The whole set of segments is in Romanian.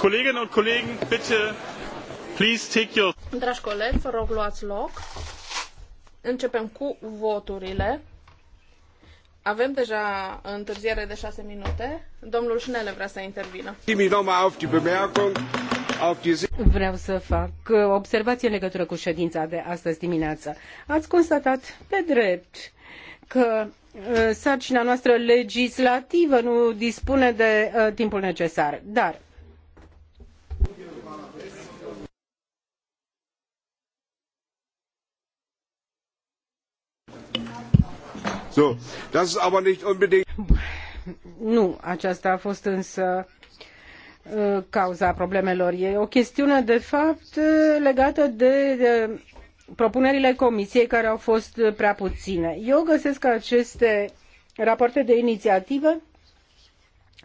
Kolleginnen und Kollegen, bitte, please take your... Dragi colegi, vă rog luați loc. Începem cu voturile. Avem deja întârziere de șase minute. Domnul Șnele vrea să intervină. Vreau să fac uh, observație în legătură cu ședința de astăzi dimineață. Ați constatat pe drept că uh, sarcina noastră legislativă nu dispune de uh, timpul necesar. Dar So, das ist aber nicht unbedingt... Nu, aceasta a fost însă uh, cauza problemelor. E o chestiune, de fapt, uh, legată de, propunerile comisiei care au fost uh, prea puține. Eu găsesc că aceste rapoarte de inițiativă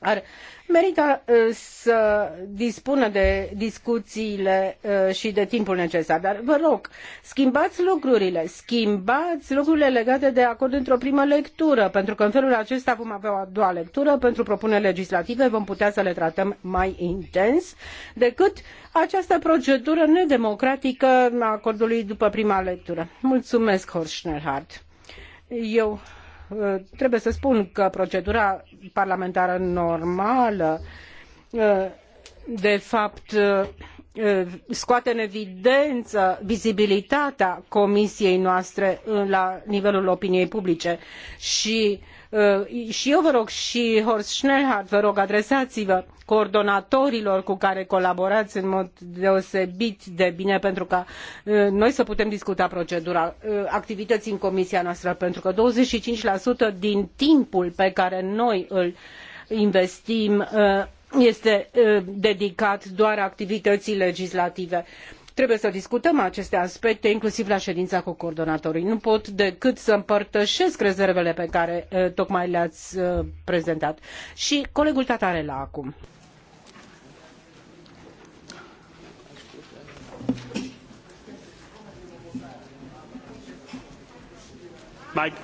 ar merita uh, să dispună de discuțiile uh, și de timpul necesar. Dar vă rog, schimbați lucrurile, schimbați lucrurile legate de acord într-o primă lectură, pentru că în felul acesta vom avea o a doua lectură pentru propuneri legislative, vom putea să le tratăm mai intens decât această procedură nedemocratică a acordului după prima lectură. Mulțumesc, Horst Schnellhardt. Eu Eh, trebuie să spun că procedura parlamentară normală eh, de fapt eh, scoate în evidență vizibilitatea comisiei noastre la nivelul opiniei publice și Uh, și eu vă rog și Horst Schnellhardt, vă rog, adresați-vă coordonatorilor cu care colaborați în mod deosebit de bine pentru ca uh, noi să putem discuta procedura uh, activității în comisia noastră, pentru că 25% din timpul pe care noi îl investim este dedicat doar activității legislative trebuie să discutăm aceste aspecte inclusiv la ședința cu coordonatorii. Nu pot decât să împărtășesc rezervele pe care eh, tocmai le-ați eh, prezentat. Și colegul Tatarela acum. Mike.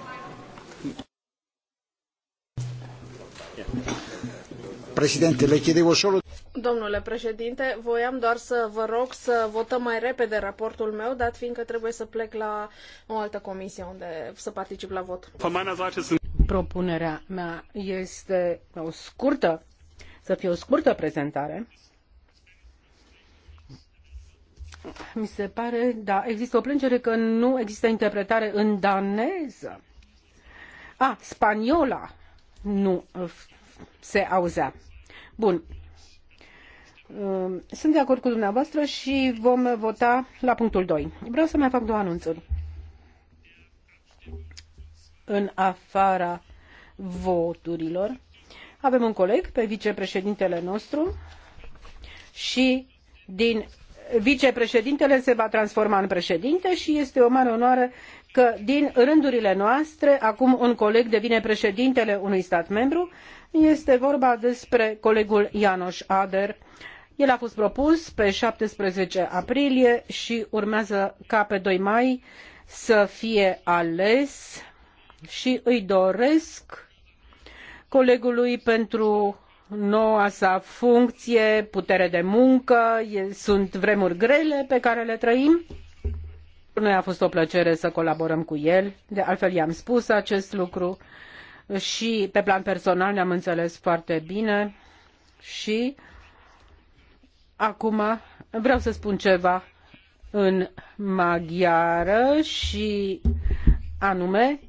Yeah. Președinte, Domnule președinte, voiam doar să vă rog să votăm mai repede raportul meu, dat fiindcă trebuie să plec la o altă comisie unde să particip la vot. Propunerea mea este o scurtă, să fie o scurtă prezentare. Mi se pare, da, există o plângere că nu există interpretare în daneză. A, spaniola nu se auzea. Bun. Um, sunt de acord cu dumneavoastră și vom vota la punctul 2. Vreau să mai fac două anunțuri. În afara voturilor, avem un coleg pe vicepreședintele nostru și din vicepreședintele se va transforma în președinte și este o mare onoare că din rândurile noastre acum un coleg devine președintele unui stat membru este vorba despre colegul Ianoș Ader. El a fost propus pe 17 aprilie și urmează ca pe doi mai să fie ales și îi doresc colegului pentru noua sa funcție, putere de muncă, sunt vremuri grele pe care le trăim. Noi a fost o plăcere să colaborăm cu el, de altfel i-am spus acest lucru și pe plan personal ne-am înțeles foarte bine și acum vreau să spun ceva în maghiară și anume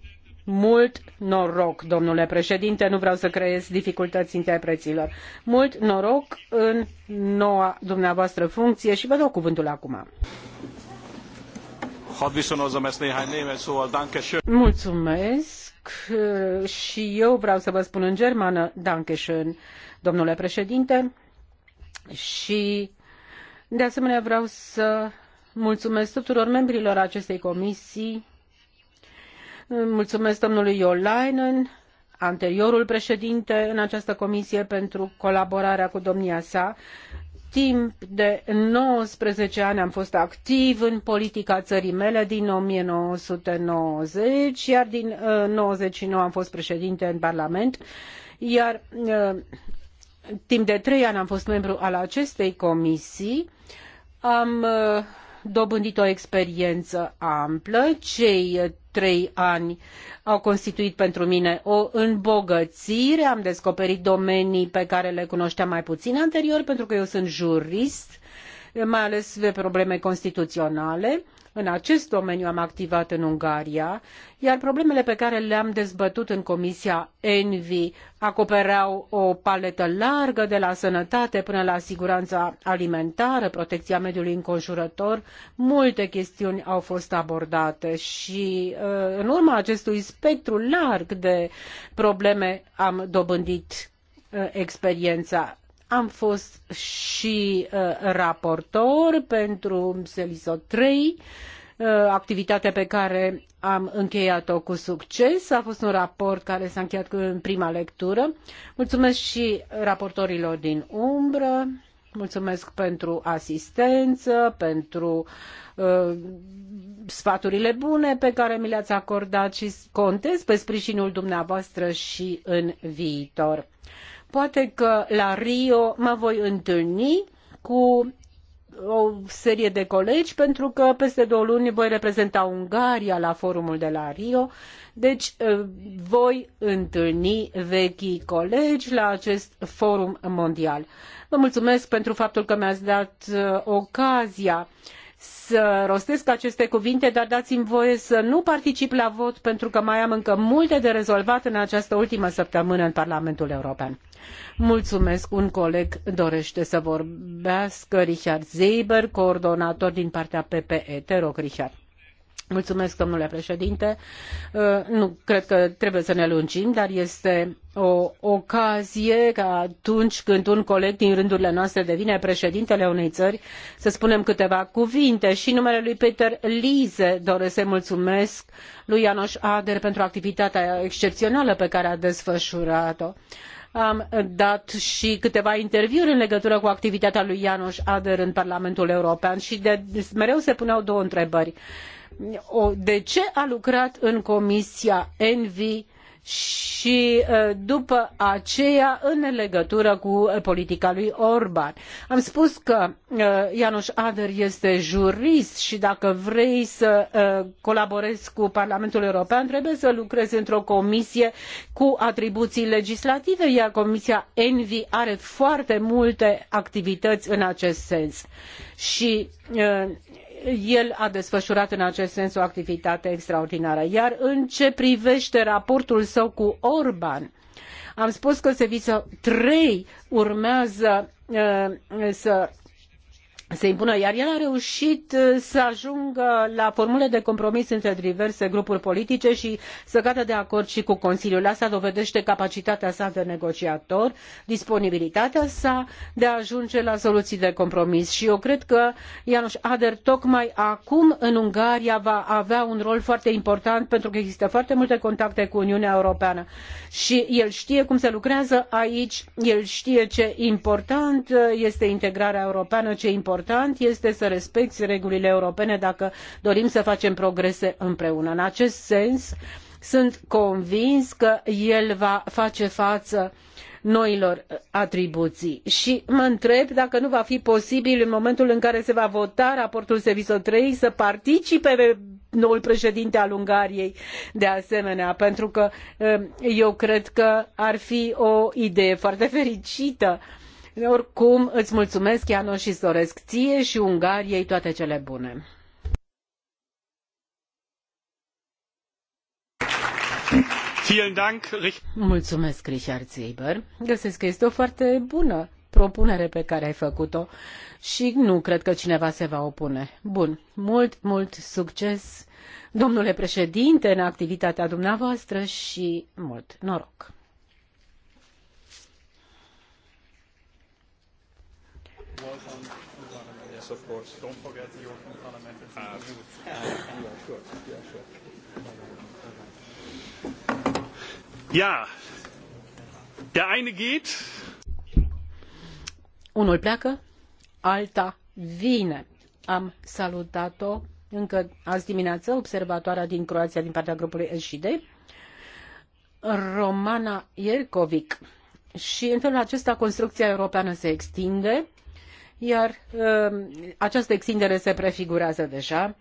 mult noroc, domnule președinte, nu vreau să creez dificultăți interpreților. Mult noroc în noua dumneavoastră funcție și vă dau cuvântul acum. Mulțumesc. Uh, și eu vreau să vă spun în germană, danke schön, domnule președinte, și de asemenea vreau să mulțumesc tuturor membrilor acestei comisii, mulțumesc domnului Iolainen, anteriorul președinte în această comisie pentru colaborarea cu domnia sa Timp de 19 ani am fost activ în politica țării mele din 1990, iar din uh, 99 am fost președinte în Parlament, iar uh, timp de 3 ani am fost membru al acestei comisii. Am uh, dobândit o experiență amplă. Cei trei ani au constituit pentru mine o îmbogățire. Am descoperit domenii pe care le cunoșteam mai puțin anterior, pentru că eu sunt jurist mai ales pe probleme constituționale. În acest domeniu am activat în Ungaria, iar problemele pe care le-am dezbătut în Comisia ENVI acopereau o paletă largă de la sănătate până la siguranța alimentară, protecția mediului înconjurător. Multe chestiuni au fost abordate și uh, în urma acestui spectru larg de probleme am dobândit uh, experiența am fost și uh, raportor pentru Seliso 3, uh, activitatea pe care am încheiat-o cu succes. A fost un raport care s-a încheiat cu, în prima lectură. Mulțumesc și raportorilor din umbră, mulțumesc pentru asistență, pentru uh, sfaturile bune pe care mi le-ați acordat și contez pe sprijinul dumneavoastră și în viitor. Uh, Poate că la Rio mă voi întâlni cu o serie de colegi pentru că peste două luni voi reprezenta Ungaria la forumul de la Rio. Deci ă, voi întâlni vechii colegi la acest forum mondial. Vă mulțumesc pentru faptul că mi-ați dat ă, ocazia să rostesc aceste cuvinte, dar dați-mi voie să nu particip la vot pentru că mai am încă multe de rezolvat în această ultimă săptămână în Parlamentul European. Mulțumesc, un coleg dorește să vorbească, Richard Zeiber, coordonator din partea PPE. Te rog, Richard. Mulțumesc, domnule președinte. Uh, nu cred că trebuie să ne lungim, dar este o ocazie ca atunci când un coleg din rândurile noastre devine președintele unei țări să spunem câteva cuvinte. Și numele lui Peter Liese doresc să mulțumesc lui Ianoș Ader pentru activitatea excepțională pe care a desfășurat-o am dat și câteva interviuri în legătură cu activitatea lui Janos Ader în Parlamentul European și mereu se puneau două întrebări. de ce a lucrat în Comisia Envi și după aceea în legătură cu politica lui Orban. Am spus că Ianuș Ader este jurist și dacă vrei să colaborezi cu Parlamentul European, trebuie să lucrezi într-o comisie cu atribuții legislative, iar Comisia Envi are foarte multe activități în acest sens. Și el a desfășurat în acest sens o activitate extraordinară. Iar în ce privește raportul său cu Orban, am spus că Sevița 3 urmează uh, să se impună, iar el a reușit uh, să ajungă la formule de compromis între diverse grupuri politice și să cadă de acord și cu Consiliul. Asta dovedește capacitatea sa de negociator, disponibilitatea sa de a ajunge la soluții de compromis. Și eu cred că Ianuș Ader tocmai acum în Ungaria va avea un rol foarte important pentru că există foarte multe contacte cu Uniunea Europeană și el știe cum se lucrează aici, el știe ce important uh, este integrarea europeană, ce important important este să respecti regulile europene dacă dorim să facem progrese împreună. în acest sens sunt convins că el va face faă noilor atribuții și mă întreb dacă nu va fi posibil în momentul în care se va vota raportul seveso iii să participe noul președinte al ungariei de asemenea pentru că eh, eu cred că ar fi o idee foarte fericită să oricum, îți mulțumesc, jános și îi doresc ție și Ungariei toate cele bune. Mulțumesc, Richard Zieber. Găsesc că este o foarte bună propunere pe care ai făcut-o și nu cred că cineva se va opune. Bun, mult, mult succes, domnule președinte, în activitatea dumneavoastră și mult noroc. work on Kumpana Yes, of course. Don't forget your Kumpana Parliament. Uh, yeah, sure. Yeah, sure. Yeah. der eine geht. Unul pleacă, alta vine. Am salutat-o încă azi dimineață, observatoarea din Croația din partea grupului SD, Romana Iercovic. Și în felul acesta construcția europeană se extinde iar um, această extindere se prefigurează deja.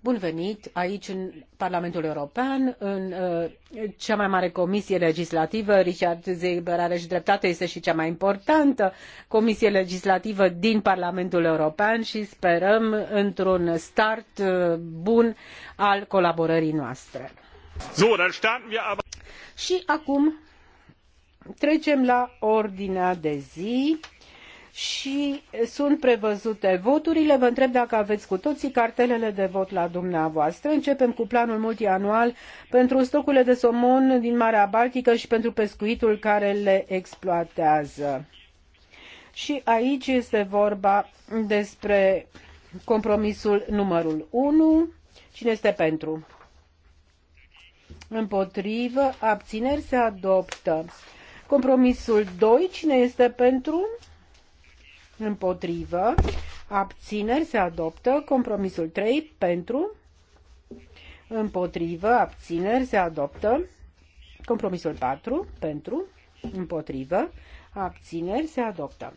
Bun venit aici în Parlamentul European, în uh, cea mai mare comisie legislativă, Richard Zeber are și dreptate, este și cea mai importantă comisie legislativă din Parlamentul European și sperăm într-un start uh, bun al colaborării noastre. So, dann starten wir aber... Și acum trecem la ordinea de zi și sunt prevăzute voturile. Vă întreb dacă aveți cu toții cartelele de vot la dumneavoastră. Începem cu planul multianual pentru stocurile de somon din Marea Baltică și pentru pescuitul care le exploatează. Și aici este vorba despre compromisul numărul 1. Cine este pentru? Împotrivă, abțineri se adoptă. Compromisul 2, cine este pentru? împotrivă, abțineri se adoptă, compromisul 3 pentru, împotrivă, abțineri se adoptă, compromisul 4 pentru, împotrivă, abțineri se adoptă.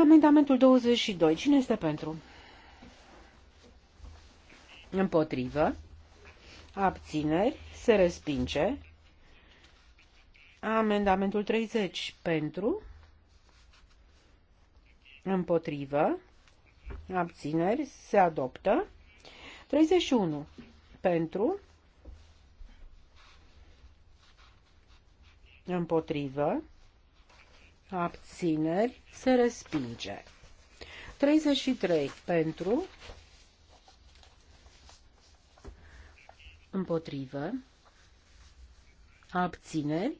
Amendamentul 22. Cine este pentru? Împotrivă. Abțineri. Se respinge. Amendamentul 30. Pentru. Împotrivă. Abțineri. Se adoptă. 31. Pentru. Împotrivă. Abțineri. Se respinge. 33. Pentru. Împotrivă. Abțineri.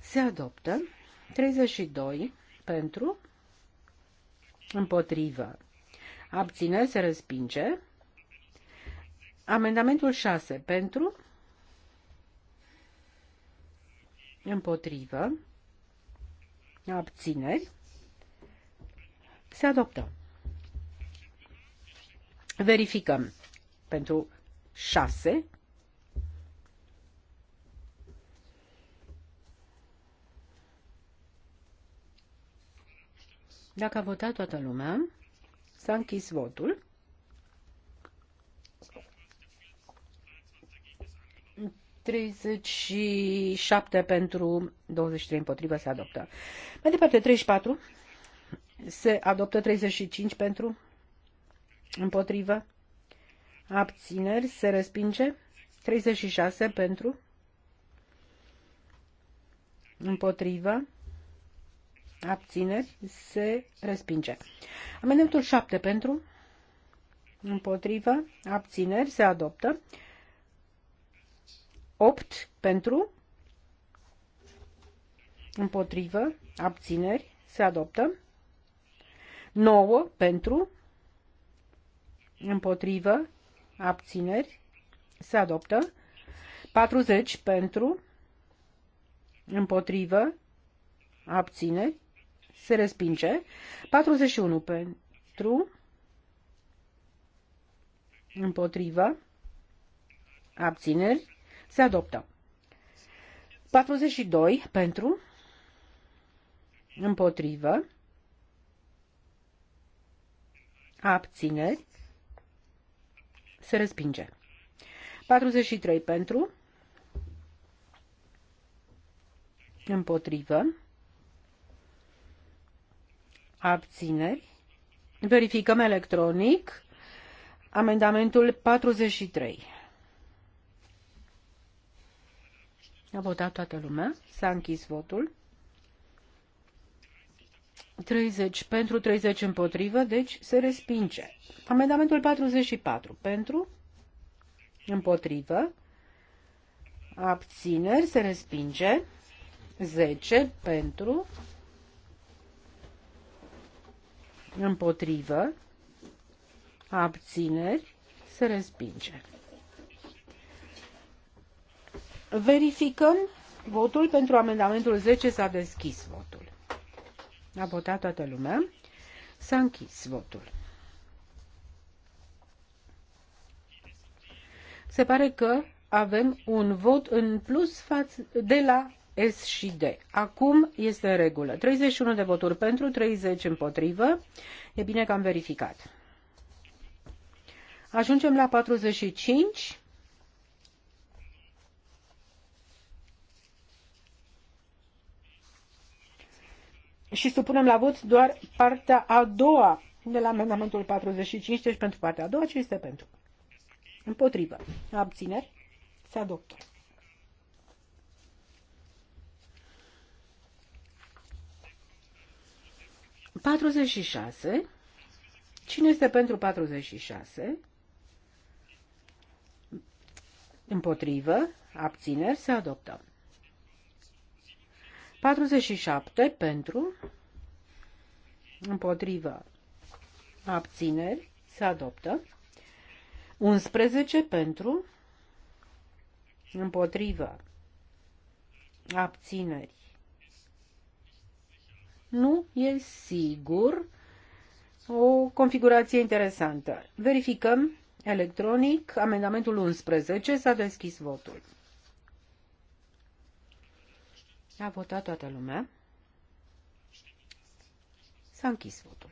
Se adoptă. 32. Pentru. Împotrivă. Abțineri se respinge. Amendamentul 6 pentru. Împotrivă. Abțineri. Se adoptă. Verificăm. Pentru 6 Dacă a votat toată lumea, s-a închis votul. 37 pentru 23 împotrivă se adoptă. Mai departe, 34 se adoptă 35 pentru împotrivă. Abțineri se respinge 36 pentru împotrivă. Abțineri se respinge. Amendamentul 7 pentru. Împotrivă. Abțineri se adoptă. 8 pentru. Împotrivă. Abțineri se adoptă. 9 pentru. Împotrivă. Abțineri se adoptă. 40 pentru. Împotrivă. Abțineri se respinge. 41 pentru, împotrivă, abțineri, se adoptă. 42 pentru, împotrivă, abțineri, se respinge. 43 pentru, împotrivă, abțineri. Verificăm electronic amendamentul 43. A votat toată lumea, s-a închis votul. 30 pentru, 30 împotrivă, deci se respinge. Amendamentul 44 pentru, împotrivă, abțineri, se respinge. 10 pentru, împotrivă, abțineri, se respinge. Verificăm votul pentru amendamentul 10. S-a deschis votul. A votat toată lumea. S-a închis votul. Se pare că avem un vot în plus față de la S și D. Acum este în regulă. 31 de voturi pentru, 30 împotrivă. E bine că am verificat. Ajungem la 45. Și supunem la vot doar partea a doua de la amendamentul 45, deci pentru partea a doua, ce este pentru? Împotrivă. Abțineri. Se adoptă. 46. Cine este pentru 46? Împotrivă, abțineri, se adoptă. 47 pentru, împotrivă, abțineri, se adoptă. 11 pentru, împotrivă, abțineri, nu e sigur. O configurație interesantă. Verificăm electronic amendamentul 11. S-a deschis votul. A votat toată lumea. S-a închis votul.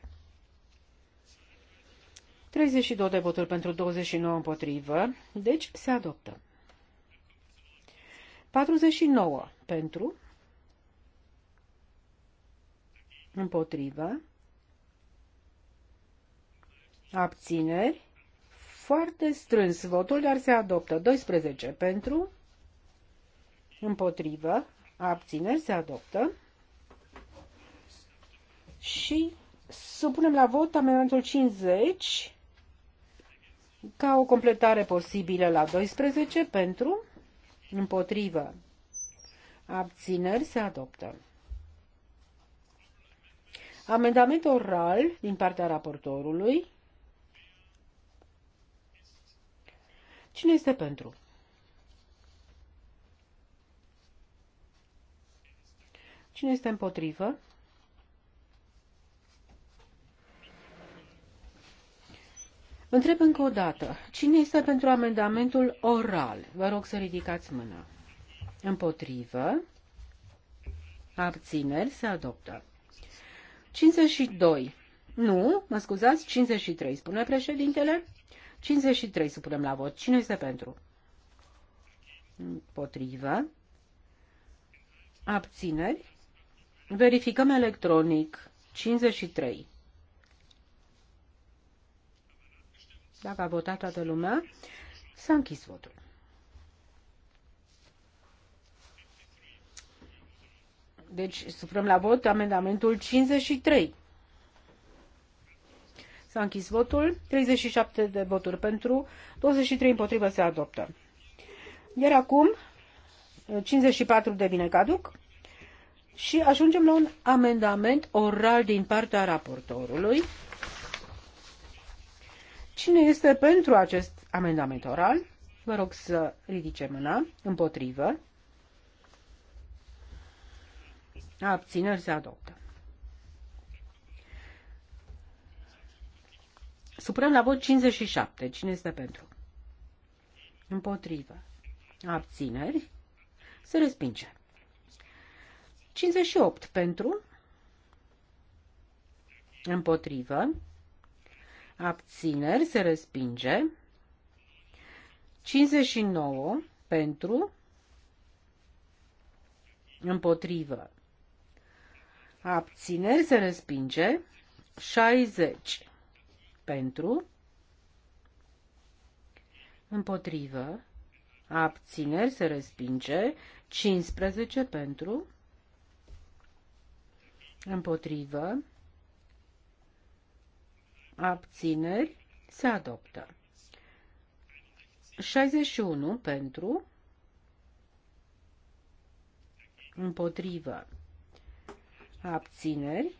32 de voturi pentru 29 împotrivă, deci se adoptă. 49 pentru, Împotrivă. Abțineri. Foarte strâns votul, dar se adoptă. 12 pentru. Împotrivă. Abțineri. Se adoptă. Și supunem la vot amendamentul 50 ca o completare posibilă la 12 pentru. Împotrivă. Abțineri. Se adoptă. Amendament oral din partea raportorului. Cine este pentru? Cine este împotrivă? Întreb încă o dată. Cine este pentru amendamentul oral? Vă rog să ridicați mâna. Împotrivă. Abțineri se adoptă. 52. Nu, mă scuzați, 53, spune președintele. 53 supunem la vot. Cine este pentru? Potrivă. Abțineri. Verificăm electronic. 53. Dacă a votat toată lumea, s-a închis votul. Deci, suprăm la vot amendamentul 53. S-a închis votul, 37 de voturi pentru, 23 împotrivă se adoptă. Iar acum, 54 bine caduc și ajungem la un amendament oral din partea raportorului. Cine este pentru acest amendament oral? Vă rog să ridice mâna împotrivă. Abțineri se adoptă. Suprem la vot 57. Cine este pentru? Împotrivă. Abțineri. Se respinge. 58 pentru. Împotrivă. Abțineri. Se respinge. 59 pentru. Împotrivă abțineri se respinge, 60 pentru, împotrivă, abțineri se respinge, 15 pentru, împotrivă, abțineri se adoptă. 61 pentru, împotrivă, abțineri,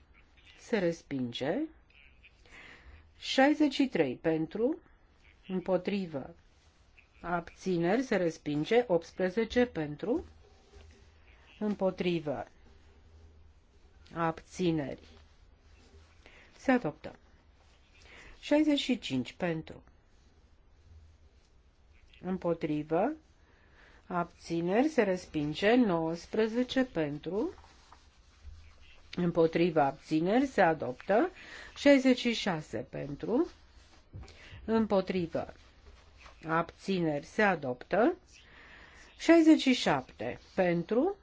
se respinge. 63 pentru, împotrivă, abțineri, se respinge. 18 pentru, împotrivă, abțineri, se adoptă. 65 pentru, împotrivă, abțineri, se respinge. 19 pentru, împotriva abțineri se adoptă. 66 pentru, împotriva abțineri se adoptă. 67 pentru,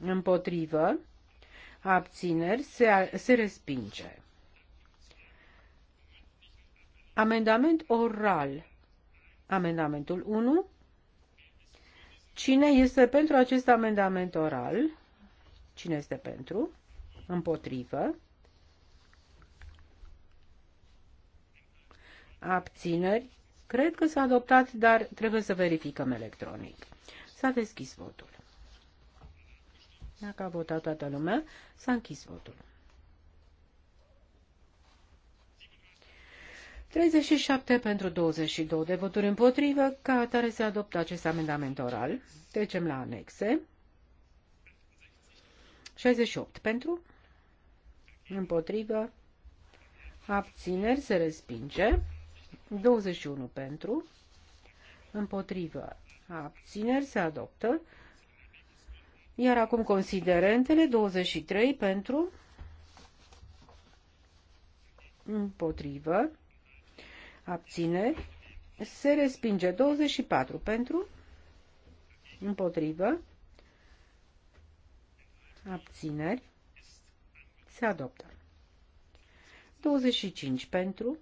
Împotriva abțineri se, se respinge. Amendament oral. Amendamentul 1. Cine este pentru acest amendament oral? Cine este pentru? Împotrivă. Abțineri. Cred că s-a adoptat, dar trebuie să verificăm electronic. S-a deschis votul. Dacă a votat toată lumea, s-a închis votul. 37 pentru 22 de voturi împotrivă, ca atare se adoptă acest amendament oral. Trecem la anexe. 68 pentru, împotrivă, abțineri se respinge, 21 pentru, împotrivă, abțineri se adoptă, iar acum considerentele 23 pentru, împotrivă, abțineri, se respinge 24 pentru, împotrivă, abțineri, se adoptă. 25 pentru,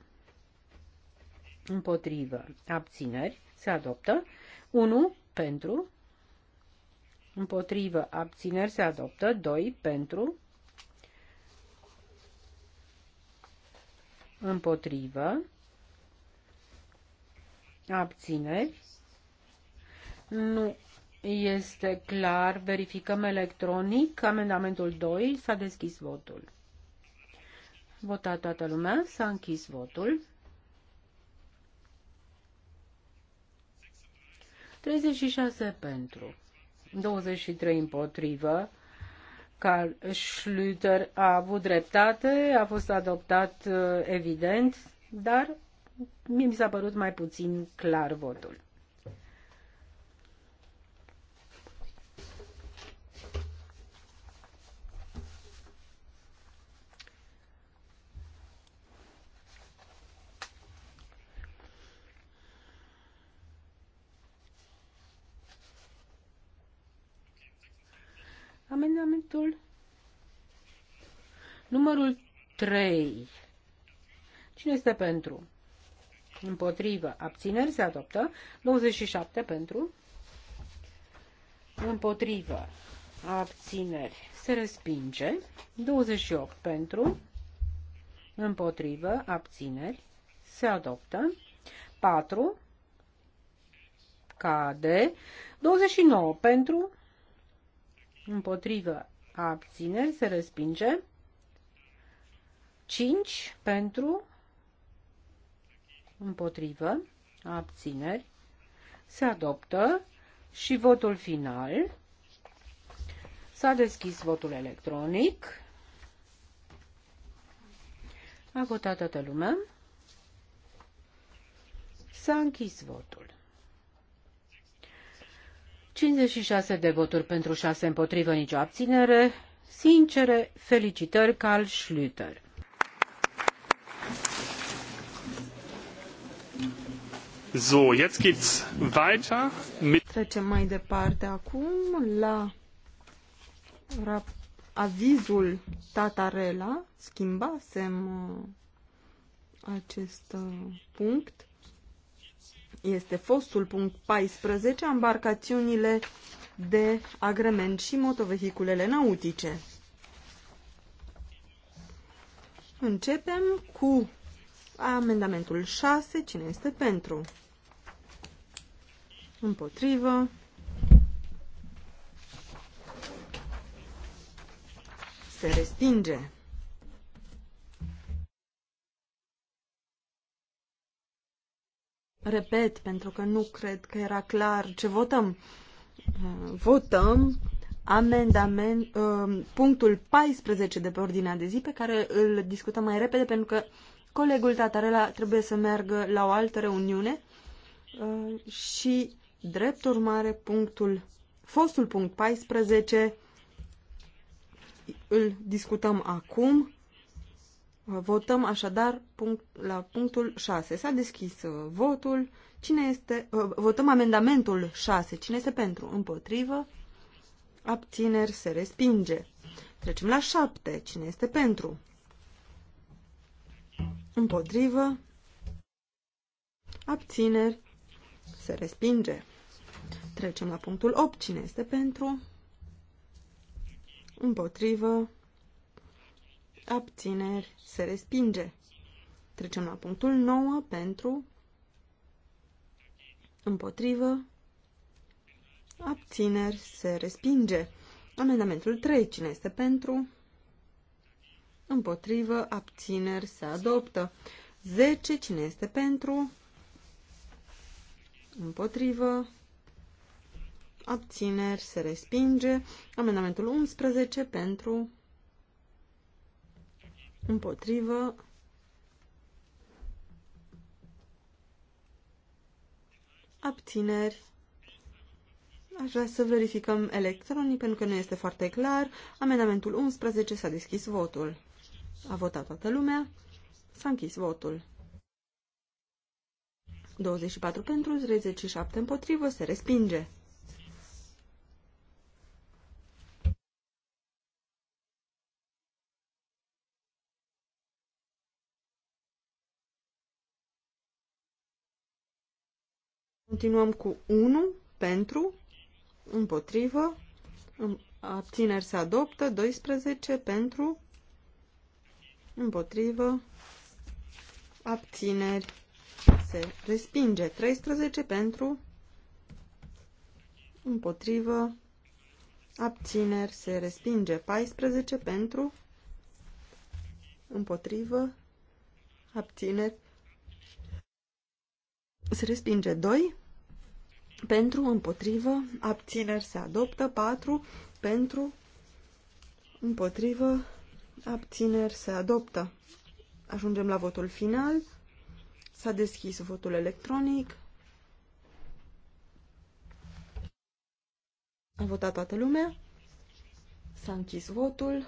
împotrivă, abțineri, se adoptă. 1 pentru, împotrivă, abțineri, se adoptă. 2 pentru, împotrivă, abțineri, nu este clar. Verificăm electronic. Amendamentul 2. S-a deschis votul. Votat toată lumea. S-a închis votul. 36 pentru. 23 împotrivă. Carl Schlüter a avut dreptate, a fost adoptat evident, dar mi s-a părut mai puțin clar votul. Amendamentul numărul 3. Cine este pentru? Împotrivă. Abțineri se adoptă. 27 pentru. Împotrivă. Abțineri se respinge. 28 pentru. Împotrivă. Abțineri se adoptă. 4. Cade. 29 pentru împotrivă, abțineri, se respinge. 5 pentru, împotrivă, abțineri, se adoptă și votul final. S-a deschis votul electronic. A votat toată lumea. S-a închis votul. 56 de voturi pentru 6 împotrivă, nicio abținere. Sincere, felicitări, Carl Schlüter. So, jetzt geht's weiter mit Trecem mai departe acum la avizul Tatarela. Schimbasem uh, acest uh, punct este fostul punct 14, embarcațiunile de agrement și motovehiculele nautice. Începem cu amendamentul 6. Cine este pentru? Împotrivă. Se respinge. repet, pentru că nu cred că era clar ce votăm. Uh, votăm amendament, uh, punctul 14 de pe ordinea de zi, pe care îl discutăm mai repede, pentru că colegul Tatarela trebuie să meargă la o altă reuniune uh, și, drept urmare, punctul, fostul punct 14 îl discutăm acum Votăm așadar punct, la punctul 6. S-a deschis uh, votul. Cine este, uh, votăm amendamentul 6. Cine este pentru? Împotrivă. Abțineri se respinge. Trecem la 7. Cine este pentru? Împotrivă. Abțineri se respinge. Trecem la punctul 8. Cine este pentru? Împotrivă abțineri, se respinge. Trecem la punctul 9 pentru împotrivă, abțineri, se respinge. Amendamentul 3, cine este pentru? Împotrivă, abțineri, se adoptă. 10, cine este pentru? Împotrivă, abțineri, se respinge. Amendamentul 11, pentru? împotrivă, abțineri. Aș vrea să verificăm electronii, pentru că nu este foarte clar. Amendamentul 11 s-a deschis votul. A votat toată lumea. S-a închis votul. 24 pentru, 37 împotrivă, se respinge. Continuăm cu 1 pentru, împotrivă, abțineri se adoptă, 12 pentru, împotrivă, abțineri se respinge, 13 pentru, împotrivă, abțineri se respinge, 14 pentru, împotrivă, abțineri se respinge, 2 pentru, împotrivă, abțineri se adoptă, 4 pentru, împotrivă, abțineri se adoptă. Ajungem la votul final. S-a deschis votul electronic. A votat toată lumea. S-a închis votul.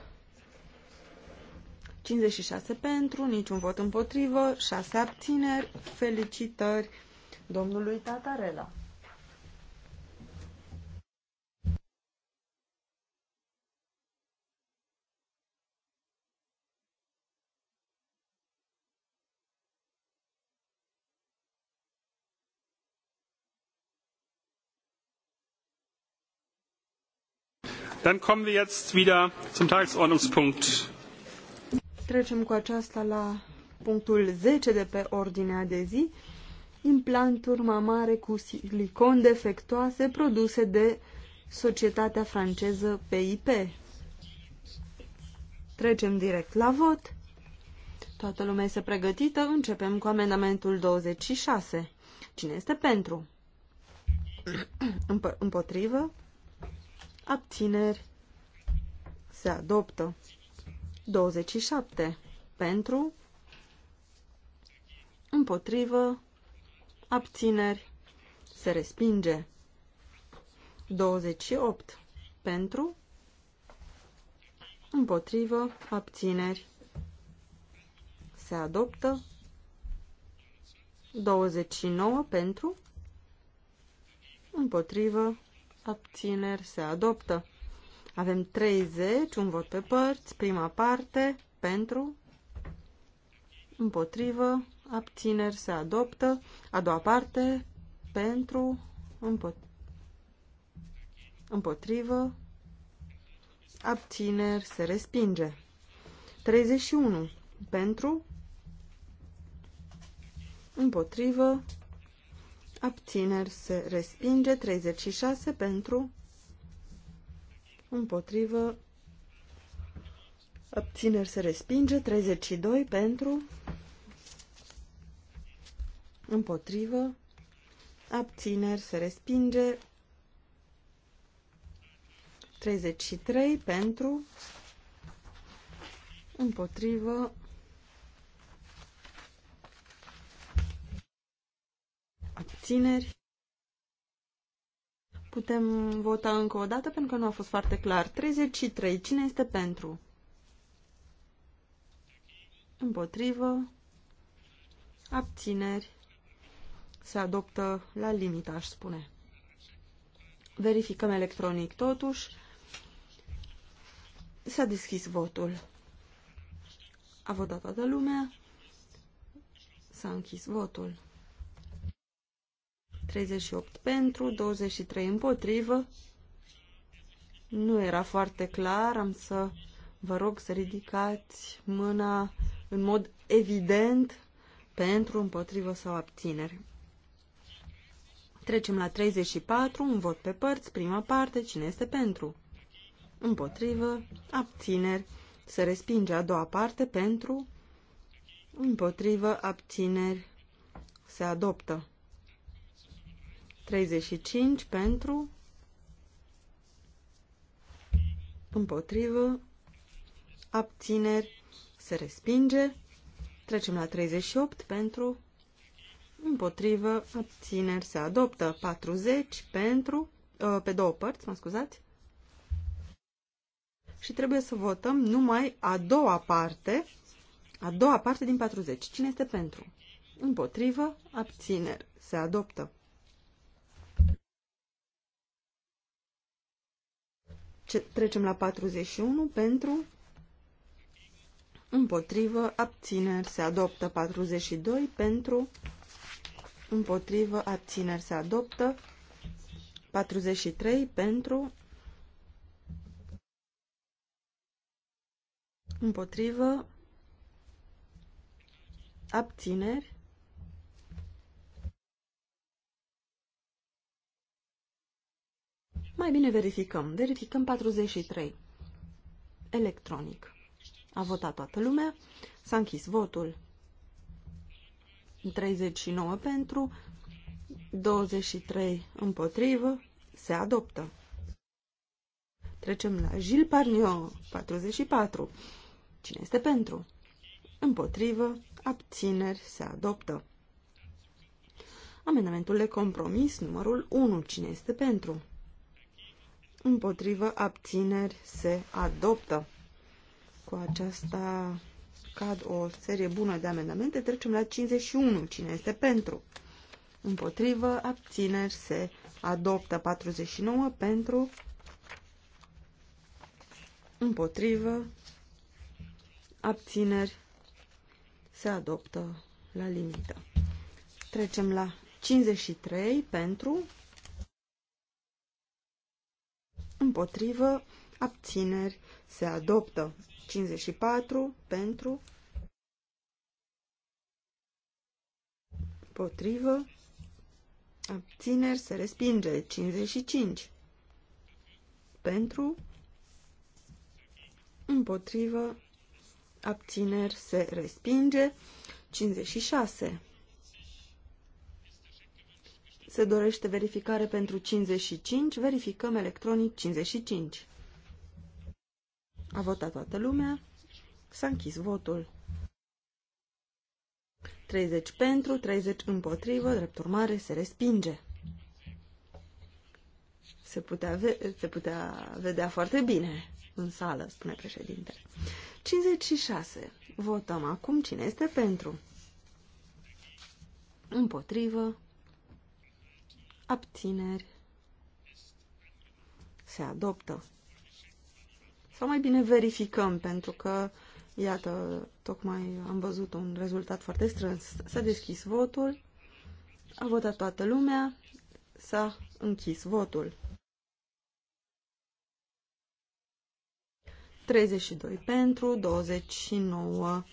56 pentru, niciun vot împotrivă, 6 abțineri. Felicitări domnului Tatarela. Dann kommen wir jetzt wieder zum Tagesordnungspunkt. Trecem cu aceasta la punctul 10 de pe ordinea de zi, implanturi mamare cu silicon defectoase produse de societatea franceză PIP. Trecem direct la vot. Toată lumea este pregătită. Începem cu amendamentul 26. Cine este pentru? împotrivă? abțineri, se adoptă. 27 pentru, împotrivă, abțineri, se respinge. 28 pentru, împotrivă, abțineri, se adoptă. 29 pentru, împotrivă, abțineri se adoptă. Avem 30, un vot pe părți, prima parte, pentru, împotrivă, abțineri se adoptă, a doua parte, pentru, împotrivă, abțineri se respinge. 31, pentru, împotrivă, abțineri se respinge, 36 pentru, împotrivă, abțineri se respinge, 32 pentru, împotrivă, abțineri se respinge, 33 pentru, împotrivă, abțineri. Putem vota încă o dată pentru că nu a fost foarte clar. 33. Cine este pentru? Împotrivă. Abțineri. Se adoptă la limită, aș spune. Verificăm electronic totuși. S-a deschis votul. A votat toată lumea. S-a închis votul. 38 pentru, 23 împotrivă. Nu era foarte clar, am să vă rog să ridicați mâna în mod evident pentru, împotrivă sau abținere. Trecem la 34, un vot pe părți, prima parte, cine este pentru? Împotrivă, abțineri, se respinge a doua parte pentru, împotrivă, abțineri, se adoptă. 35 pentru, împotrivă, abțineri, se respinge. Trecem la 38 pentru, împotrivă, abțineri, se adoptă. 40 pentru, uh, pe două părți, mă scuzați. Și trebuie să votăm numai a doua parte, a doua parte din 40. Cine este pentru? Împotrivă, abțineri, se adoptă. trecem la 41 pentru, împotrivă, abțineri se adoptă. 42 pentru, împotrivă, abțineri se adoptă. 43 pentru, împotrivă, abțineri Mai bine verificăm. Verificăm 43. Electronic. A votat toată lumea. S-a închis votul. 39 pentru, 23 împotrivă. Se adoptă. Trecem la Gil Parnio, 44. Cine este pentru? Împotrivă, abțineri, se adoptă. Amendamentul de compromis numărul 1. Cine este pentru? împotrivă, abțineri, se adoptă. Cu aceasta cad o serie bună de amendamente. Trecem la 51. Cine este pentru? Împotrivă, abțineri, se adoptă. 49 pentru, împotrivă, abțineri, se adoptă la limită. Trecem la 53 pentru, împotrivă, abțineri, se adoptă. 54 pentru, împotrivă, abțineri, se respinge. 55 pentru, împotrivă, abțineri, se respinge. 56 se dorește verificare pentru 55. Verificăm electronic 55. A votat toată lumea. S-a închis votul. 30 pentru, 30 împotrivă, drept urmare se respinge. Se putea, ve se putea vedea foarte bine în sală, spune președinte. 56. Votăm acum cine este pentru. Împotrivă abțineri, se adoptă. Sau mai bine verificăm, pentru că, iată, tocmai am văzut un rezultat foarte strâns. S-a deschis votul, a votat toată lumea, s-a închis votul. 32 pentru, 29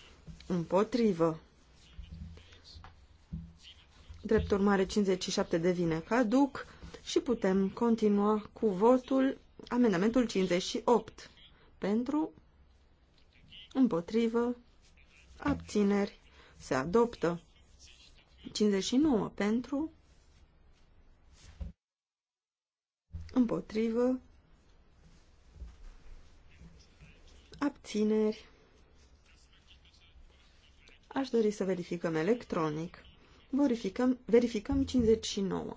împotrivă. Drept urmare, 57 devine caduc și putem continua cu votul amendamentul 58. Pentru, împotrivă, abțineri, se adoptă. 59 pentru, împotrivă, abțineri. Aș dori să verificăm electronic. Verificăm, verificăm 59.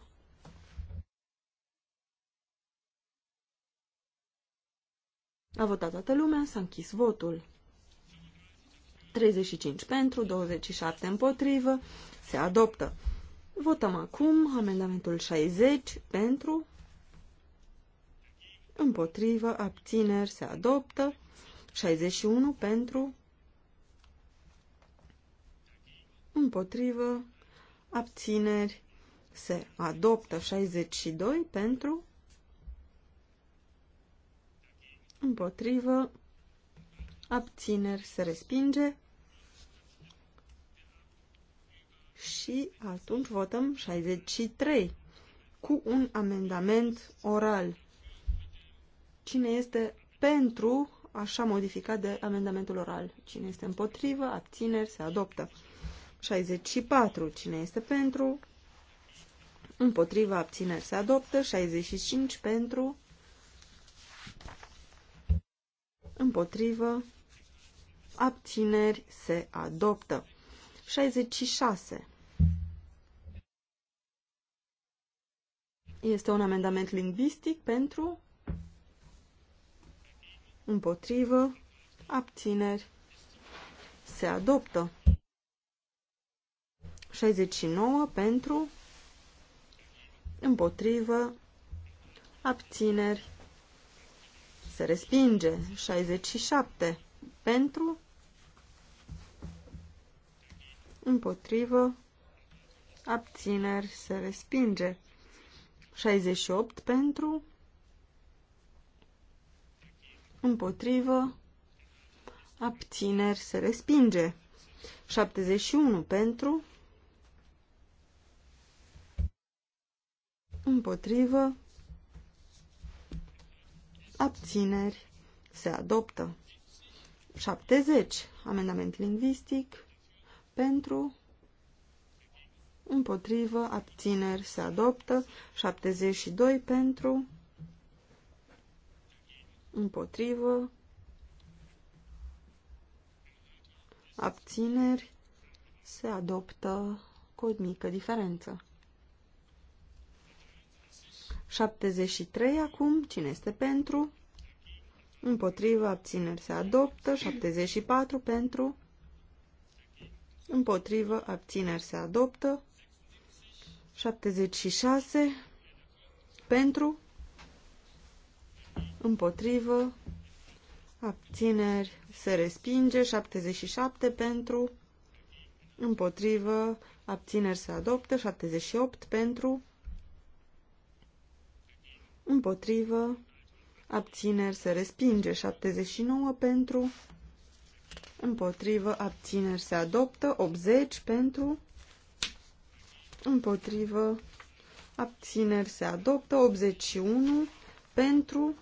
A votat toată lumea, s-a închis votul. 35 pentru, 27 împotrivă, se adoptă. Votăm acum amendamentul 60 pentru, împotrivă, abțineri, se adoptă. 61 pentru, împotrivă, abțineri, se adoptă 62 pentru, împotrivă, abțineri, se respinge și atunci votăm 63 cu un amendament oral. Cine este pentru, așa modificat de amendamentul oral? Cine este împotrivă, abțineri, se adoptă. 64. Cine este pentru? Împotriva abțineri se adoptă. 65 pentru. Împotrivă. Abțineri se adoptă. 66. Este un amendament lingvistic pentru împotrivă, abțineri, se adoptă. 69 pentru, împotrivă, abțineri, se respinge. 67 pentru, împotrivă, abțineri, se respinge. 68 pentru, împotrivă, abțineri, se respinge. 71 pentru, împotrivă, abțineri, se adoptă. 70, amendament lingvistic, pentru, împotrivă, abțineri, se adoptă. 72, pentru, împotrivă, abțineri, se adoptă cu o mică diferență. 73 acum, cine este pentru? Împotrivă, abțineri se adoptă. 74 pentru. Împotrivă, abțineri se adoptă. 76 pentru. Împotrivă, abțineri se respinge. 77 pentru. Împotrivă, abțineri se adoptă. 78 pentru împotrivă, abțineri se respinge, 79 pentru, împotrivă, abțineri se adoptă, 80 pentru, împotrivă, abțineri se adoptă, 81 pentru,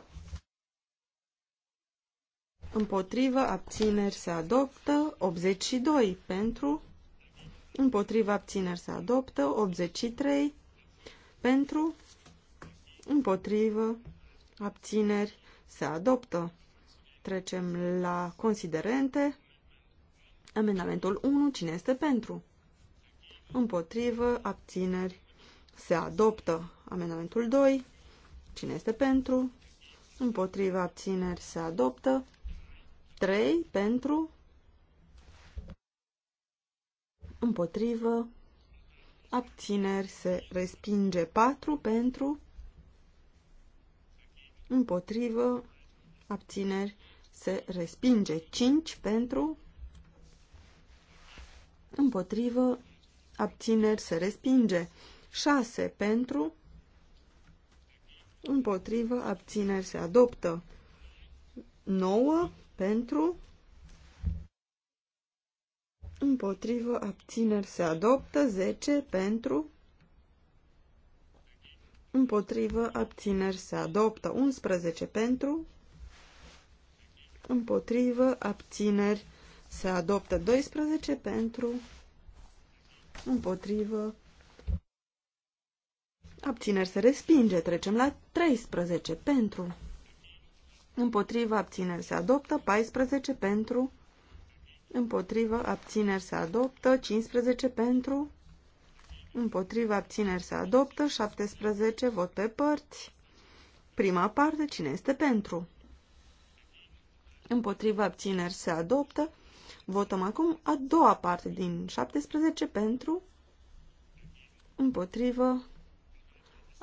împotrivă, abțineri se adoptă, 82 pentru, împotrivă, abțineri se adoptă, 83 pentru, împotrivă, abțineri, se adoptă. Trecem la considerente. Amendamentul 1, cine este pentru? Împotrivă, abțineri, se adoptă. Amendamentul 2, cine este pentru? Împotrivă, abțineri, se adoptă. 3, pentru? Împotrivă, abțineri, se respinge. 4, pentru? împotrivă, abțineri, se respinge. 5 pentru, împotrivă, abțineri, se respinge. 6 pentru, împotrivă, abțineri, se adoptă. 9 pentru, împotrivă, abțineri, se adoptă. 10 pentru, împotrivă, abțineri se adoptă. 11 pentru, împotrivă, abțineri se adoptă. 12 pentru, împotrivă, abțineri se respinge. Trecem la 13 pentru, împotrivă, abțineri se adoptă. 14 pentru, împotrivă, abțineri se adoptă. 15 pentru, împotriva abțineri se adoptă, 17 vot pe părți. Prima parte, cine este pentru? Împotriva abțineri se adoptă. Votăm acum a doua parte din 17 pentru, împotrivă,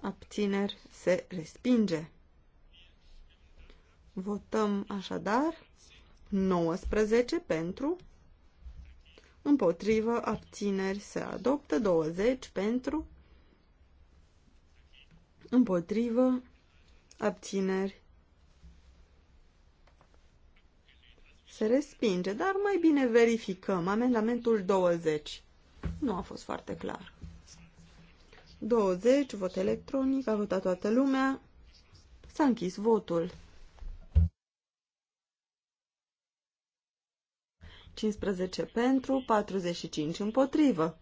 abțineri se respinge. Votăm așadar 19 pentru, împotrivă, abțineri se adoptă, 20 pentru, împotrivă, abțineri se respinge, dar mai bine verificăm. Amendamentul 20 nu a fost foarte clar. 20, vot electronic, a votat toată lumea, s-a închis votul. 15 pentru, 45 împotrivă.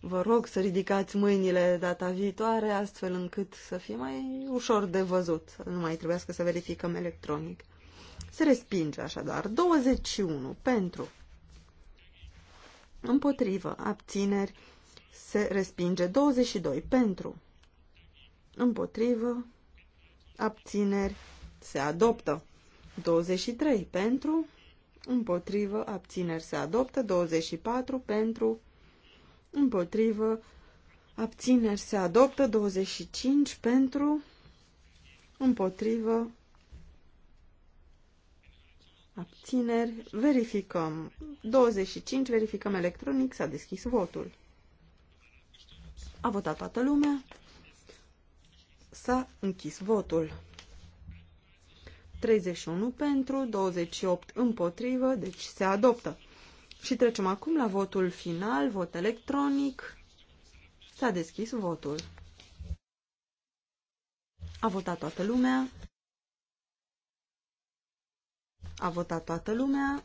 Vă rog să ridicați mâinile data viitoare, astfel încât să fie mai ușor de văzut. Nu mai trebuiască să verificăm electronic. Se respinge așadar. 21 pentru. Împotrivă. Abțineri. Se respinge. 22 pentru. Împotrivă. Abțineri. Se adoptă. 23 pentru împotrivă, abțineri se adoptă, 24 pentru, împotrivă, abțineri se adoptă, 25 pentru, împotrivă, abțineri, verificăm, 25, verificăm electronic, s-a deschis votul. A votat toată lumea, s-a închis votul. 31 pentru, 28 împotrivă, deci se adoptă. Și trecem acum la votul final, vot electronic. S-a deschis votul. A votat toată lumea. A votat toată lumea.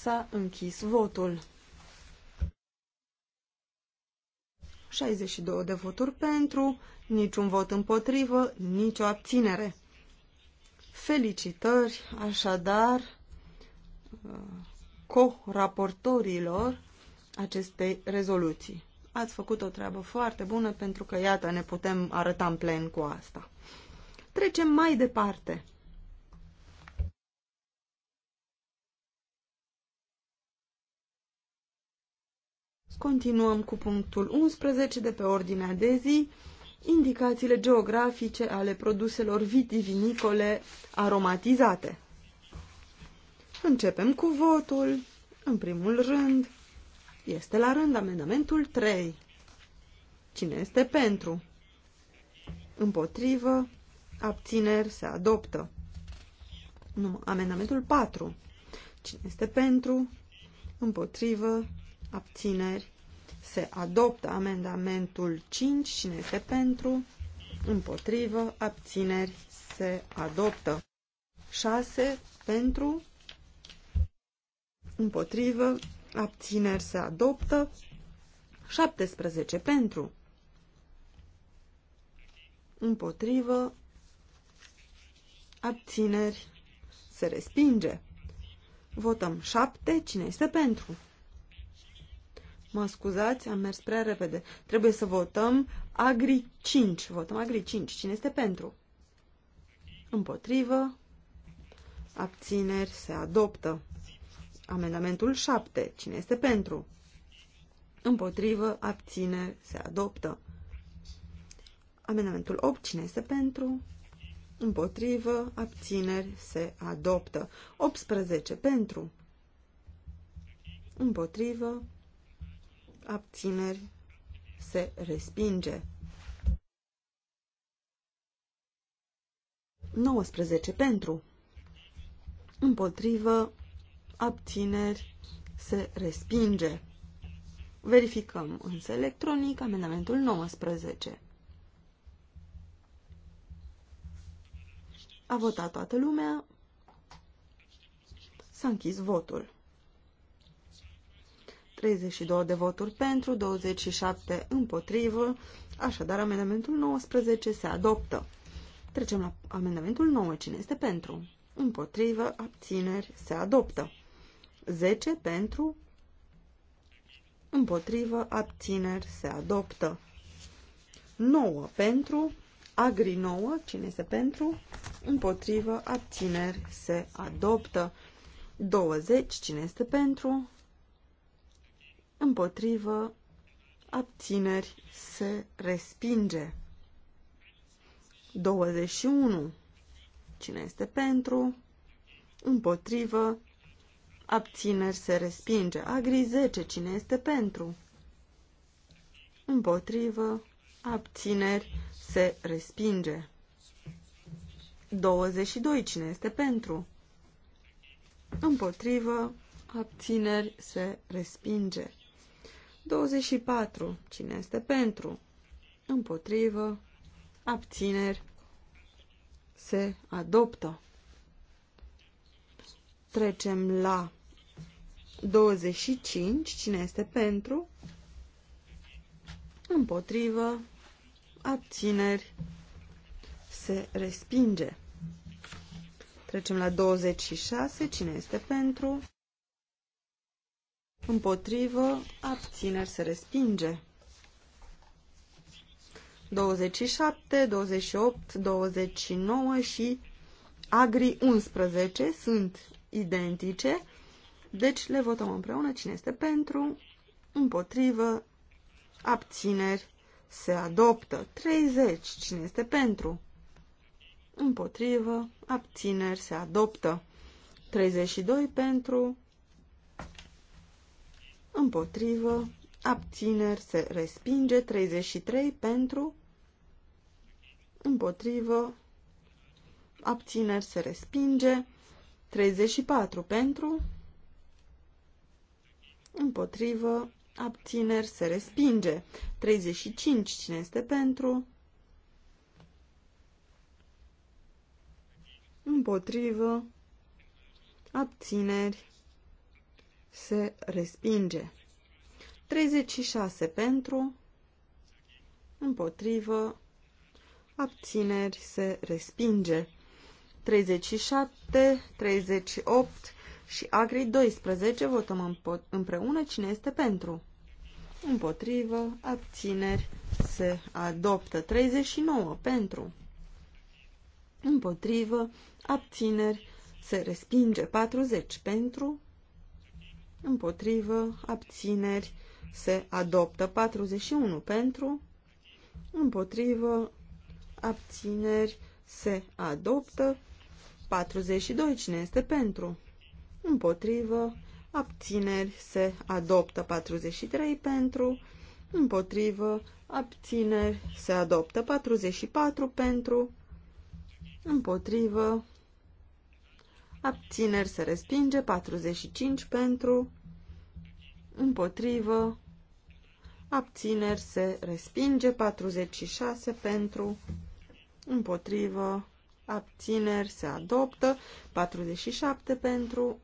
S-a închis votul. 62 de voturi pentru, niciun vot împotrivă, nicio abținere. Felicitări, așadar, uh, co-raportorilor acestei rezoluții. Ați făcut o treabă foarte bună pentru că, iată, ne putem arăta în plen cu asta. Trecem mai departe. Continuăm cu punctul 11 de pe ordinea de zi, indicațiile geografice ale produselor vitivinicole aromatizate. Începem cu votul. În primul rând, este la rând amendamentul 3. Cine este pentru? Împotrivă, abțineri, se adoptă. Nu, amendamentul 4. Cine este pentru? Împotrivă, abțineri, se adoptă amendamentul 5. Cine este pentru? Împotrivă. Abțineri. Se adoptă. 6. Pentru. Împotrivă. Abțineri. Se adoptă. 17. Pentru. Împotrivă. Abțineri. Se respinge. Votăm 7. Cine este pentru? Mă scuzați, am mers prea repede. Trebuie să votăm Agri 5. Votăm Agri 5. Cine este pentru? Împotrivă. Abțineri se adoptă. Amendamentul 7. Cine este pentru? Împotrivă. Abțineri se adoptă. Amendamentul 8. Cine este pentru? Împotrivă. Abțineri se adoptă. 18. Pentru. Împotrivă abțineri, se respinge. 19 pentru, împotrivă, abțineri, se respinge. Verificăm însă electronic amendamentul 19. A votat toată lumea. S-a închis votul. 32 de voturi pentru, 27 împotrivă, așadar amendamentul 19 se adoptă. Trecem la amendamentul 9. Cine este pentru? Împotrivă, abțineri, se adoptă. 10 pentru, împotrivă, abțineri, se adoptă. 9 pentru, agri 9, cine este pentru? Împotrivă, abțineri, se adoptă. 20, cine este pentru? împotrivă, abțineri, se respinge. 21. Cine este pentru, împotrivă, abțineri, se respinge. Agri 10. Cine este pentru, împotrivă, abțineri, se respinge. 22. Cine este pentru? Împotrivă, abțineri, se respinge. 24. Cine este pentru? Împotrivă. Abțineri. Se adoptă. Trecem la 25. Cine este pentru? Împotrivă. Abțineri. Se respinge. Trecem la 26. Cine este pentru? Împotrivă, abțineri se respinge. 27, 28, 29 și agri 11 sunt identice, deci le votăm împreună cine este pentru, împotrivă, abțineri, se adoptă. 30, cine este pentru, împotrivă, abțineri, se adoptă. 32 pentru, împotrivă, abțineri se respinge, 33 pentru, împotrivă, abțineri se respinge, 34 pentru, împotrivă, abțineri se respinge, 35 cine este pentru, împotrivă, abțineri se respinge. 36 pentru, împotrivă, abțineri se respinge. 37, 38 și Agri 12 votăm împreună cine este pentru. Împotrivă, abțineri se adoptă. 39 pentru. Împotrivă, abțineri se respinge. 40 pentru împotrivă, abțineri, se adoptă. 41 pentru, împotrivă, abțineri, se adoptă. 42 cine este pentru, împotrivă, abțineri, se adoptă. 43 pentru, împotrivă, abțineri, se adoptă. 44 pentru, împotrivă, abțineri se respinge, 45 pentru, împotrivă, abțineri se respinge, 46 pentru, împotrivă, abțineri se adoptă, 47 pentru,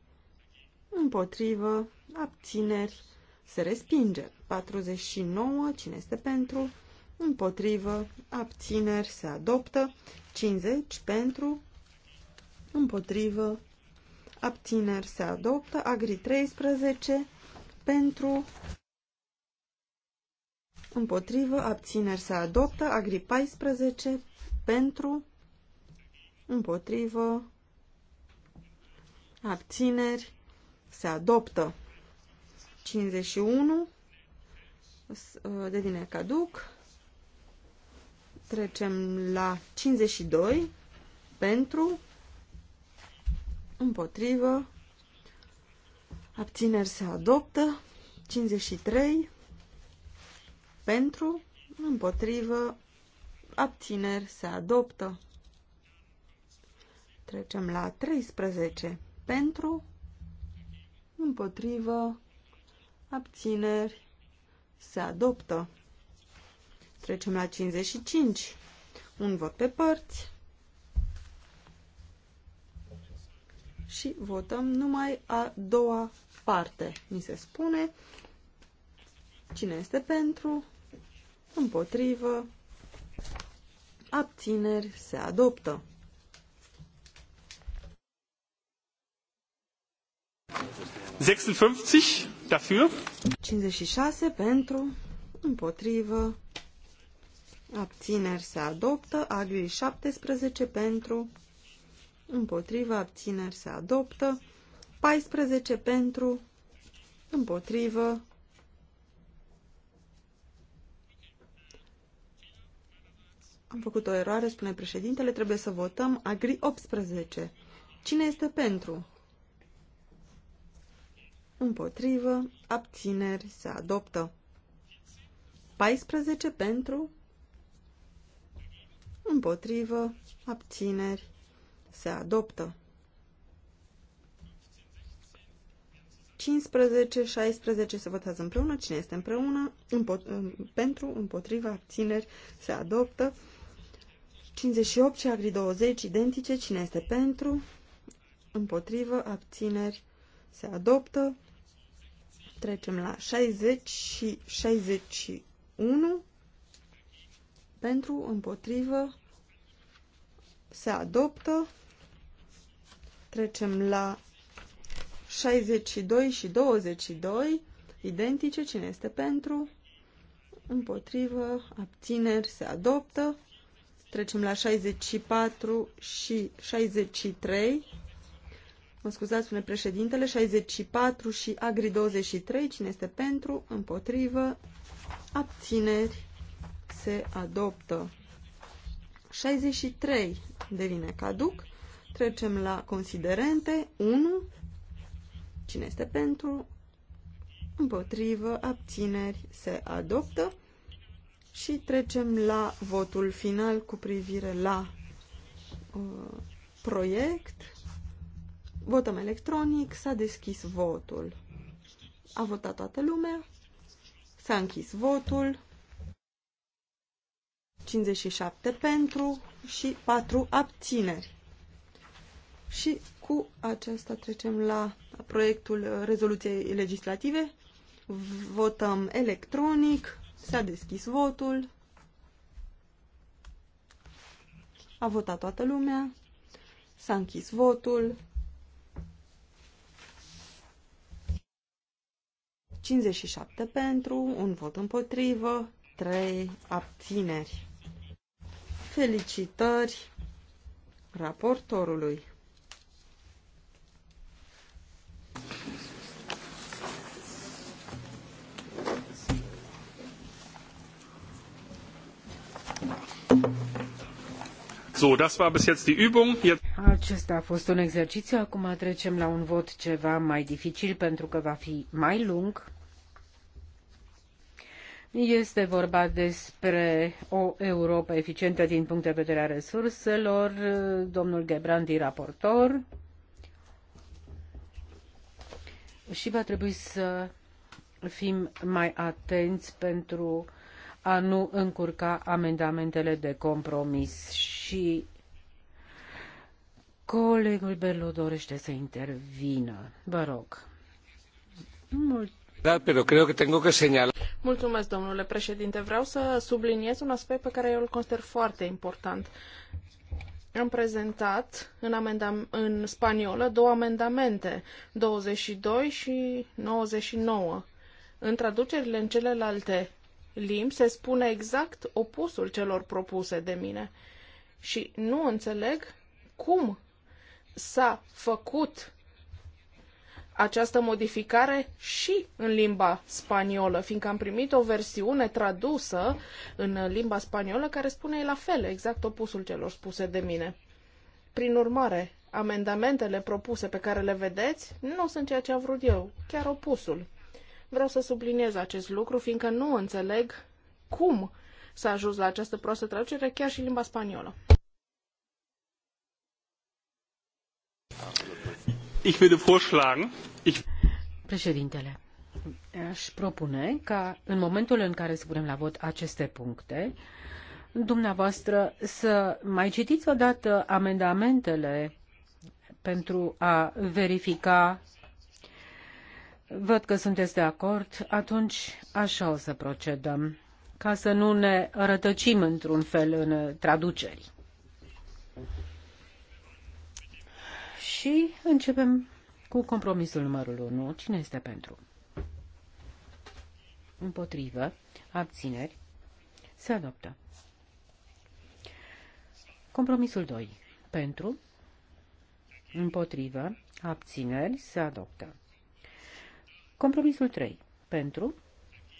împotrivă, abțineri se respinge, 49 cine este pentru, împotrivă, abțineri se adoptă, 50 pentru, împotrivă, abțineri se adoptă, agri 13, pentru, împotrivă, abțineri se adoptă, agri 14, pentru, împotrivă, abțineri se adoptă, 51, devine caduc, trecem la 52, pentru, împotrivă, abțineri se adoptă, 53 pentru, împotrivă, abțineri se adoptă. Trecem la 13 pentru, împotrivă, abțineri se adoptă. Trecem la 55. Un vot pe părți. și votăm numai a doua parte, mi se spune. Cine este pentru? Împotrivă? Abțineri? Se adoptă. dafür. 56 pentru, împotrivă, abțineri se adoptă, agri 17 pentru, împotrivă, abțineri se adoptă, 14 pentru, împotrivă, am făcut o eroare, spune președintele, trebuie să votăm agri 18. Cine este pentru? Împotrivă, abțineri se adoptă. 14 pentru, împotrivă, abțineri se adoptă. 15, 16 se votează împreună. Cine este împreună? Împot pentru, împotriva, abțineri, se adoptă. 58 și agri 20 identice. Cine este pentru? Împotrivă, abțineri, se adoptă. Trecem la 60 și 61. Pentru, împotrivă, se adoptă. Trecem la 62 și 22, identice, cine este pentru, împotrivă, abțineri, se adoptă. Trecem la 64 și 63, mă scuzați, spune președintele, 64 și Agri 23, cine este pentru, împotrivă, abțineri, se adoptă. 63 devine caduc. Trecem la considerente. 1. Cine este pentru? Împotrivă, abțineri, se adoptă. Și trecem la votul final cu privire la uh, proiect. Votăm electronic, s-a deschis votul. A votat toată lumea, s-a închis votul. 57 pentru și 4 abțineri. Și cu aceasta trecem la proiectul rezoluției legislative. Votăm electronic. S-a deschis votul. A votat toată lumea. S-a închis votul. 57 pentru, un vot împotrivă, 3 abțineri. Felicitări raportorului. So, das war bis jetzt die Übung. Jetzt... Acesta a fost un exercițiu, acum trecem la un vot ceva mai dificil pentru că va fi mai lung. Este vorba despre o Europa eficientă din punct de vedere a resurselor. Domnul Gebrandi, raportor. Și va trebui să fim mai atenți pentru uh, a nu încurca amendamentele de compromis și colegul Berlu dorește să intervină. Vă rog. Mult da, Pero creo que tengo que señalar. Mulțumesc, domnule președinte. Vreau să subliniez un aspect pe care eu îl consider foarte important. Am prezentat în, în spaniolă două amendamente, 22 și 99. În traducerile în celelalte limbi se spune exact opusul celor propuse de mine. Și nu înțeleg cum s-a făcut această modificare și în limba spaniolă, fiindcă am primit o versiune tradusă în limba spaniolă care spune la fel, exact opusul celor spuse de mine. Prin urmare, amendamentele propuse pe care le vedeți nu sunt ceea ce am vrut eu, chiar opusul. Vreau să subliniez acest lucru, fiindcă nu înțeleg cum s-a ajuns la această proastă traducere, chiar și limba spaniolă. Ich würde vorschlagen, ich... Președintele, aș propune ca în momentul în care punem la vot aceste puncte, dumneavoastră să mai citiți odată amendamentele pentru a verifica Văd că sunteți de acord, atunci așa o să procedăm, ca să nu ne rătăcim într-un fel în traduceri. Și începem cu compromisul numărul 1. Cine este pentru? Împotrivă. Abțineri. Se adoptă. Compromisul 2. Pentru. Împotrivă. Abțineri. Se adoptă. Compromisul 3. Pentru,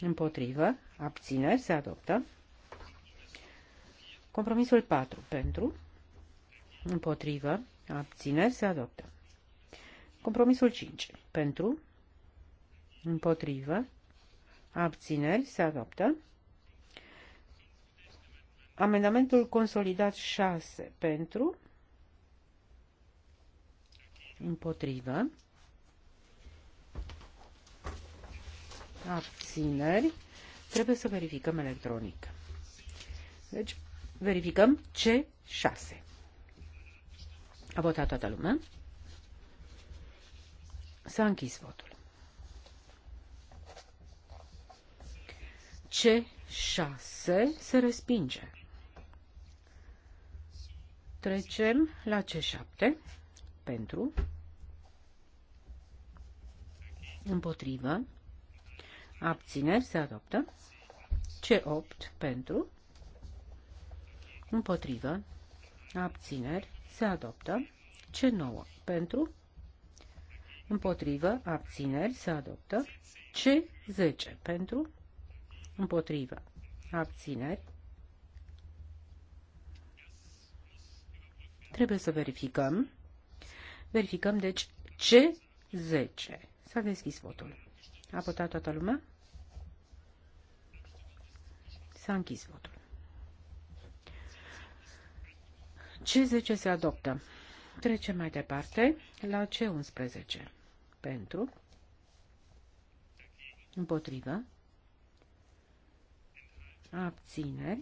împotrivă, abțineri, se adoptă. Compromisul 4. Pentru, împotrivă, abțineri, se adoptă. Compromisul 5. Pentru, împotrivă, abțineri, se adoptă. Amendamentul consolidat 6. Pentru, împotrivă, abțineri, trebuie să verificăm electronic. Deci, verificăm C6. A votat toată lumea. S-a închis votul. C6 se respinge. Trecem la C7 pentru împotrivă abțineri se adoptă. C8 pentru, împotrivă, abțineri se adoptă. C9 pentru, împotrivă, abțineri se adoptă. C10 pentru, împotrivă, abțineri. Trebuie să verificăm. Verificăm, deci, C10. S-a deschis votul. A votat toată lumea? S-a închis votul. C10 se adoptă. Trecem mai departe la C11. Pentru. Împotrivă. Abțineri.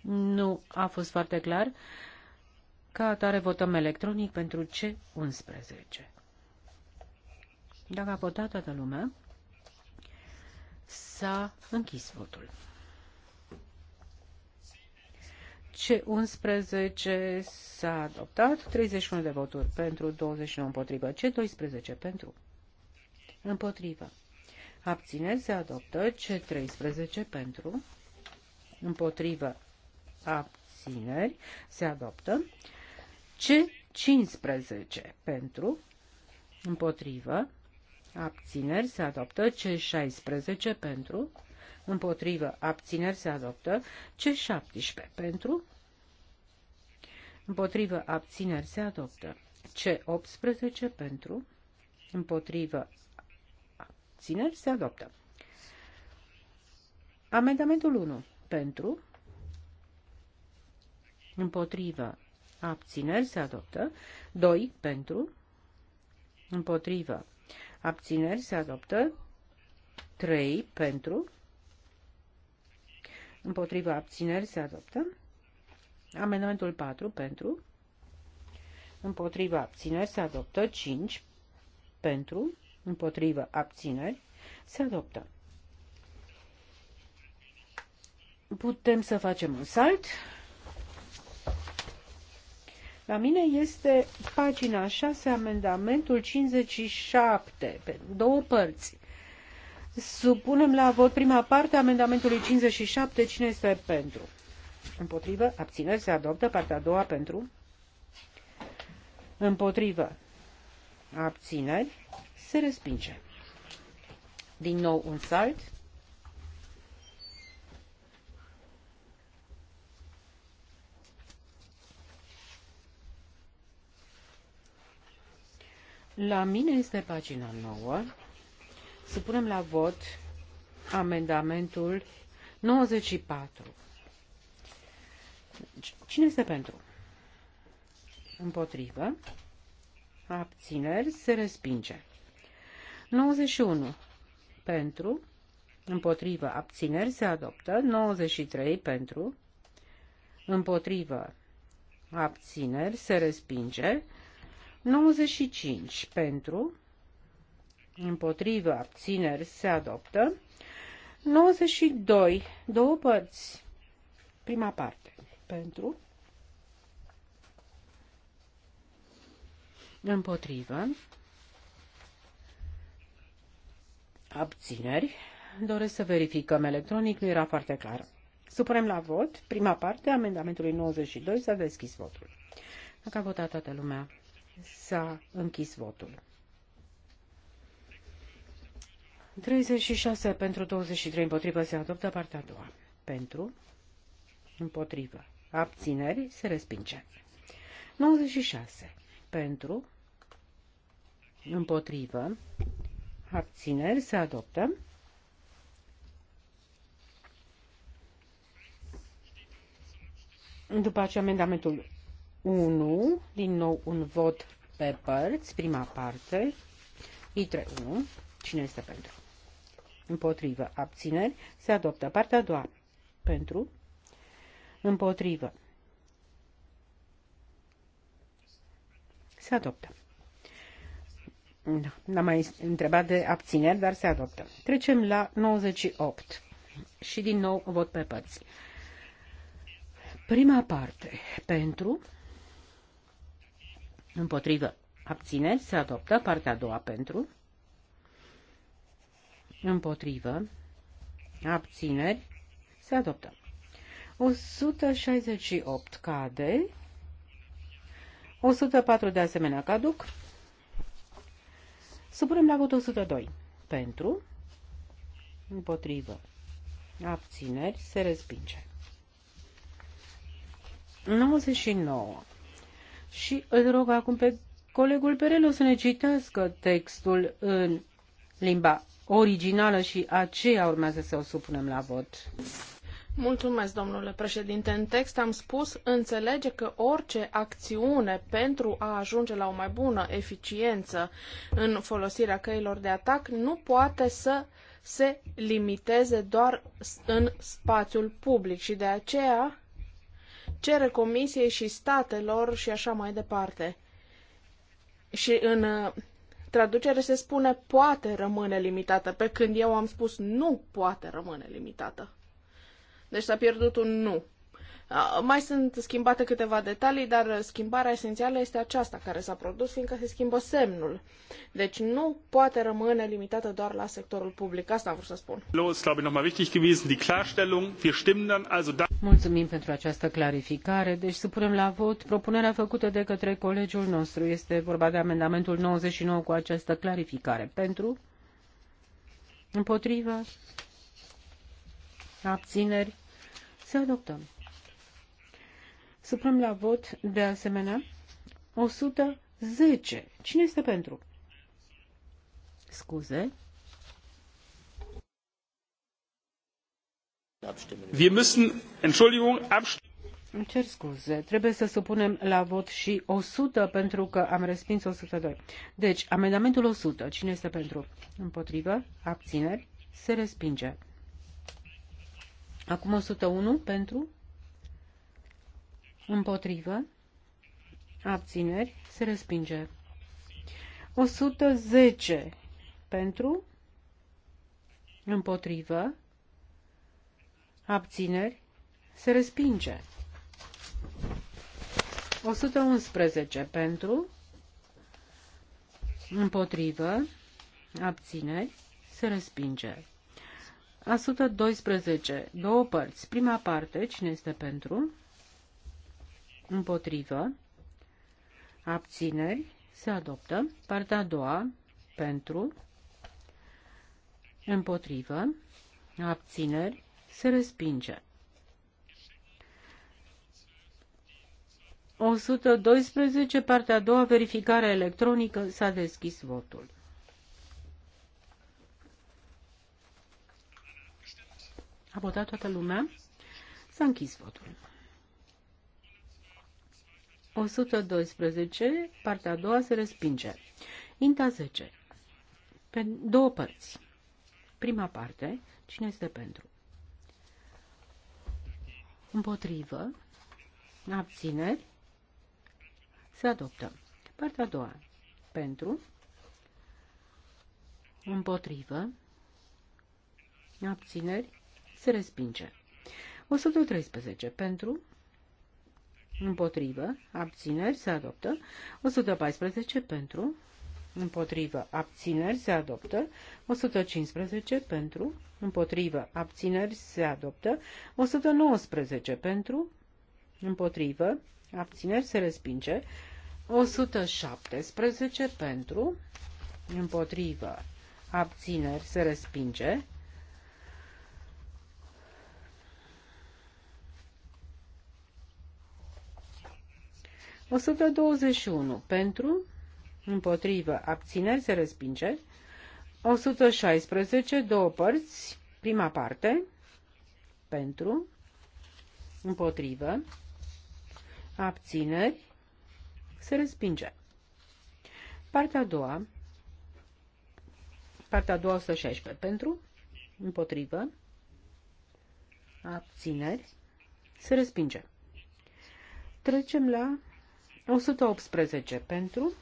Nu a fost foarte clar. Ca atare votăm electronic pentru C11. Dacă a votat toată lumea, S-a închis votul. C11 s-a adoptat, 31 de voturi pentru, 29 împotrivă, C12 pentru, împotrivă. Abțineri se adoptă, C13 pentru, împotrivă, abțineri se adoptă, C15 pentru, împotrivă, abțineri se adoptă, C16 pentru, împotrivă, abțineri se adoptă, C17 pentru, împotrivă, abțineri se adoptă, C18 pentru, împotrivă, abțineri se adoptă. Amendamentul 1 pentru, împotrivă, abțineri se adoptă, 2 pentru, împotrivă, abțineri se adoptă, 3 pentru, împotriva abțineri se adoptă, amendamentul 4 pentru, împotriva abțineri se adoptă, 5 pentru, împotriva abțineri se adoptă. Putem să facem un salt la mine este pagina 6, amendamentul 57, pe două părți. Supunem la vot prima parte a amendamentului 57. Cine este pentru? Împotrivă. Abțineri. Se adoptă. Partea a doua pentru. Împotrivă. Abțineri. Se respinge. Din nou un salt. La mine este pagina 9. Supunem la vot amendamentul 94. Deci, cine este pentru? Împotrivă. Abțineri. Se respinge. 91. Pentru. Împotrivă. Abțineri. Se adoptă. 93. Pentru. Împotrivă. Abțineri. Se respinge. 95 pentru, împotrivă, abțineri, se adoptă. 92, două părți, prima parte, pentru, împotrivă, abțineri, doresc să verificăm electronic, nu era foarte clar. Supunem la vot prima parte amendamentului 92, s-a deschis votul. Dacă a votat toată lumea, S-a închis votul. 36 pentru 23 împotrivă se adoptă partea a doua. Pentru, împotrivă, abțineri se respinge. 96 pentru, împotrivă, abțineri se adoptă. După aceea amendamentul 1, din nou un vot pe părți, prima parte, litre 1, cine este pentru? Împotrivă, abțineri, se adoptă. Partea a doua, pentru, împotrivă, se adoptă. Da, n-am mai întrebat de abțineri, dar se adoptă. Trecem la 98 și din nou vot pe părți. Prima parte, pentru, Împotrivă. Abțineri se adoptă. Partea a doua pentru. Împotrivă. Abțineri se adoptă. 168 cade. 104 de asemenea caduc. Supunem la vot 102. Pentru. Împotrivă. Abțineri se respinge. 99 și îl rog acum pe colegul Perelu să ne citească textul în limba originală și aceea urmează să o supunem la vot. Mulțumesc, domnule președinte. În text am spus, înțelege că orice acțiune pentru a ajunge la o mai bună eficiență în folosirea căilor de atac nu poate să se limiteze doar în spațiul public și de aceea cere Comisiei și statelor și așa mai departe. Și în uh, traducere se spune poate rămâne limitată, pe când eu am spus nu poate rămâne limitată. Deci s-a pierdut un nu. Mai sunt schimbate câteva detalii, dar schimbarea esențială este aceasta care s-a produs, fiindcă se schimbă semnul. Deci nu poate rămâne limitată doar la sectorul public. Asta am vrut să spun. Da- Mulțumim pentru această clarificare. Deci supunem la vot propunerea făcută de către colegiul nostru. Este vorba de amendamentul 99 cu această clarificare. Pentru? Împotrivă? Abțineri? Să adoptăm. Suprem la vot, de asemenea, 110. Cine este pentru? Scuze. Wir müssen, Entschuldigung, Îmi cer scuze, trebuie să supunem la vot și 100 pentru că am respins 102. Deci, amendamentul 100, cine este pentru? Împotrivă, abțineri, se respinge. Acum 101 pentru, Împotrivă. Abțineri. Se respinge. 110 pentru. Împotrivă. Abțineri. Se respinge. 111 pentru. Împotrivă. Abțineri. Se respinge. 112. Două părți. Prima parte. Cine este pentru? împotrivă, abțineri, se adoptă. Partea a doua, pentru, împotrivă, abțineri, se respinge. 112, partea a doua, verificare electronică, s-a deschis votul. A votat toată lumea? S-a închis votul. 112, partea a doua se respinge. Inta 10. Pe două părți. Prima parte, cine este pentru? Împotrivă, abțineri, se adoptă. Partea a doua, pentru, împotrivă, abțineri, se respinge. 113, pentru, împotrivă, abțineri, se adoptă. 114 pentru, împotrivă, abțineri, se adoptă. 115 pentru, împotrivă, abțineri, se adoptă. 119 pentru, împotrivă, abțineri, se respinge. 117 pentru, împotrivă, abțineri, se respinge. 121 pentru, împotrivă, abțineri, se respinge. 116, două părți, prima parte, pentru, împotrivă, abțineri, se respinge. Partea a doua, partea a doua 116, pentru, împotrivă, abțineri, se respinge. Trecem la 118 pentru,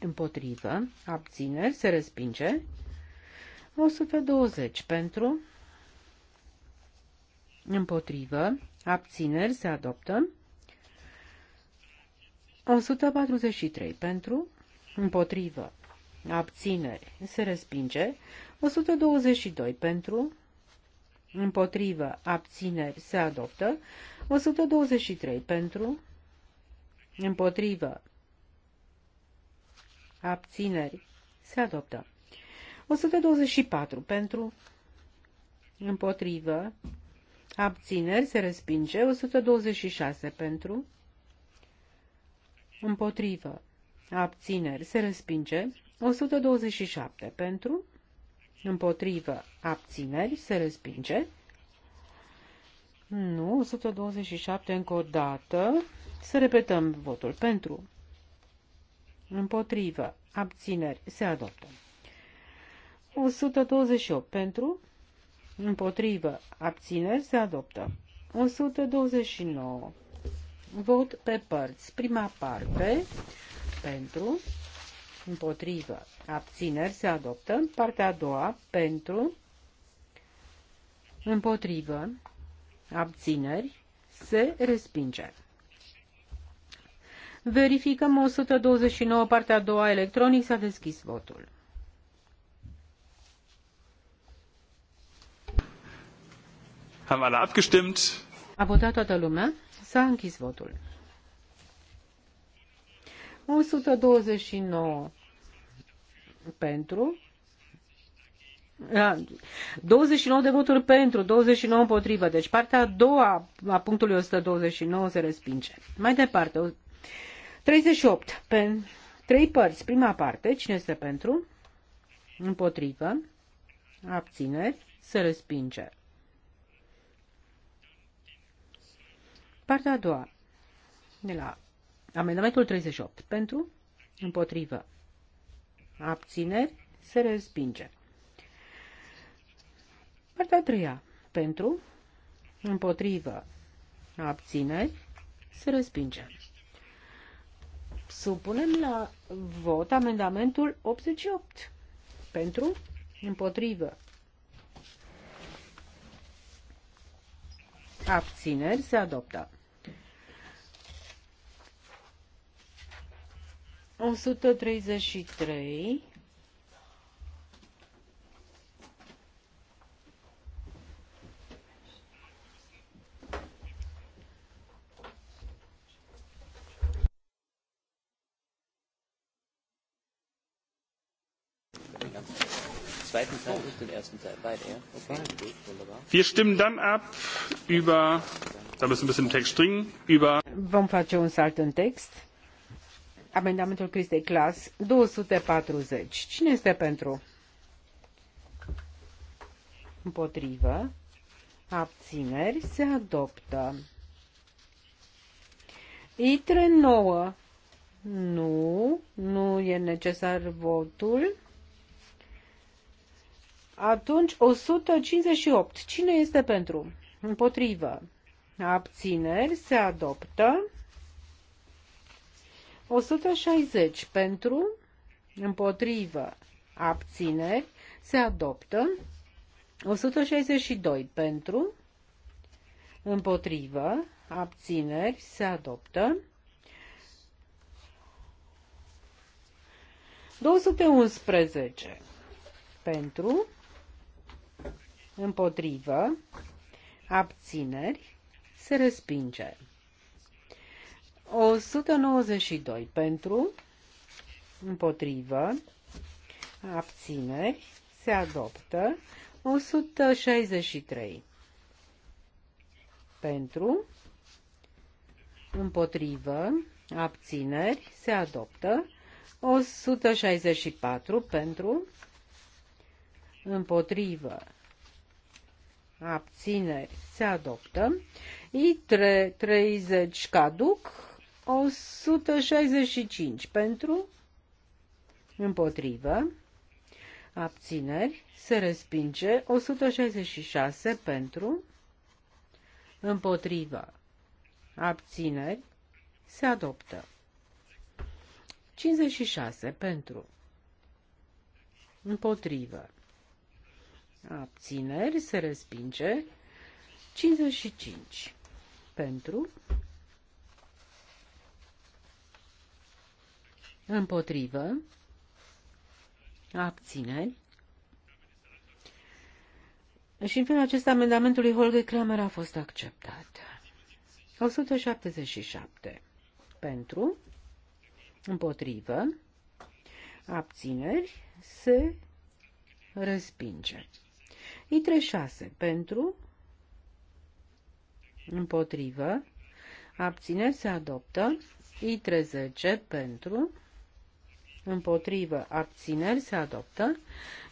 împotrivă, abțineri, se respinge. 120 pentru, împotrivă, abțineri, se adoptă. 143 pentru, împotrivă, abțineri, se respinge. 122 pentru, împotrivă, abțineri, se adoptă. 123 pentru, Împotrivă. Abțineri. Se adoptă. 124 pentru. Împotrivă. Abțineri. Se respinge. 126 pentru. Împotrivă. Abțineri. Se respinge. 127 pentru. Împotrivă. Abțineri. Se respinge. Nu, 127 încă o dată. Să repetăm votul pentru. Împotrivă. Abțineri. Se adoptă. 128 pentru. Împotrivă. Abțineri. Se adoptă. 129. Vot pe părți. Prima parte. Pentru. Împotrivă. Abțineri. Se adoptă. Partea a doua. Pentru. Împotrivă. Abțineri. Se respinge. Verificăm 129, partea a doua, electronic, s-a deschis votul. Haben alle abgestimmt? A votat toată lumea, s-a închis votul. 129 pentru, 29 de voturi pentru, 29 împotrivă. Deci partea a doua a punctului 129 se respinge. Mai departe, 38. Pe trei părți. Prima parte. Cine este pentru? Împotrivă. Abțineri. Se respinge. Partea a doua. De la amendamentul 38. Pentru? Împotrivă. Abțineri. Se respinge. Partea a treia. Pentru? Împotrivă. Abțineri. Se respinge. Supunem la vot amendamentul 88. Pentru? Împotrivă. Abțineri se adoptă. 133 Er wir stimmen dann ab über, da müssen wir ein bisschen Text stringen, über... Vom face un salt în text. Amendamentul Cristei Clas, 240. Cine este pentru? Împotrivă. Abțineri se adoptă. ITRE 9. Nu, nu e necesar votul. Atunci 158. Cine este pentru? Împotrivă. Abțineri se adoptă. 160 pentru, împotrivă, abțineri se adoptă. 162 pentru, împotrivă, abțineri se adoptă. 211 pentru, împotrivă, abțineri, se respinge. 192 pentru, împotrivă, abțineri, se adoptă. 163 pentru, împotrivă, abțineri, se adoptă. 164 pentru, împotrivă, abțineri se adoptă. I3 30 caduc, 165 pentru, împotrivă, abțineri se respinge, 166 pentru, împotrivă, abțineri se adoptă. 56 pentru, împotrivă, abțineri, se respinge. 55 pentru, împotrivă, abțineri. Și în felul acesta amendamentul lui Holger Kramer a fost acceptat. 177 pentru, împotrivă, abțineri, se respinge. I36 pentru, împotrivă, abține, se adoptă, I30 pentru, împotrivă, abțineri se adoptă,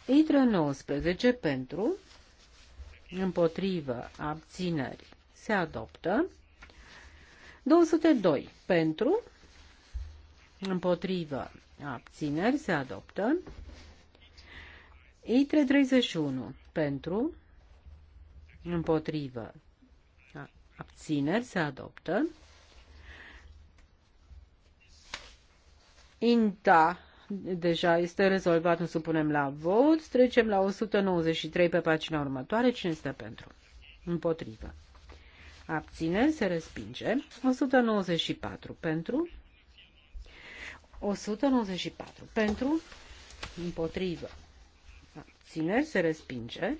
i 19 pentru, împotrivă, abțineri se adoptă, 202 pentru, împotrivă, abțineri se adoptă, ITRE 31 pentru, împotrivă, abțineri se adoptă. INTA deja este rezolvat, îl supunem la vot. Trecem la 193 pe pagina următoare. Cine este pentru? Împotrivă. Abțineri se respinge. 194 pentru. 194 pentru. Împotrivă abțineri, se respinge.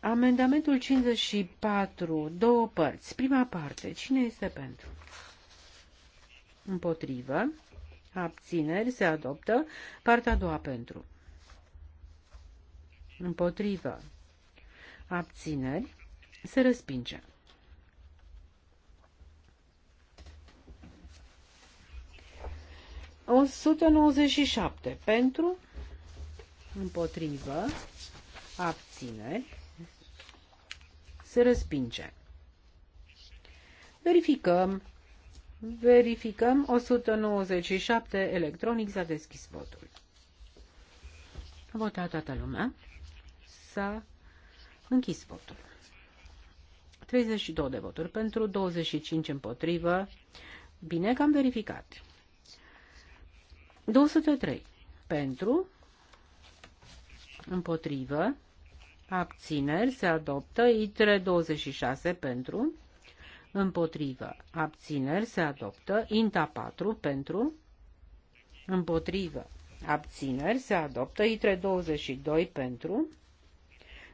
Amendamentul 54, două părți. Prima parte, cine este pentru? Împotrivă. Abțineri se adoptă. Partea a doua pentru. Împotrivă. Abțineri se respinge. 197 pentru, împotrivă, abțineri, se respinge. Verificăm. Verificăm 197 electronic s-a deschis votul. A votat toată lumea. S-a închis votul. 32 de voturi pentru, 25 împotrivă. Bine că am verificat. 203. Pentru, împotrivă, abțineri, se adoptă. ITRE 26 pentru, împotrivă, abțineri, se adoptă. INTA 4 pentru, împotrivă, abțineri, se adoptă. ITRE 22 pentru,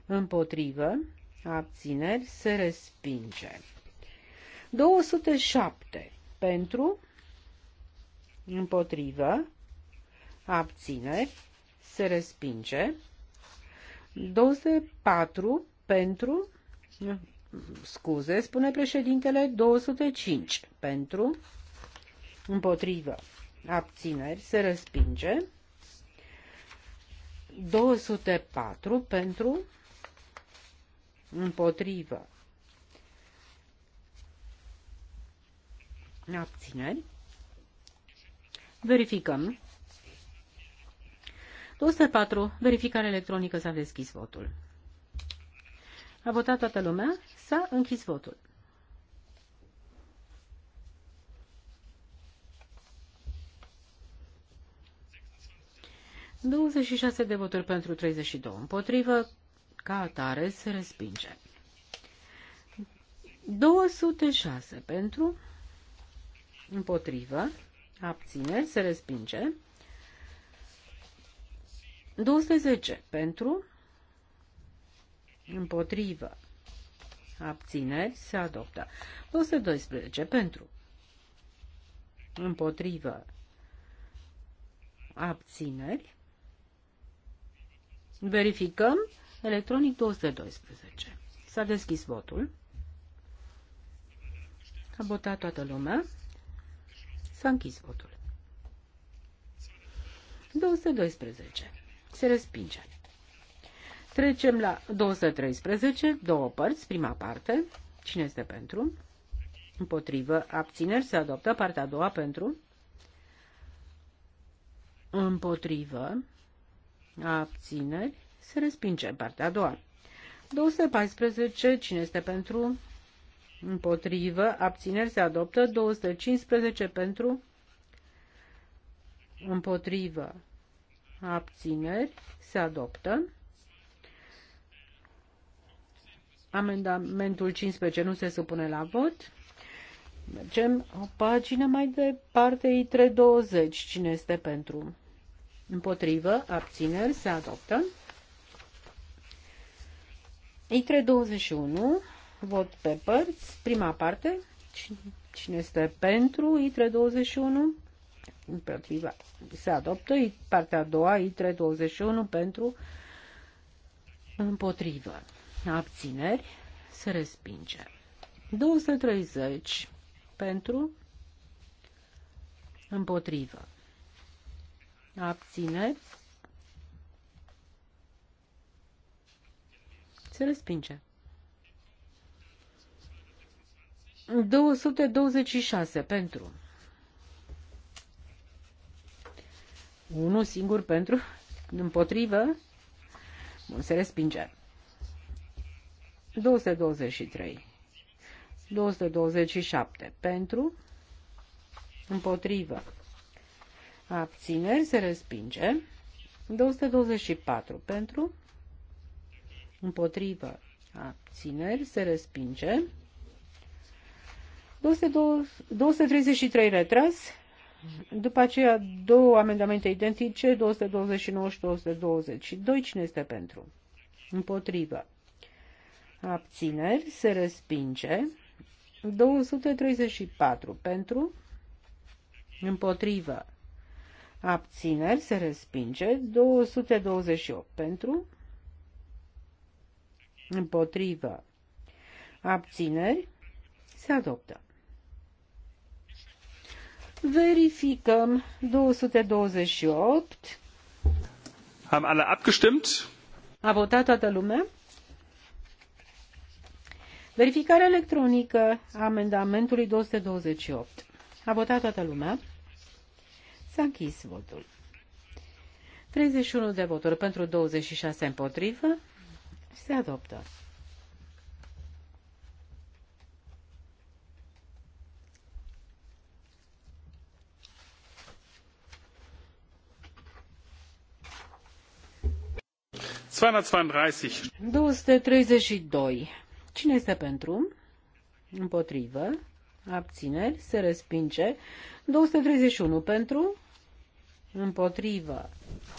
împotrivă, abțineri, se respinge. 207 pentru, împotrivă, abține, se respinge. 204 pentru, scuze, spune președintele, 205 pentru, împotrivă, abțineri, se respinge. 204 pentru, împotrivă, abțineri. Verificăm. 204. Verificare electronică. S-a deschis votul. A votat toată lumea. S-a închis votul. ...26 de voturi pentru 32 împotrivă, ca atare se respinge. 206 pentru, împotrivă, abține, se respinge. 210 pentru, împotrivă, abțineri, se adoptă. 212 pentru, împotrivă, abțineri. Verificăm electronic 212. S-a deschis votul. A votat toată lumea. S-a închis votul. 212. Se respinge. Trecem la 213, două părți, prima parte. Cine este pentru? Împotrivă, abțineri, se adoptă partea a doua pentru. Împotrivă, abțineri, se respinge partea a doua. 214, cine este pentru? Împotrivă, abțineri, se adoptă. 215 pentru. Împotrivă, abțineri, se adoptă. Amendamentul 15 nu se supune la vot. Mergem o pagină mai departe, I320. Cine este pentru? Împotrivă, abțineri, se adoptă. I321, vot pe părți, prima parte. Cine este pentru I321? împotriva se adoptă. Partea a doua, ITRE 21 pentru împotrivă. Abțineri se respinge. 230 pentru împotrivă. Abțineri se respinge. 226 pentru unul singur pentru, împotrivă, bun, se respinge. 223. 227 pentru, împotrivă, abțineri, se respinge. 224 pentru, împotrivă, abțineri, se respinge. 232, 233 retras, după aceea, două amendamente identice, 229 și 222. Cine este pentru? Împotrivă. Abțineri. Se respinge. 234 pentru. Împotrivă. Abțineri. Se respinge. 228 pentru. Împotrivă. Abțineri. Se adoptă. Verificăm 228. Haben alle abgestimmt? A votat toată lumea? Verificarea electronică a amendamentului 228. A votat toată lumea. S-a închis votul. 31 de voturi pentru 26 împotrivă. Se adoptă. 232. 232. Cine este pentru? Împotrivă. Abțineri. Se respinge. 231 pentru. Împotrivă.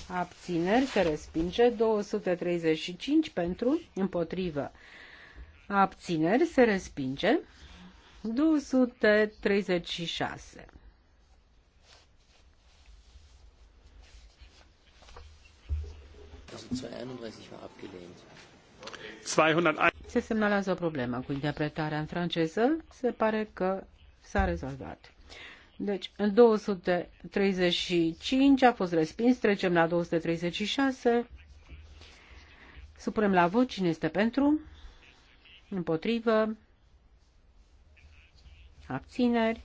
Abțineri. Se respinge. 235 pentru. Împotrivă. Abțineri. Se respinge. 236 Also 231 war abgelehnt. Se semnalează o problemă cu interpretarea în franceză. Se pare că s-a rezolvat. Deci, în 235 a fost respins, trecem la 236. Supunem la vot cine este pentru, împotrivă, abțineri.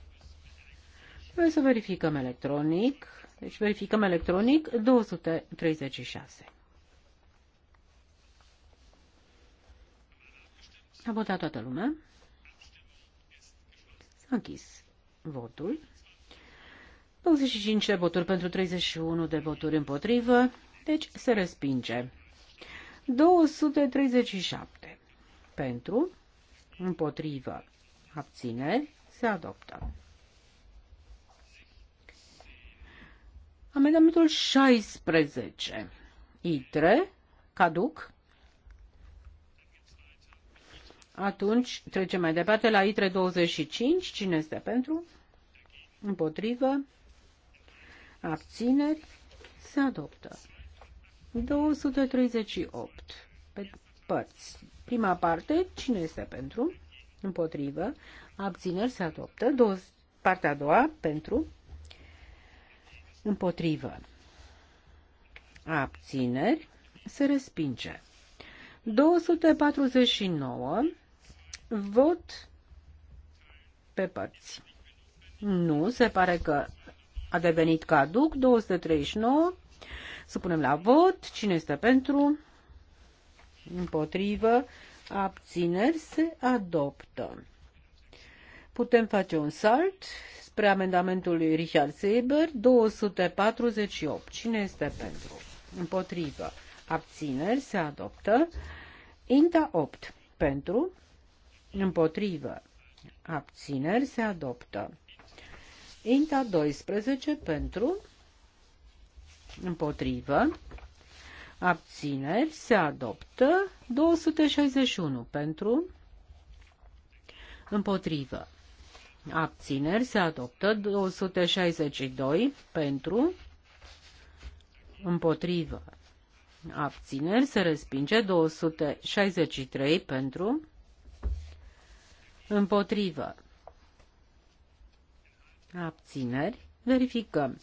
Trebuie să verificăm electronic. Deci verificăm electronic 236. A votat toată lumea. S-a închis votul. 25 de voturi pentru 31 de voturi împotrivă, deci se respinge. 237 pentru, împotrivă, abțineri, se adoptă. Amendamentul 16. ITRE, caduc, atunci trecem mai departe la ITRE 25. Cine este pentru? Împotrivă. Abțineri. Se adoptă. 238. Pe părți. Prima parte. Cine este pentru? Împotrivă. Abțineri. Se adoptă. partea a doua. Pentru. Împotrivă. Abțineri. Se respinge. 249 Vot pe părți. Nu, se pare că a devenit caduc. 239. Să punem la vot. Cine este pentru? Împotrivă. Abțineri se adoptă. Putem face un salt spre amendamentul lui Richard Seber 248. Cine este pentru? Împotrivă. Abțineri se adoptă. Inta 8. Pentru împotrivă, abțineri se adoptă. Inta 12 pentru, împotrivă, abțineri se adoptă. 261 pentru, împotrivă, abțineri se adoptă. 262 pentru, împotrivă, abțineri se respinge. 263 pentru, Împotrivă. Abțineri. Verificăm.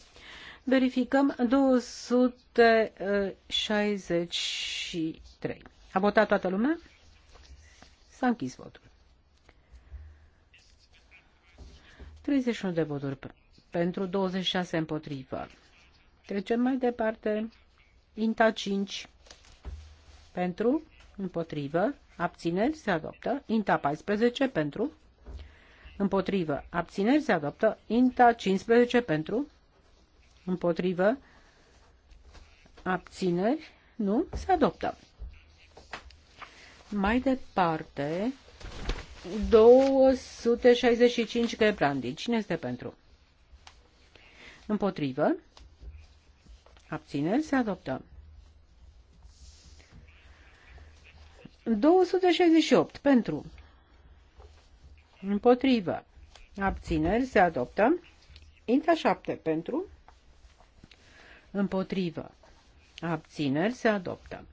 Verificăm 263. A votat toată lumea? S-a închis votul. 31 de voturi pentru, 26 împotrivă. Trecem mai departe. Inta 5 pentru, împotrivă, Abțineri se adoptă. Inta 14 pentru. Împotrivă. Abțineri se adoptă. Inta 15 pentru. Împotrivă. Abțineri. Nu. Se adoptă. Mai departe. 265 brandi. Cine este pentru? Împotrivă. Abțineri se adoptă. 268 pentru. Împotrivă. Abțineri se adoptă. Inta 7 pentru. Împotrivă. Abțineri se adoptă.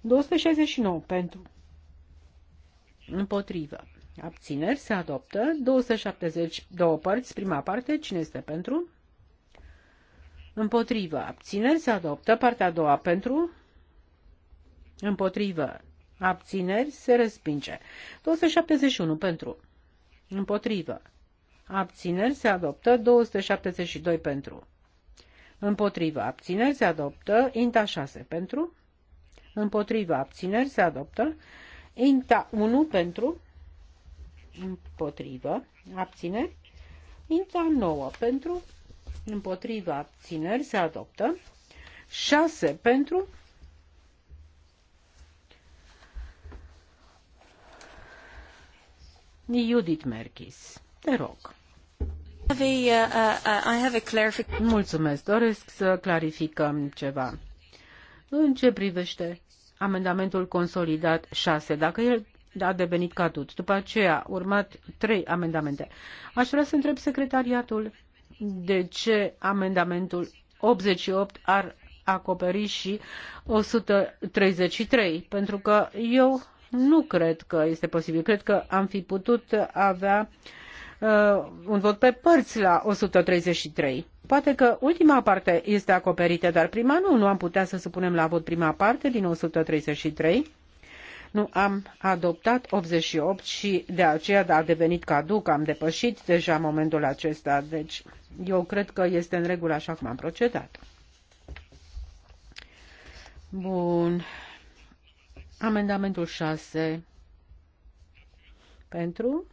269 pentru. Împotrivă. Abțineri se adoptă. 272 părți. Prima parte. Cine este pentru? Împotrivă. Abțineri se adoptă. Partea a doua pentru. Împotrivă. Abțineri se respinge. 271 pentru. Împotrivă. Abțineri se adoptă. 272 pentru. Împotrivă. Abțineri se adoptă. Inta 6 pentru. Împotrivă. Abțineri se adoptă. Inta 1 pentru. Împotrivă. Abțineri. Inta 9 pentru. Împotrivă. Abțineri se adoptă. 6 pentru Judith Merkis, te rog. Uh, uh, Mulțumesc, doresc să clarificăm ceva. În ce privește amendamentul consolidat 6, dacă el a devenit cadut, după aceea urmat trei amendamente. Aș vrea să întreb secretariatul de ce amendamentul 88 ar acoperi și 133, pentru că eu nu cred că este posibil. Cred că am fi putut avea uh, un vot pe părți la 133. Poate că ultima parte este acoperită, dar prima nu. Nu am putea să supunem la vot prima parte din 133. Nu am adoptat 88 și de aceea a devenit caduc. Am depășit deja momentul acesta. Deci eu cred că este în regulă așa cum am procedat. Bun. Amendamentul 6 pentru,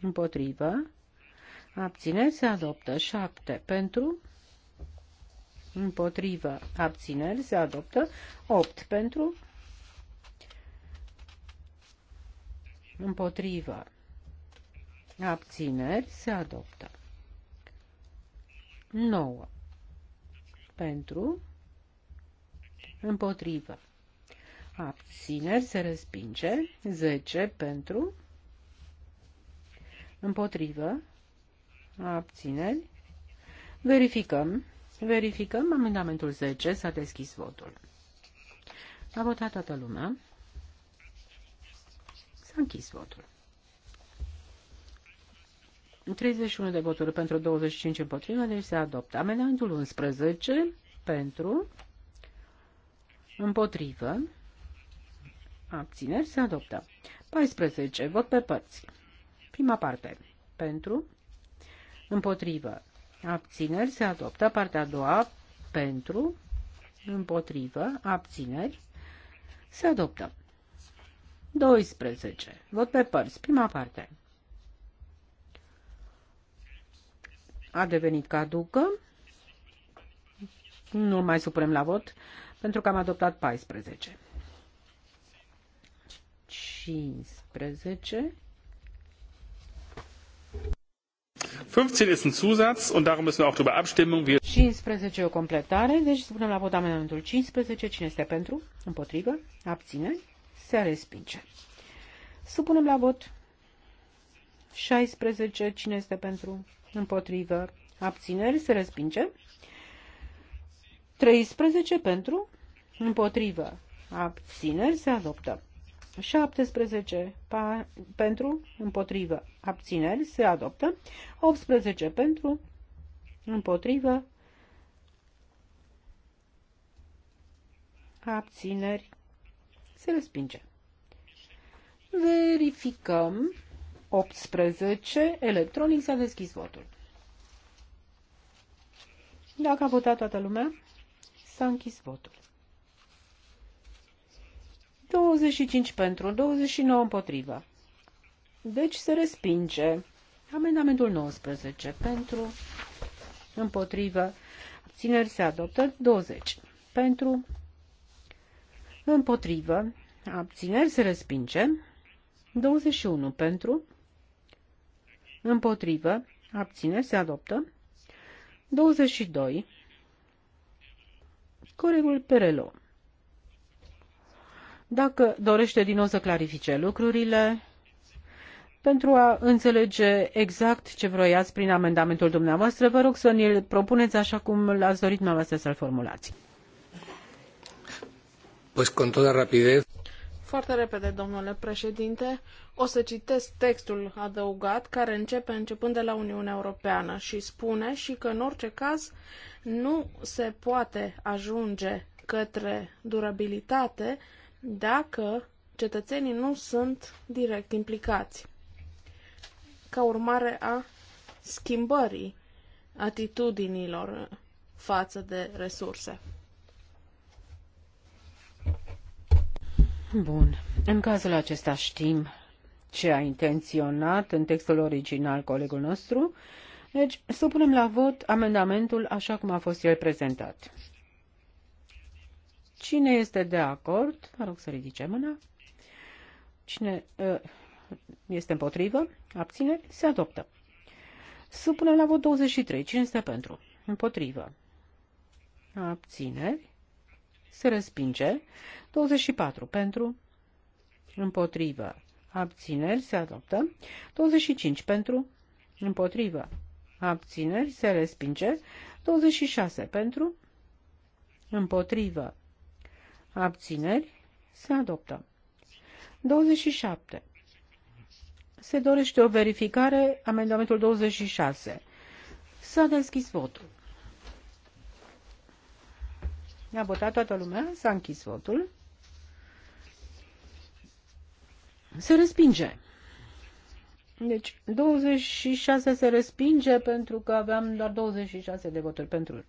împotrivă, abțineri se adoptă 7 pentru, împotrivă, abțineri se adoptă 8 pentru, împotrivă, abțineri se adoptă 9 pentru, împotrivă, abțineri se respinge, 10 pentru, împotrivă, abțineri. Verificăm, verificăm amendamentul 10, s-a deschis votul. A votat toată lumea. S-a închis votul. 31 de voturi pentru 25 împotrivă, deci se adoptă. Amendamentul 11 pentru, împotrivă, Abțineri se adoptă. 14. Vot pe părți. Prima parte. Pentru. Împotrivă. Abțineri se adoptă. Partea a doua. Pentru. Împotrivă. Abțineri se adoptă. 12. Vot pe părți. Prima parte. A devenit caducă. Nu mai supunem la vot pentru că am adoptat 14. 15. 15 este un Zusatz und darum müssen wir auch darüber abstimmen. Wir 15 o completare, deci spunem la vot amendamentul 15. Cine este pentru? Împotrivă? abține, Se respinge. Supunem la vot 16. Cine este pentru? Împotrivă? Abțineri? Se respinge. 13 pentru? Împotrivă? Abțineri? Se adoptă. 17 pentru, împotrivă, abțineri, se adoptă. 18 pentru, împotrivă, abțineri, se respinge. Verificăm. 18, electronic s-a deschis votul. Dacă a votat toată lumea, s-a închis votul. 25 pentru, 29 împotrivă. Deci se respinge amendamentul 19 pentru, împotrivă, abțineri se adoptă 20 pentru, împotrivă, abțineri se respinge 21 pentru, împotrivă, abțineri se adoptă 22 coregul Perelo dacă dorește din nou să clarifice lucrurile pentru a înțelege exact ce vroiați prin amendamentul dumneavoastră, vă rog să ne-l propuneți așa cum l-ați dorit dumneavoastră să-l formulați. Pues con toda rapidez. Foarte repede, domnule președinte, o să citesc textul adăugat care începe începând de la Uniunea Europeană și spune și că în orice caz nu se poate ajunge către durabilitate dacă cetățenii nu sunt direct implicați. Ca urmare a schimbării atitudinilor față de resurse. Bun. În cazul acesta știm ce a intenționat în textul original colegul nostru. Deci, supunem la vot amendamentul așa cum a fost el prezentat. Cine este de acord? Vă rog să ridice mâna. Cine ă, este împotrivă? Abțineri? Se adoptă. Supunem la vot 23. Cine este pentru? Împotrivă. Abțineri? Se respinge. 24. Pentru? Împotrivă. Abțineri? Se adoptă. 25. Pentru? Împotrivă. Abțineri? Se respinge. 26. Pentru? Împotrivă. Abțineri? Se adoptă. 27. Se dorește o verificare. Amendamentul 26. S-a deschis votul. Ne-a votat toată lumea, s-a închis votul. Se respinge. Deci 26 se respinge pentru că aveam doar 26 de voturi pentru.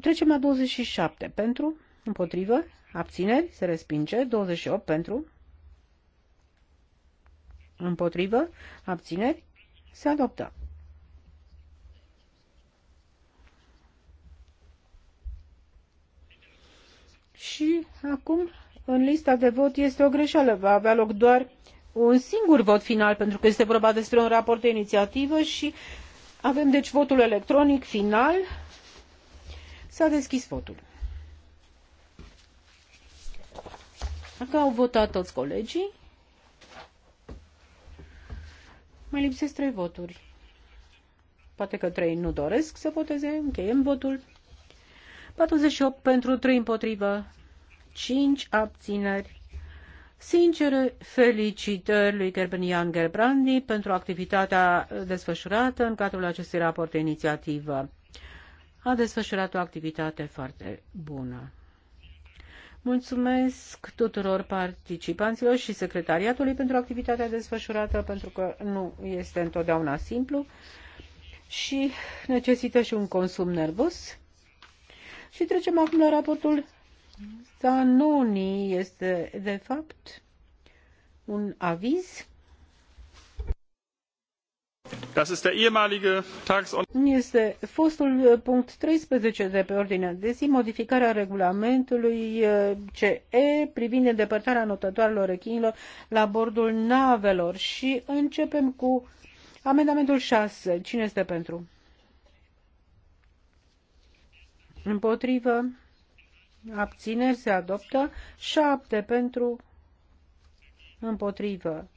Trecem la 27. Pentru, împotrivă, Abțineri? Se respinge. 28 pentru. Împotrivă? Abțineri? Se adoptă. Și acum, în lista de vot este o greșeală. Va avea loc doar un singur vot final, pentru că este vorba despre un raport de inițiativă și avem deci votul electronic final. S-a deschis votul. Dacă au votat toți colegii, mai lipsesc trei voturi. Poate că trei nu doresc să voteze, încheiem votul. 48 pentru, 3 împotrivă, 5 abțineri. Sincere felicitări lui Gerbenian Gerbrandi pentru activitatea desfășurată în cadrul acestui raport de inițiativă. A desfășurat o activitate foarte bună. Mulțumesc tuturor participanților și secretariatului pentru activitatea desfășurată, pentru că nu este întotdeauna simplu și necesită și un consum nervos. Și trecem acum la raportul Zanoni. Este, de fapt, un aviz este fostul uh, punct treisprezece de pe ordinea de zi, modificarea regulamentului uh, CE privind îndepărtarea notătoarelor rechinilor la bordul navelor. Și începem cu amendamentul șase. Cine este pentru? Împotrivă? abineri se adoptă. Șapte pentru? Împotrivă?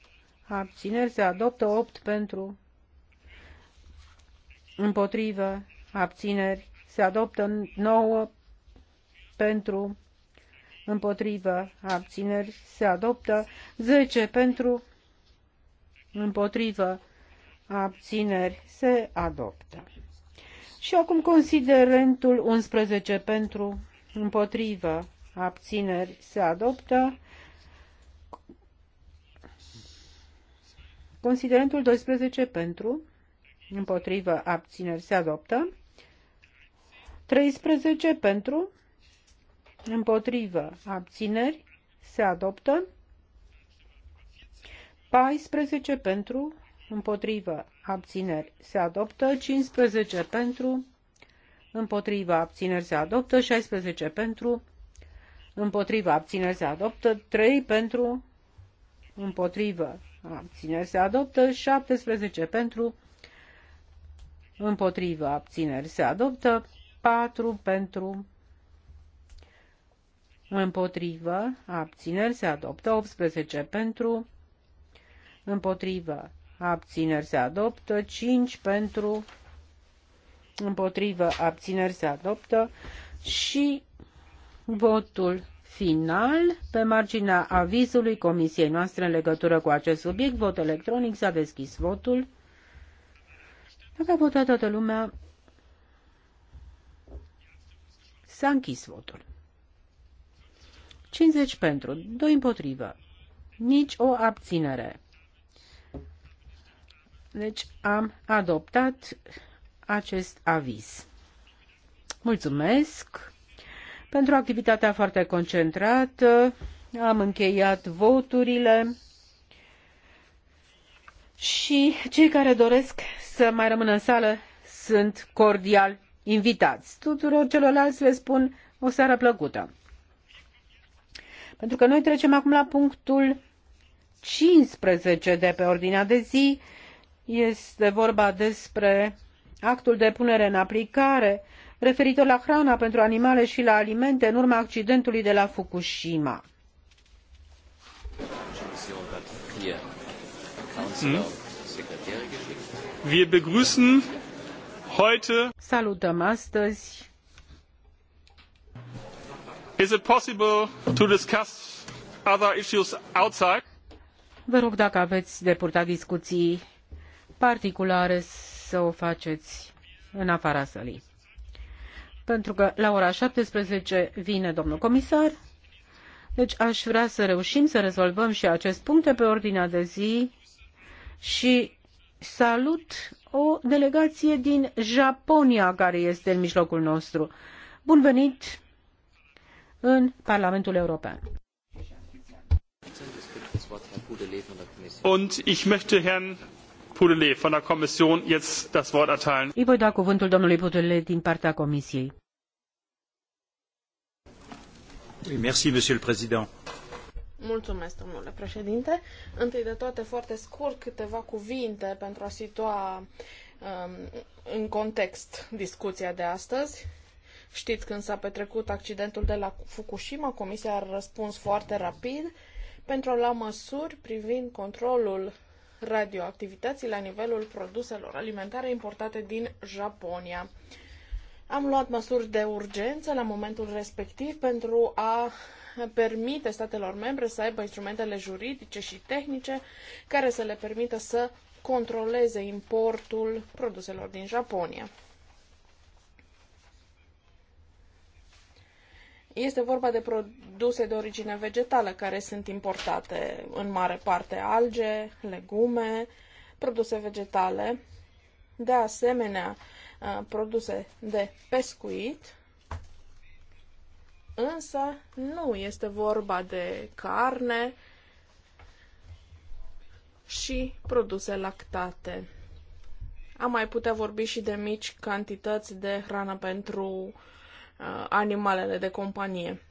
abineri se adoptă. opt pentru? împotrivă, abțineri, se adoptă nouă pentru, împotrivă, abțineri, se adoptă 10 pentru, împotrivă, abțineri, se adoptă. Și acum considerentul 11 pentru, împotrivă, abțineri, se adoptă. Considerentul 12 pentru, împotrivă, abțineri se adoptă. 13 pentru, împotrivă, abțineri se adoptă. 14 pentru, împotrivă, abțineri se adoptă. 15 pentru, împotrivă, abțineri se adoptă. 16 pentru, împotrivă, abțineri se adoptă. 3 pentru, împotrivă, abțineri se adoptă. 17 pentru, Împotrivă, împotrivă, abțineri se adoptă, 4 pentru, împotrivă, abțineri se adoptă, 18 pentru, împotrivă, abțineri se adoptă, 5 pentru, împotrivă, abțineri se adoptă și votul final pe marginea avizului comisiei noastre în legătură cu acest subiect. Vot electronic s-a deschis votul. Dacă a votat toată lumea, s-a închis votul. 50 pentru, 2 împotrivă, nici o abținere. Deci am adoptat acest aviz. Mulțumesc pentru activitatea foarte concentrată. Am încheiat voturile și cei care doresc să mai rămână în sală sunt cordial invitați. Tuturor celorlalți le spun o seară plăcută. Pentru că noi trecem acum la punctul 15 de pe ordinea de zi. Este vorba despre actul de punere în aplicare referitor la hrana pentru animale și la alimente în urma accidentului de la Fukushima. Mm? Wir begrüßen heute Salutăm astăzi Is it possible to discuss other issues outside? Vă rog dacă aveți de purtat discuții particulare să o faceți în afara sălii. Pentru că la ora 17 vine domnul comisar, deci aș vrea să reușim să rezolvăm și acest punct de pe ordinea de zi și salut o delegație din Japonia care este în mijlocul nostru. Bun venit în Parlamentul European. Und ich möchte Herrn Pudele von der Kommission jetzt das Wort erteilen. Îi voi da cuvântul domnului Pudele din partea Comisiei. Merci, Monsieur le Président. Mulțumesc, domnule președinte. Întâi de toate, foarte scurt, câteva cuvinte pentru a situa um, în context discuția de astăzi. Știți, când s-a petrecut accidentul de la Fukushima, Comisia a răspuns foarte rapid pentru a lua măsuri privind controlul radioactivității la nivelul produselor alimentare importate din Japonia. Am luat măsuri de urgență la momentul respectiv pentru a permite statelor membre să aibă instrumentele juridice și tehnice care să le permită să controleze importul produselor din Japonia. Este vorba de produse de origine vegetală care sunt importate în mare parte alge, legume, produse vegetale, de asemenea uh, produse de pescuit, Însă nu este vorba de carne și produse lactate. Am mai putea vorbi și de mici cantități de hrană pentru uh, animalele de companie.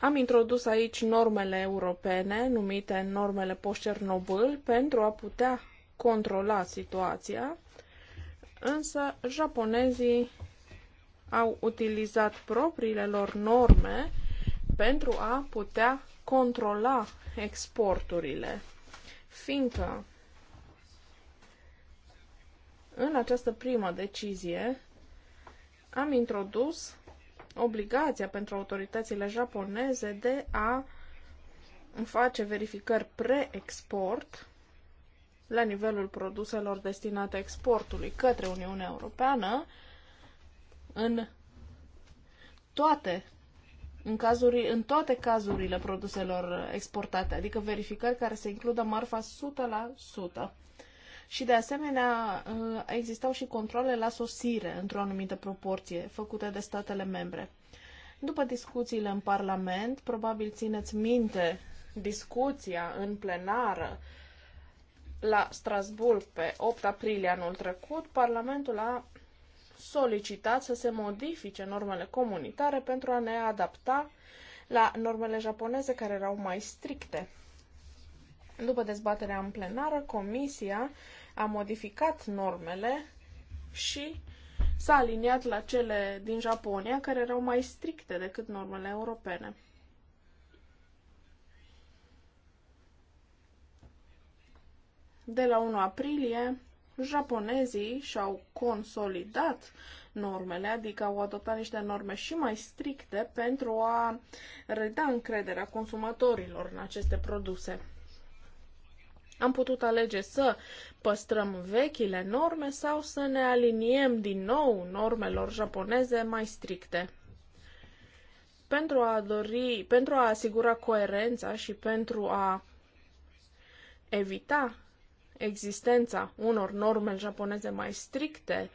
Am introdus aici normele europene, numite normele post pentru a putea controla situația, însă japonezii au utilizat propriile lor norme pentru a putea controla exporturile. Fiindcă în această primă decizie am introdus obligația pentru autoritățile japoneze de a face verificări pre-export la nivelul produselor destinate exportului către Uniunea Europeană în toate în, cazuri, în toate cazurile produselor exportate, adică verificări care se includă marfa 100%. Și de asemenea ă, existau și controle la sosire într-o anumită proporție făcute de statele membre. După discuțiile în Parlament, probabil țineți minte discuția în plenară la Strasburg pe 8 aprilie anul trecut, Parlamentul a solicitat să se modifice normele comunitare pentru a ne adapta la normele japoneze care erau mai stricte. După dezbaterea în plenară, Comisia a modificat normele și s-a aliniat la cele din Japonia, care erau mai stricte decât normele europene. De la 1 aprilie, japonezii și-au consolidat normele, adică au adoptat niște norme și mai stricte pentru a reda încrederea consumatorilor în aceste produse. Am putut alege să păstrăm vechile norme sau să ne aliniem din nou normelor japoneze mai stricte. Pentru a, dori, pentru a asigura coerența și pentru a evita existența unor norme japoneze mai stricte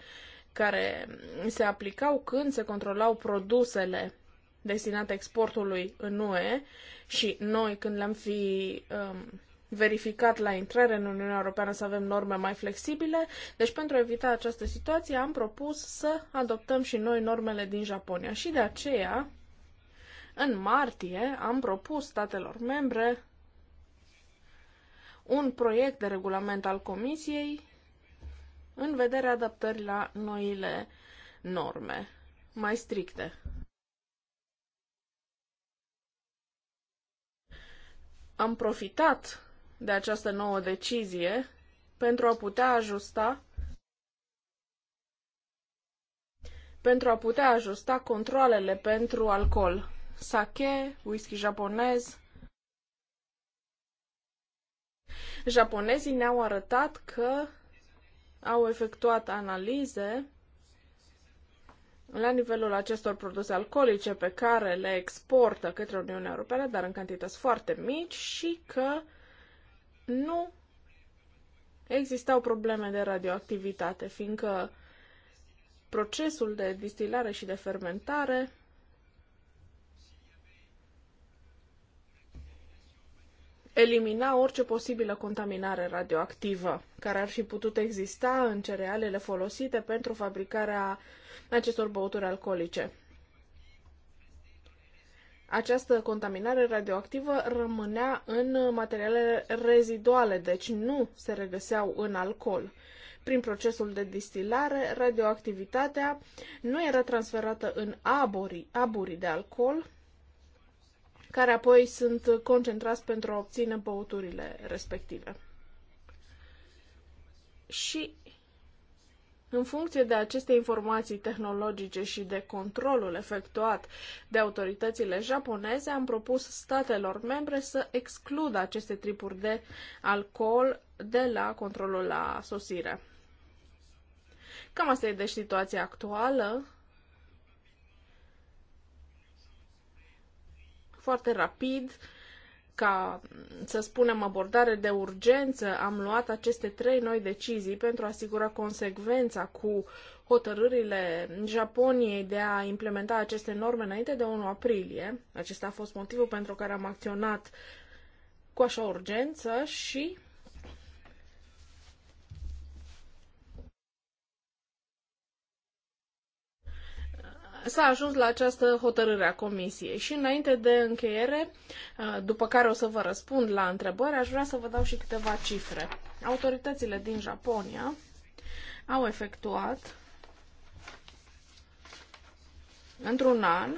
care se aplicau când se controlau produsele destinate exportului în UE și noi când le-am fi um, verificat la intrare în Uniunea Europeană să avem norme mai flexibile. Deci pentru a evita această situație am propus să adoptăm și noi normele din Japonia și de aceea în martie am propus statelor membre un proiect de regulament al Comisiei în vederea adaptării la noile norme mai stricte. Am profitat de această nouă decizie pentru a putea ajusta pentru a putea ajusta controlele pentru alcool, sake, whisky japonez, Japonezii ne-au arătat că au efectuat analize la nivelul acestor produse alcoolice pe care le exportă către Uniunea Europeană, dar în cantități foarte mici și că nu existau probleme de radioactivitate, fiindcă procesul de distilare și de fermentare elimina orice posibilă contaminare radioactivă care ar fi putut exista în cerealele folosite pentru fabricarea acestor băuturi alcoolice. Această contaminare radioactivă rămânea în materialele reziduale, deci nu se regăseau în alcool. Prin procesul de distilare, radioactivitatea nu era transferată în aburi, aburi de alcool, care apoi sunt concentrați pentru a obține băuturile respective. Și în funcție de aceste informații tehnologice și de controlul efectuat de autoritățile japoneze, am propus statelor membre să excludă aceste tripuri de alcool de la controlul la sosire. Cam asta e de situația actuală. foarte rapid, ca, să spunem, abordare de urgență, am luat aceste trei noi decizii pentru a asigura consecvența cu hotărârile Japoniei de a implementa aceste norme înainte de 1 aprilie. Acesta a fost motivul pentru care am acționat cu așa urgență și s-a ajuns la această hotărâre a comisiei. Și înainte de încheiere, uh, după care o să vă răspund la întrebări, aș vrea să vă dau și câteva cifre. Autoritățile din Japonia au efectuat într-un an,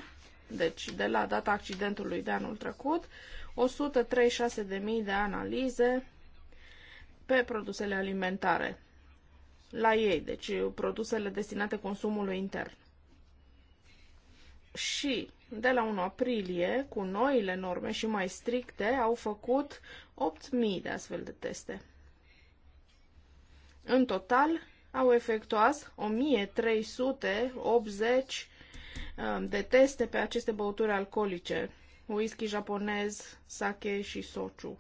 deci de la data accidentului de anul trecut, 136.000 de analize pe produsele alimentare la ei, deci produsele destinate consumului intern și de la 1 aprilie, cu noile norme și mai stricte, au făcut 8.000 de astfel de teste. În total, au efectuat 1380 um, de teste pe aceste băuturi alcoolice, whisky japonez, sake și sochu.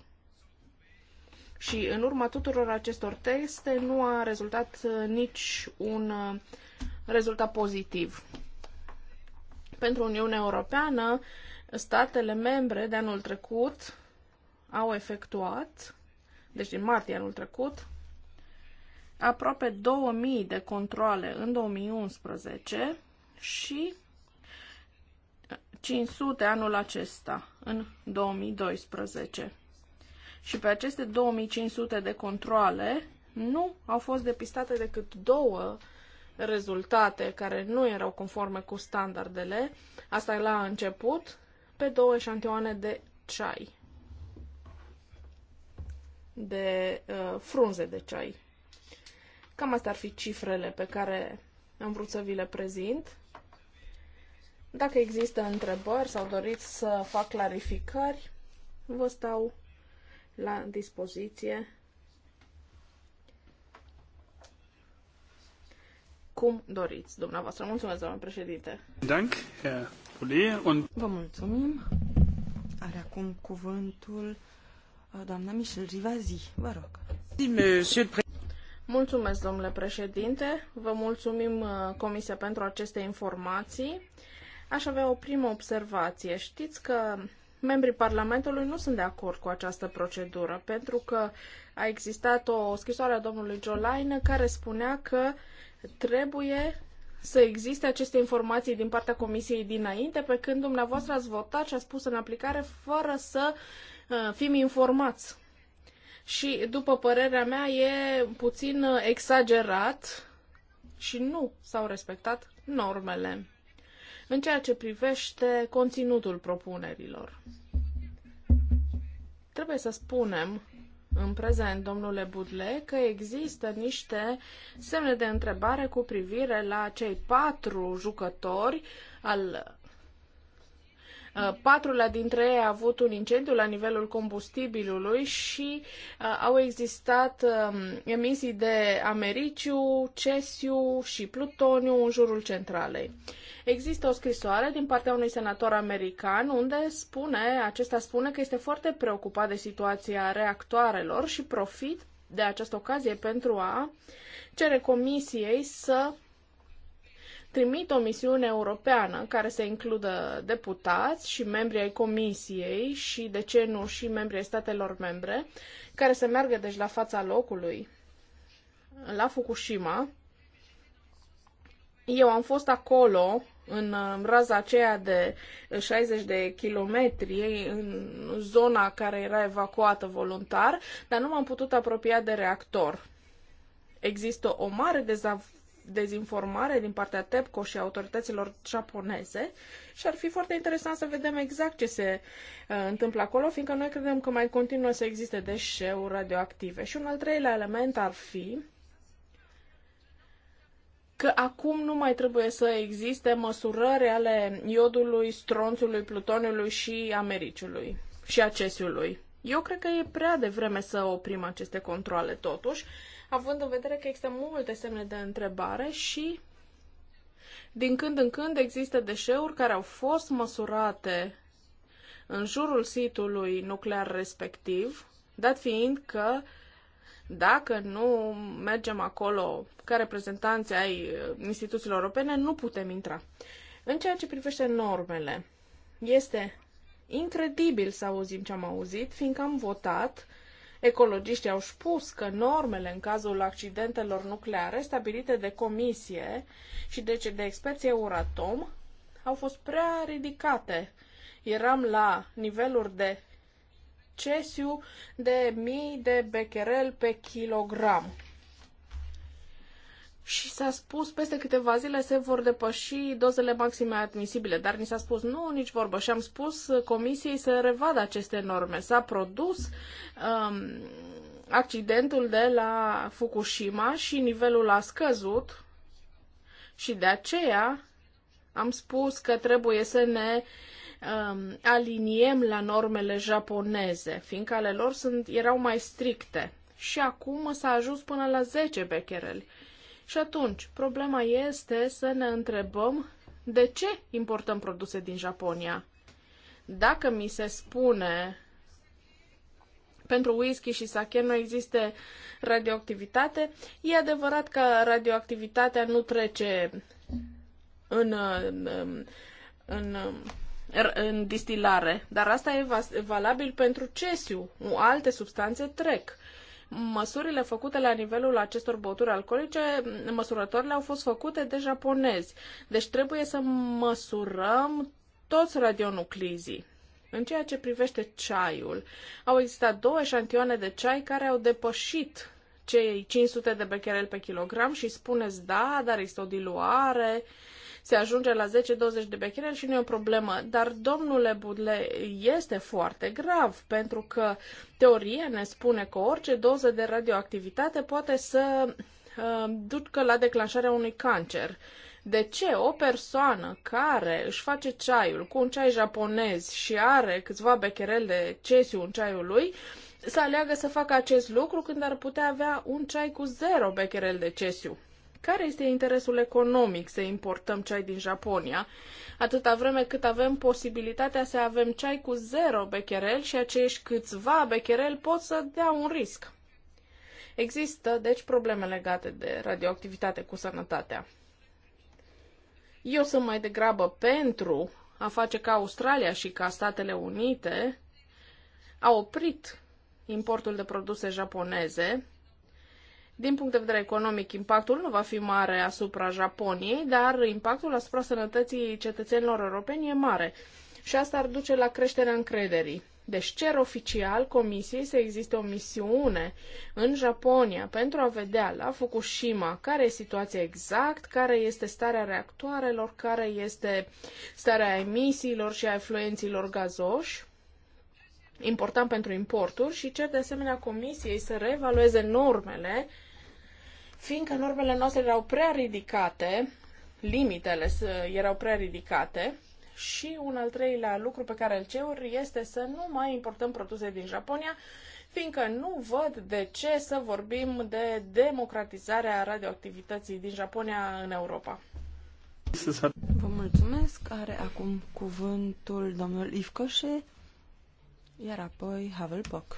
Și în urma tuturor acestor teste nu a rezultat uh, nici un uh, rezultat pozitiv. Pentru Uniunea Europeană, statele membre de anul trecut au efectuat, deci din martie anul trecut, aproape 2000 de controle în 2011 și 500 anul acesta, în 2012. Și pe aceste 2500 de controle nu au fost depistate decât două rezultate care nu erau conforme cu standardele, asta e la început, pe două eșantioane de ceai, de uh, frunze de ceai. Cam astea ar fi cifrele pe care am vrut să vi le prezint. Dacă există întrebări sau doriți să fac clarificări, vă stau la dispoziție cum doriți dumneavoastră. Mulțumesc, doamnă președinte. Dank, Vă mulțumim. Are acum cuvântul uh, doamna Michel Rivazi. Vă rog. Mulțumesc, domnule președinte. Vă mulțumim, uh, Comisia, pentru aceste informații. Aș avea o primă observație. Știți că membrii Parlamentului nu sunt de acord cu această procedură, pentru că a existat o scrisoare a domnului Jolaine care spunea că uh, Trebuie să existe aceste informații din partea comisiei dinainte, pe când dumneavoastră ați votat și ați pus în aplicare fără să uh, fim informați. Și, după părerea mea, e puțin uh, exagerat și nu s-au respectat normele în ceea ce privește conținutul propunerilor. Trebuie să spunem în prezent, domnule Budle, că există niște semne de întrebare cu privire la cei patru jucători al Uh, patrulea dintre ei a avut un incendiu la nivelul combustibilului și uh, au existat um, emisii de americiu, cesiu și plutoniu în jurul centralei. Există o scrisoare din partea unui senator american unde spune, acesta spune că este foarte preocupat de situația reactoarelor și profit de această ocazie pentru a cere comisiei să trimit o misiune europeană care să includă deputați și membri ai Comisiei și, de ce nu, și membrii statelor membre, care să meargă deci la fața locului, la Fukushima. Eu am fost acolo în raza aceea de 60 de kilometri, în zona care era evacuată voluntar, dar nu m-am putut apropia de reactor. Există o mare dezavantaj dezinformare din partea TEPCO și autorităților japoneze și ar fi foarte interesant să vedem exact ce se uh, întâmplă acolo, fiindcă noi credem că mai continuă să existe deșeuri radioactive. Și un al treilea element ar fi că acum nu mai trebuie să existe măsurări ale iodului, stronțului, plutoniului și americiului și acesiului. Eu cred că e prea devreme să oprim aceste controle totuși având în vedere că există multe semne de întrebare și din când în când există deșeuri care au fost măsurate în jurul sitului nuclear respectiv, dat fiind că dacă nu mergem acolo ca reprezentanți ai instituțiilor europene, nu putem intra. În ceea ce privește normele, este incredibil să auzim ce am auzit, fiindcă am votat Ecologiștii au spus că normele în cazul accidentelor nucleare stabilite de comisie și deci de experții Euratom au fost prea ridicate. Eram la niveluri de cesiu de mii de becquerel pe kilogram și s-a spus peste câteva zile se vor depăși dozele maxime admisibile, dar ni s-a spus nu, nici vorbă și am spus comisiei să revadă aceste norme. S-a produs um, accidentul de la Fukushima și nivelul a scăzut și de aceea am spus că trebuie să ne um, aliniem la normele japoneze, fiindcă ale lor sunt, erau mai stricte. Și acum s-a ajuns până la 10 becherele. Și atunci, problema este să ne întrebăm de ce importăm produse din Japonia. Dacă mi se spune pentru whisky și sake nu există radioactivitate, e adevărat că radioactivitatea nu trece în, în, în în distilare, dar asta e valabil pentru cesiu. Alte substanțe trec. Măsurile făcute la nivelul acestor băuturi alcoolice, măsurătorile au fost făcute de japonezi. Deci trebuie să măsurăm toți radionuclizii. În ceea ce privește ceaiul, au existat două eșantioane de ceai care au depășit cei 500 de becherel pe kilogram și spuneți da, dar este o diluare, uh, se ajunge la 10-20 de becquerel și nu e o problemă. Dar, domnule Budle, este foarte grav, pentru că teoria ne spune că orice doză de radioactivitate poate să uh, ducă la declanșarea unui cancer. De ce o persoană care își face ceaiul cu un ceai japonez și are câțiva becherele cesiu în ceaiul lui, să aleagă să facă acest lucru când ar putea avea un ceai cu zero becherel de cesiu? care este interesul economic să importăm ceai din Japonia, atâta vreme cât avem posibilitatea să avem ceai cu zero becherel și acești câțiva becherel pot să dea un risc. Există, deci, probleme legate de radioactivitate cu sănătatea. Eu sunt mai degrabă pentru a face ca Australia și ca Statele Unite a oprit importul de produse japoneze din punct de vedere economic, impactul nu va fi mare asupra Japoniei, dar impactul asupra sănătății cetățenilor europeni e mare. Și asta ar duce la creșterea încrederii. Deci cer oficial Comisiei să existe o misiune în Japonia pentru a vedea la Fukushima care e situația exact, care este starea reactoarelor, care este starea emisiilor și a efluenților gazoși important pentru importuri și cer de asemenea Comisiei să reevalueze normele fiindcă normele noastre erau prea ridicate, limitele erau prea ridicate, și un al treilea lucru pe care îl ceur este să nu mai importăm produse din Japonia, fiindcă nu văd de ce să vorbim de democratizarea radioactivității din Japonia în Europa. Vă mulțumesc. Are acum cuvântul domnul Ivcoșe, iar apoi Havel Poc.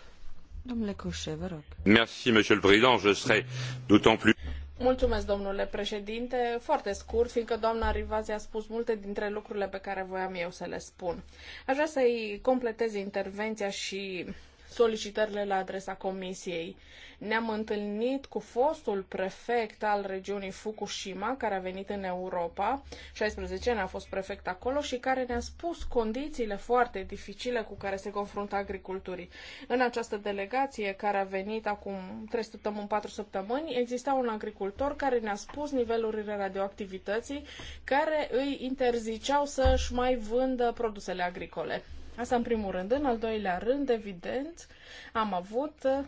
Je serai d'autant plus... Mulțumesc, domnule președinte. Foarte scurt, fiindcă doamna Rivazi a spus multe dintre lucrurile pe care voiam eu să le spun. Aș vrea să-i completez intervenția și solicitările la adresa comisiei. Ne-am întâlnit cu fostul prefect al regiunii Fukushima, care a venit în Europa, 16 ani a fost prefect acolo și care ne-a spus condițiile foarte dificile cu care se confruntă agriculturii. În această delegație care a venit acum 3 săptămâni, 4 săptămâni, exista un agricultor care ne-a spus nivelurile radioactivității care îi interziceau să-și mai vândă produsele agricole. Asta în primul rând. În al doilea rând, evident, am avut uh,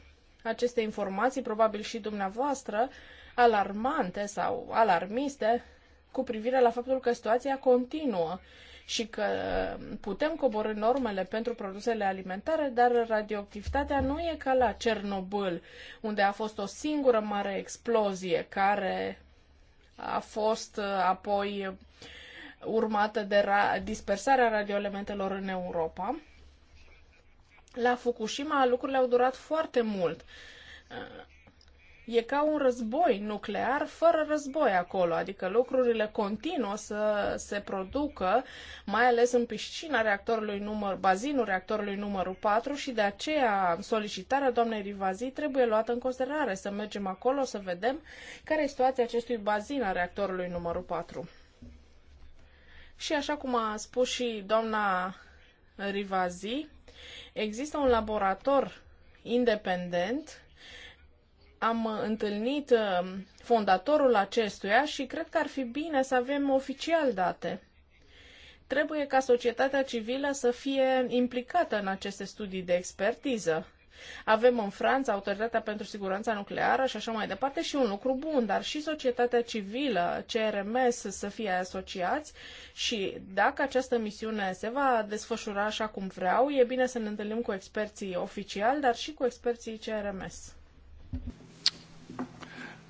aceste informații, probabil și dumneavoastră, alarmante sau alarmiste cu privire la faptul că situația continuă și că uh, putem coborî normele pentru produsele alimentare, dar radioactivitatea nu e ca la Cernobâl, unde a fost o singură mare explozie care a fost uh, apoi uh, urmată de ra- dispersarea radioelementelor în Europa. La Fukushima lucrurile au durat foarte mult. E ca un război nuclear fără război acolo, adică lucrurile continuă să se producă, mai ales în piscina reactorului număr, bazinul reactorului numărul 4 și de aceea solicitarea doamnei Rivazi trebuie luată în considerare, să mergem acolo să vedem care e situația acestui bazin a reactorului numărul 4. Și așa cum a spus și doamna Rivazi, există un laborator independent. Am întâlnit uh, fondatorul acestuia și cred că ar fi bine să avem oficial date. Trebuie ca societatea civilă să fie implicată în aceste studii de expertiză. Avem în Franța Autoritatea pentru Siguranța Nucleară și așa mai departe și un lucru bun, dar și societatea civilă, CRMS, să fie asociați și dacă această misiune se va desfășura așa cum vreau, e bine să ne întâlnim cu experții oficiali, dar și cu experții CRMS.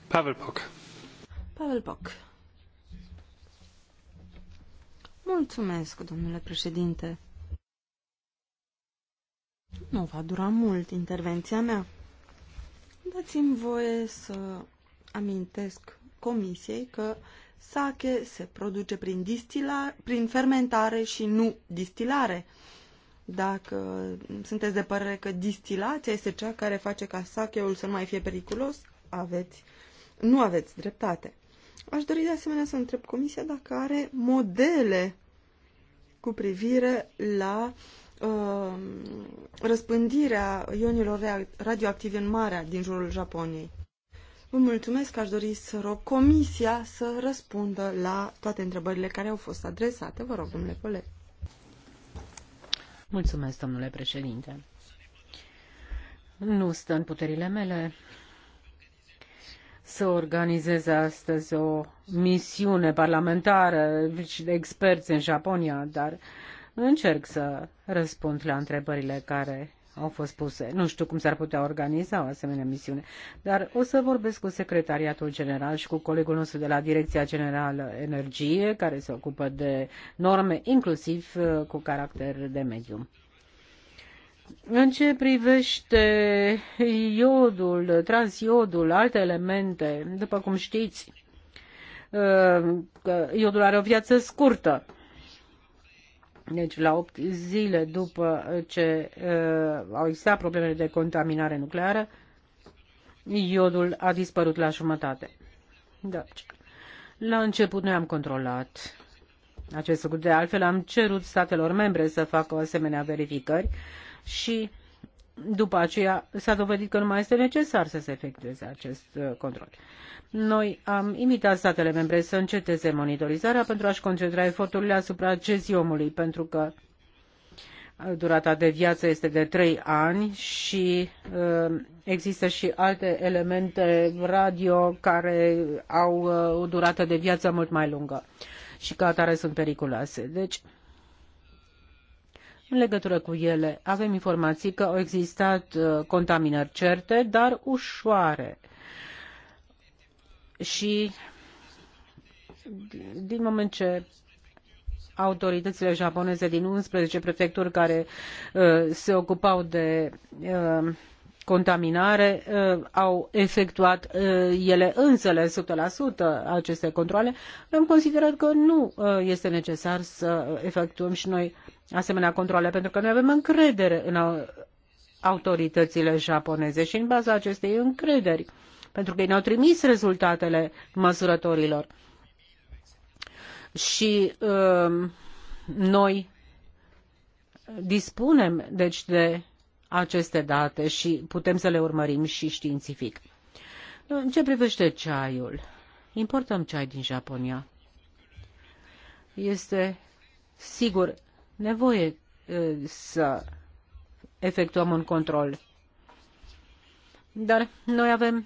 Pavel Poc. Pavel Poc. Mulțumesc, domnule președinte. Nu va dura mult intervenția mea. Dați-mi voie să amintesc comisiei că sake se produce prin, prin fermentare și nu distilare. Dacă sunteți de părere că distilația este cea care face ca sakeul să nu mai fie periculos, aveți, nu aveți dreptate. Aș dori de asemenea să întreb comisia dacă are modele cu privire la uh, Uh, răspândirea ionilor radioactive în marea din jurul Japoniei. Vă mulțumesc, aș dori să rog comisia să răspundă la toate întrebările care au fost adresate. Vă rog, domnule coleg. Mulțumesc, domnule președinte. Nu stă în puterile mele să organizez astăzi o misiune parlamentară și de experți în Japonia, dar uh, Încerc să răspund la întrebările care au fost puse. Nu știu cum s-ar putea organiza o asemenea misiune, dar o să vorbesc cu secretariatul general și cu colegul nostru de la Direcția Generală Energie, care se ocupă de norme, inclusiv uh, cu caracter de mediu. În ce privește iodul, transiodul, alte elemente, după cum știți, uh, iodul are o viață scurtă deci, la 8 zile după ce uh, au existat problemele de contaminare nucleară, iodul a dispărut la jumătate. Deci, la început noi am controlat acest lucru. De altfel, am cerut statelor membre să facă o asemenea verificări și după aceea s-a dovedit că nu mai este necesar să se efectueze acest uh, control. Noi am invitat statele membre să înceteze monitorizarea pentru a-și concentra eforturile asupra cesiomului, pentru că uh, durata de viață este de trei ani și uh, există și alte elemente radio care au o durată de viață mult mai lungă și ca atare sunt periculoase. Deci, în legătură cu ele. Avem informații că au existat uh, contaminări certe, dar ușoare. Și din moment ce autoritățile japoneze din 11 prefecturi care uh, se ocupau de uh, contaminare uh, au efectuat uh, ele însele 100% aceste controle, am considerat că nu uh, este necesar să efectuăm și noi asemenea controle, pentru că noi avem încredere în autoritățile japoneze și în baza acestei încrederi, pentru că ei ne-au trimis rezultatele măsurătorilor. Și uh, noi dispunem deci de aceste date și putem să le urmărim și științific. În ce privește ceaiul? Importăm ceai din Japonia. Este sigur nevoie să efectuăm un control. Dar noi avem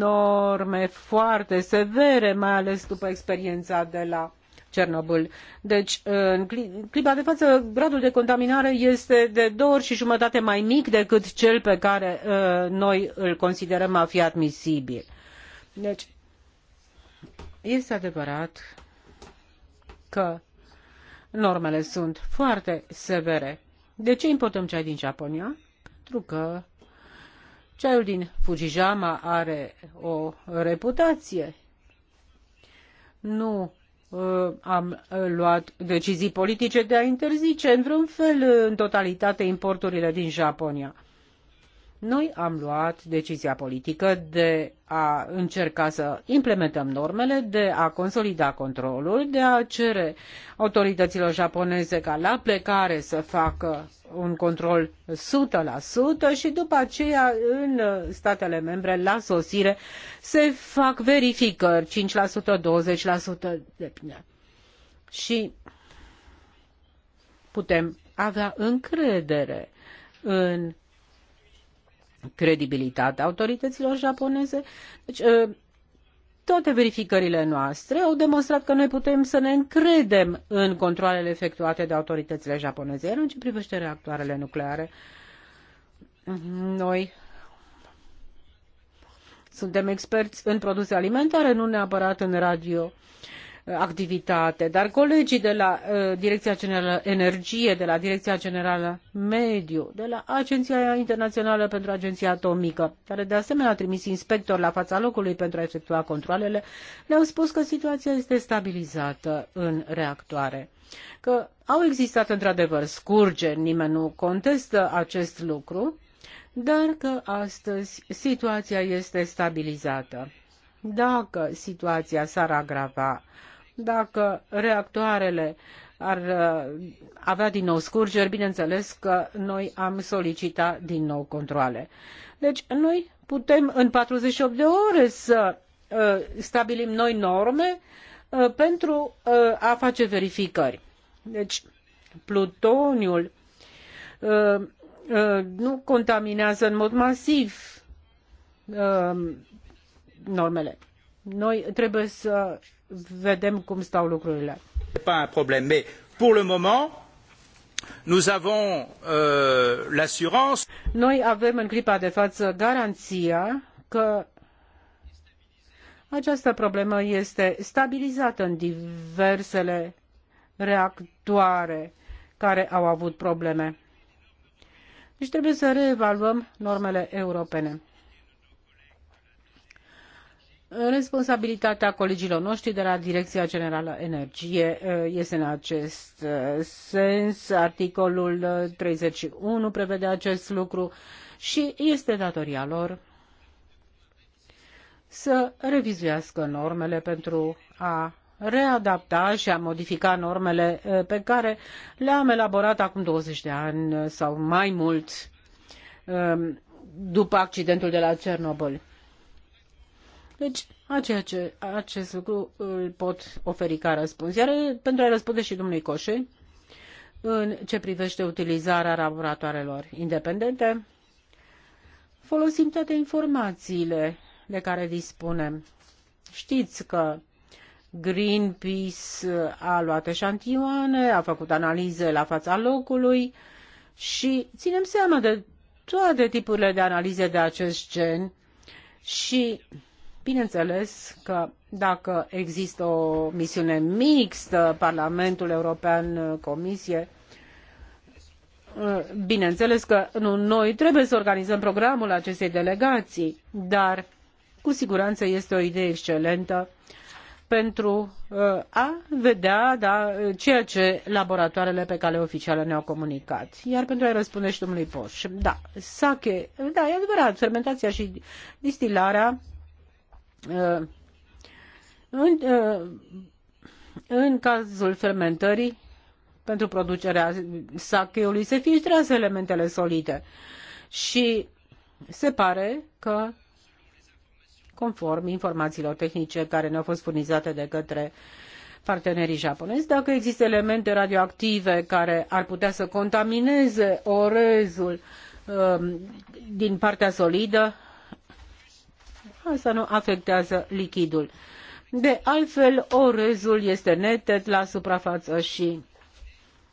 norme foarte severe, mai ales după experiența de la Cernobâl. Deci, în clipa de față, gradul de contaminare este de două ori și jumătate mai mic decât cel pe care noi îl considerăm a fi admisibil. Deci, este adevărat că normele sunt foarte severe. De ce importăm ceai din Japonia? Pentru că ceaiul din Fujijama are o reputație. Nu ă, am luat decizii politice de a interzice în vreun fel în totalitate importurile din Japonia. Noi am luat decizia politică de a încerca să implementăm normele, de a consolida controlul, de a cere autorităților japoneze ca la plecare să facă un control 100% și după aceea în statele membre la sosire se fac verificări 5%, 20% depinde. Și putem avea încredere în credibilitatea autorităților japoneze. Deci, ă, toate verificările noastre au demonstrat că noi putem să ne încredem în controlele efectuate de autoritățile japoneze. Iar în ce privește reactoarele nucleare, noi suntem experți în produse alimentare, nu neapărat în radio. Uh, activitate, dar colegii de la uh, Direcția Generală Energie, de la Direcția Generală Mediu, de la Agenția Internațională pentru Agenția Atomică, care de asemenea a trimis inspector la fața locului pentru a efectua controlele, ne-au spus că situația este stabilizată în reactoare. Că au existat într-adevăr scurgeri, nimeni nu contestă acest lucru, dar că astăzi situația este stabilizată. Dacă situația s-ar agrava, dacă reactoarele ar uh, avea din nou scurgeri, bineînțeles că noi am solicitat din nou controle. Deci noi putem în 48 de ore să uh, stabilim noi norme uh, pentru a face verificări. Deci plutoniul nu contaminează în mod masiv normele. Noi trebuie să vedem cum stau lucrurile. Pas un problème, mais pour le moment, nous avons euh, l'assurance. Noi avem în clipa de față garanția că această problemă este stabilizată în diversele reactoare care au avut probleme. Deci trebuie să reevaluăm normele europene. Responsabilitatea colegilor noștri de la Direcția Generală Energie eh, este în acest eh, sens. Articolul eh, unu prevede acest lucru și este datoria lor să revizuiască normele pentru a readapta și a modifica normele pe care le-am elaborat acum 20 de ani sau mai mult după accidentul de la Cernobâl. Deci, a ceea ce acest lucru îl pot oferi ca răspuns. Iar eh, pentru a răspunde și domnului Coșe, în ce privește utilizarea laboratoarelor independente, folosim toate informațiile de care dispunem. Știți că Greenpeace eh, a luat eșantioane, a făcut analize la fața locului și ținem seama de toate tipurile de analize de acest gen și Bineînțeles că dacă există o misiune mixtă, Parlamentul European, Comisie, bineînțeles că nu noi trebuie să organizăm programul acestei delegații, dar cu siguranță este o idee excelentă pentru uh, a vedea da, ceea ce laboratoarele pe cale oficială ne-au comunicat. Iar pentru a răspunde și domnului Poș, da, sake, da, e adevărat, fermentația și distilarea Uh, în, uh, în cazul fermentării, pentru producerea sacheului se filtrează elementele solide și se pare că conform informațiilor tehnice care ne-au fost furnizate de către partenerii japonezi, dacă există elemente radioactive care ar putea să contamineze orezul um, din partea solidă, Asta nu afectează lichidul. De altfel, orezul este neted la suprafață și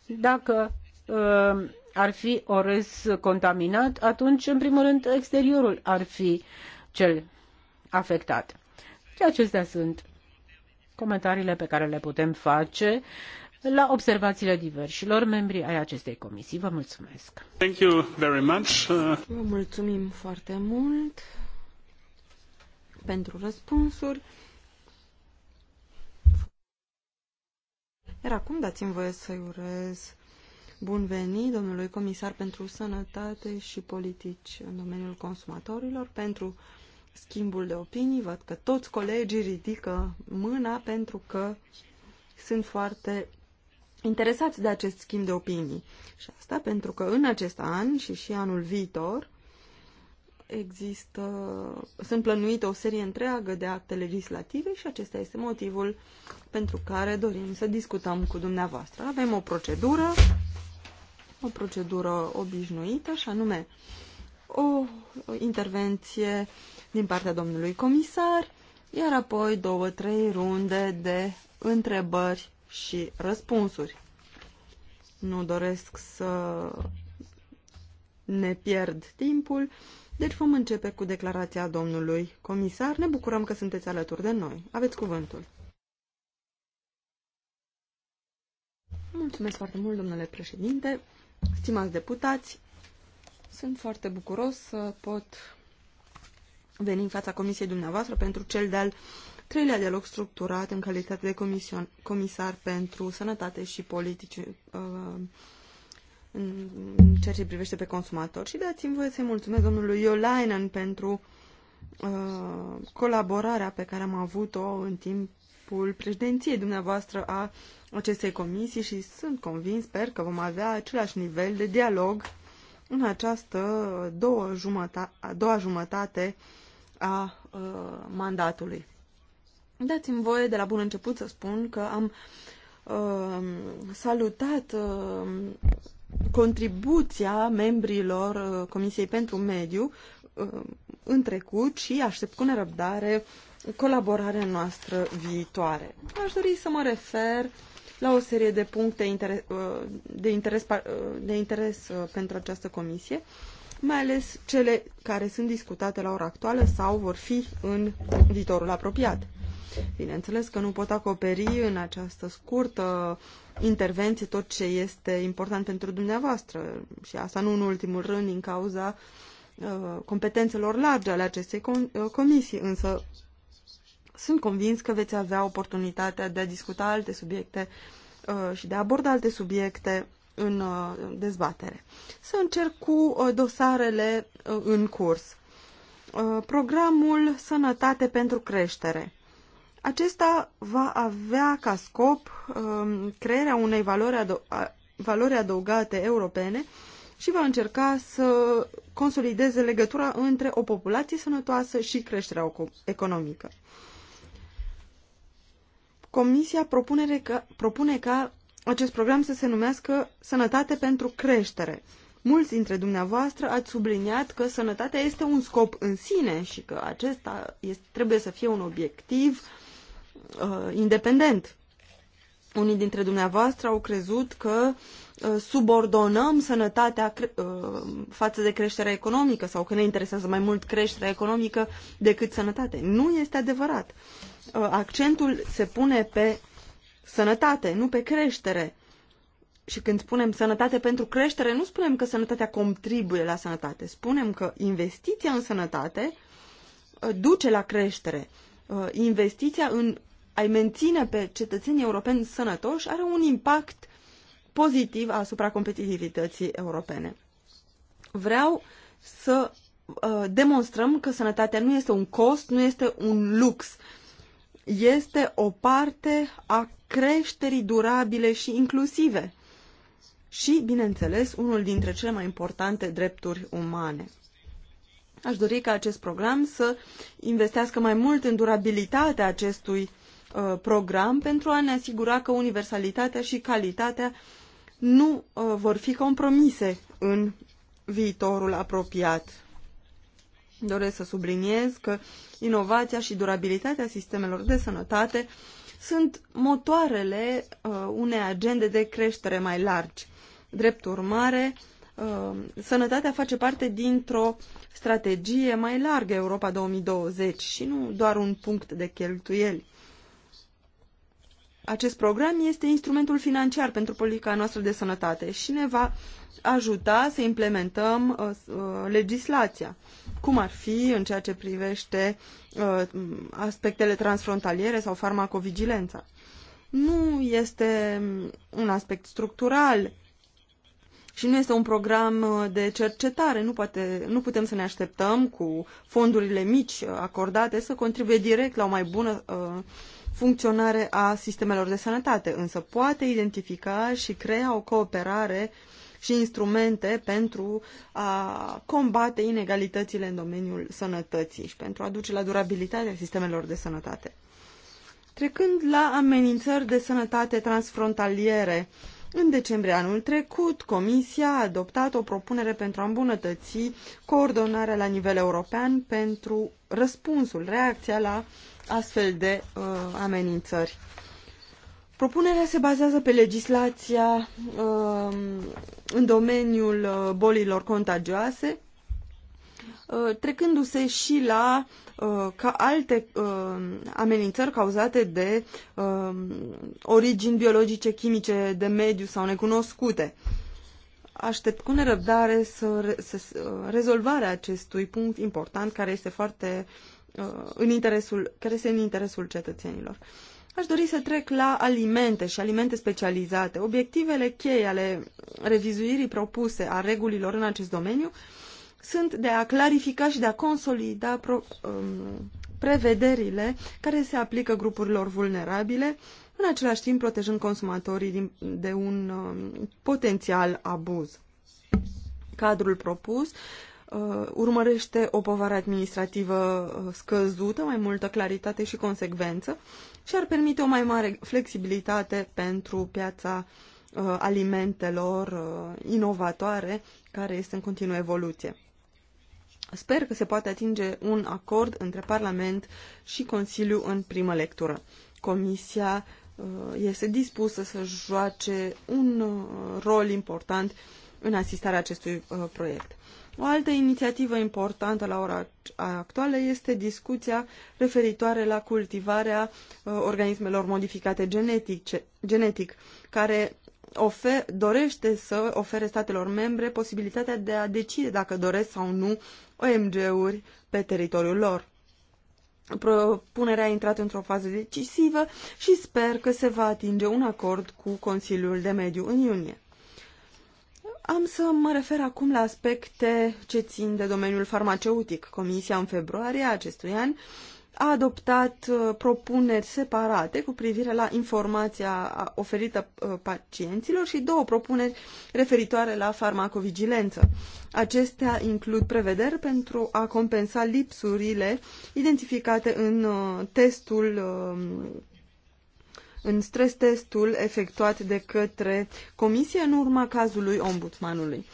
dacă uh, ar fi orez contaminat, atunci, în primul rând, exteriorul ar fi cel afectat. Și deci, acestea sunt comentariile pe care le putem face la observațiile diversilor membri ai acestei comisii. Vă mulțumesc! Thank you very much. Vă mulțumim foarte mult! pentru răspunsuri. Iar acum dați-mi voie să-i urez bun venit domnului comisar pentru sănătate și politici în domeniul consumatorilor, pentru schimbul de opinii. Văd că toți colegii ridică mâna pentru că sunt foarte interesați de acest schimb de opinii. Și asta pentru că în acest an și și anul viitor există, sunt plănuite o serie întreagă de acte legislative și acesta este motivul pentru care dorim să discutăm cu dumneavoastră. Avem o procedură, o procedură obișnuită și anume o intervenție din partea domnului comisar, iar apoi două, trei runde de întrebări și răspunsuri. Nu doresc să ne pierd timpul, deci vom începe cu declarația domnului comisar. Ne bucurăm că sunteți alături de noi. Aveți cuvântul. Mulțumesc foarte mult, domnule președinte, stimați deputați. Sunt foarte bucuros să pot veni în fața comisiei dumneavoastră pentru cel de-al treilea dialog structurat în calitate de comisar pentru sănătate și politici uh, în ceea ce privește pe consumator. Și dați-mi voie să-i mulțumesc domnului Iolainen pentru uh, colaborarea pe care am avut-o în timpul președinției dumneavoastră a acestei comisii și sunt convins, sper că vom avea același nivel de dialog în această două jumătate, a doua jumătate a uh, mandatului. Dați-mi voie de la bun început să spun că am uh, salutat uh, contribuția membrilor uh, Comisiei pentru Mediu uh, în trecut și aștept cu nerăbdare colaborarea noastră viitoare. Aș dori să mă refer la o serie de puncte uh, de interes, de interes pentru această comisie, mai ales cele care sunt discutate la ora actuală sau vor fi în viitorul apropiat. Bineînțeles că nu pot acoperi în această scurtă intervenție tot ce este important pentru dumneavoastră și asta nu în ultimul rând din cauza uh, competențelor largi ale acestei uh, comisii, însă sunt convins că veți avea oportunitatea de a discuta alte subiecte uh, și de a aborda alte subiecte în dezbatere. Să încerc cu dosarele în curs programul Sănătate pentru Creștere. Acesta va avea ca scop um, crearea unei valori, valori adăugate europene și va încerca să consolideze legătura între o populație sănătoasă și creșterea economică. Comisia ca, propune ca acest program să se numească Sănătate pentru Creștere. Mulți dintre dumneavoastră ați subliniat că sănătatea este un scop în sine și că acesta este, trebuie să fie un obiectiv uh, uh, independent. Unii dintre dumneavoastră au crezut că uh, subordonăm sănătatea uh, față de creșterea economică sau că ne interesează mai mult creșterea economică decât sănătate. Nu este adevărat. Uh, accentul se pune pe sănătate, nu pe creștere. Și când spunem sănătate pentru creștere, nu spunem că sănătatea contribuie la sănătate. Spunem că investiția în sănătate uh, duce la creștere. Uh, investiția în a-i menține pe cetățenii europeni sănătoși are un impact pozitiv asupra competitivității europene. Vreau să uh, demonstrăm că sănătatea nu este un cost, nu este un lux. Este o parte a creșterii durabile și inclusive. Și, bineînțeles, unul dintre cele mai importante drepturi umane. Aș dori ca acest program să investească mai mult în durabilitatea acestui Uh, program pentru a ne asigura că universalitatea și calitatea nu uh, vor fi compromise în viitorul apropiat. Doresc să subliniez că inovația și durabilitatea sistemelor de sănătate sunt motoarele uh, unei agende de creștere mai largi. Drept urmare, sănătatea face parte dintr-o strategie mai largă Europa 2020 și nu doar un punct de cheltuieli acest program este instrumentul financiar pentru politica noastră de sănătate și ne va ajuta să implementăm uh, uh, legislația, cum ar fi în ceea ce privește uh, aspectele transfrontaliere sau farmacovigilența. Nu este un aspect structural și nu este un program uh, de cercetare. Nu, poate, nu putem să ne așteptăm cu fondurile mici uh, acordate să contribuie direct la o mai bună uh, funcționare a sistemelor de sănătate, însă poate identifica și crea o cooperare și instrumente pentru a combate inegalitățile în domeniul sănătății și pentru a duce la durabilitatea sistemelor de sănătate. Trecând la amenințări de sănătate transfrontaliere, în decembrie anul trecut, Comisia a adoptat o propunere pentru a îmbunătăți coordonarea la nivel european pentru răspunsul, reacția la astfel de uh, amenințări. Propunerea se bazează pe legislația uh, în domeniul uh, bolilor contagioase, uh, trecându-se și la uh, ca alte uh, amenințări cauzate de um, origini biologice, chimice, de mediu sau necunoscute. Aștept cu nerăbdare să, re, să, uh, rezolvarea acestui punct important care este foarte uh, Uh, în interesul, care este în interesul cetățenilor. Aș dori să trec la alimente și alimente specializate. Obiectivele cheie ale revizuirii propuse a regulilor în acest domeniu sunt de a clarifica și de a consolida pro, um, prevederile care se aplică grupurilor vulnerabile, în același timp protejând consumatorii din, de un um, potențial abuz. Cadrul propus Uh, urmărește o povară administrativă uh, scăzută, mai multă claritate și consecvență și ar permite o mai mare flexibilitate pentru piața uh, alimentelor inovatoare care este în continuă evoluție. Sper că se poate atinge un acord între Parlament și Consiliu în primă lectură. Comisia este dispusă să joace un rol important în asistarea acestui proiect. O altă inițiativă importantă la ora actuală este discuția referitoare la cultivarea uh, organismelor modificate genetice, genetic, care ofer, dorește să ofere statelor membre posibilitatea de a decide dacă doresc sau nu OMG-uri pe teritoriul lor. Propunerea a intrat într-o fază decisivă și sper că se va atinge un acord cu Consiliul de Mediu în iunie. Am să mă refer acum la aspecte ce țin de domeniul farmaceutic. Comisia în februarie acestui an a adoptat uh, propuneri separate cu privire la informația oferită uh, pacienților și două propuneri referitoare la farmacovigilență. Acestea includ prevederi pentru a compensa lipsurile identificate în uh, testul în stres testul efectuat de către Comisie în urma cazului ombudsmanului.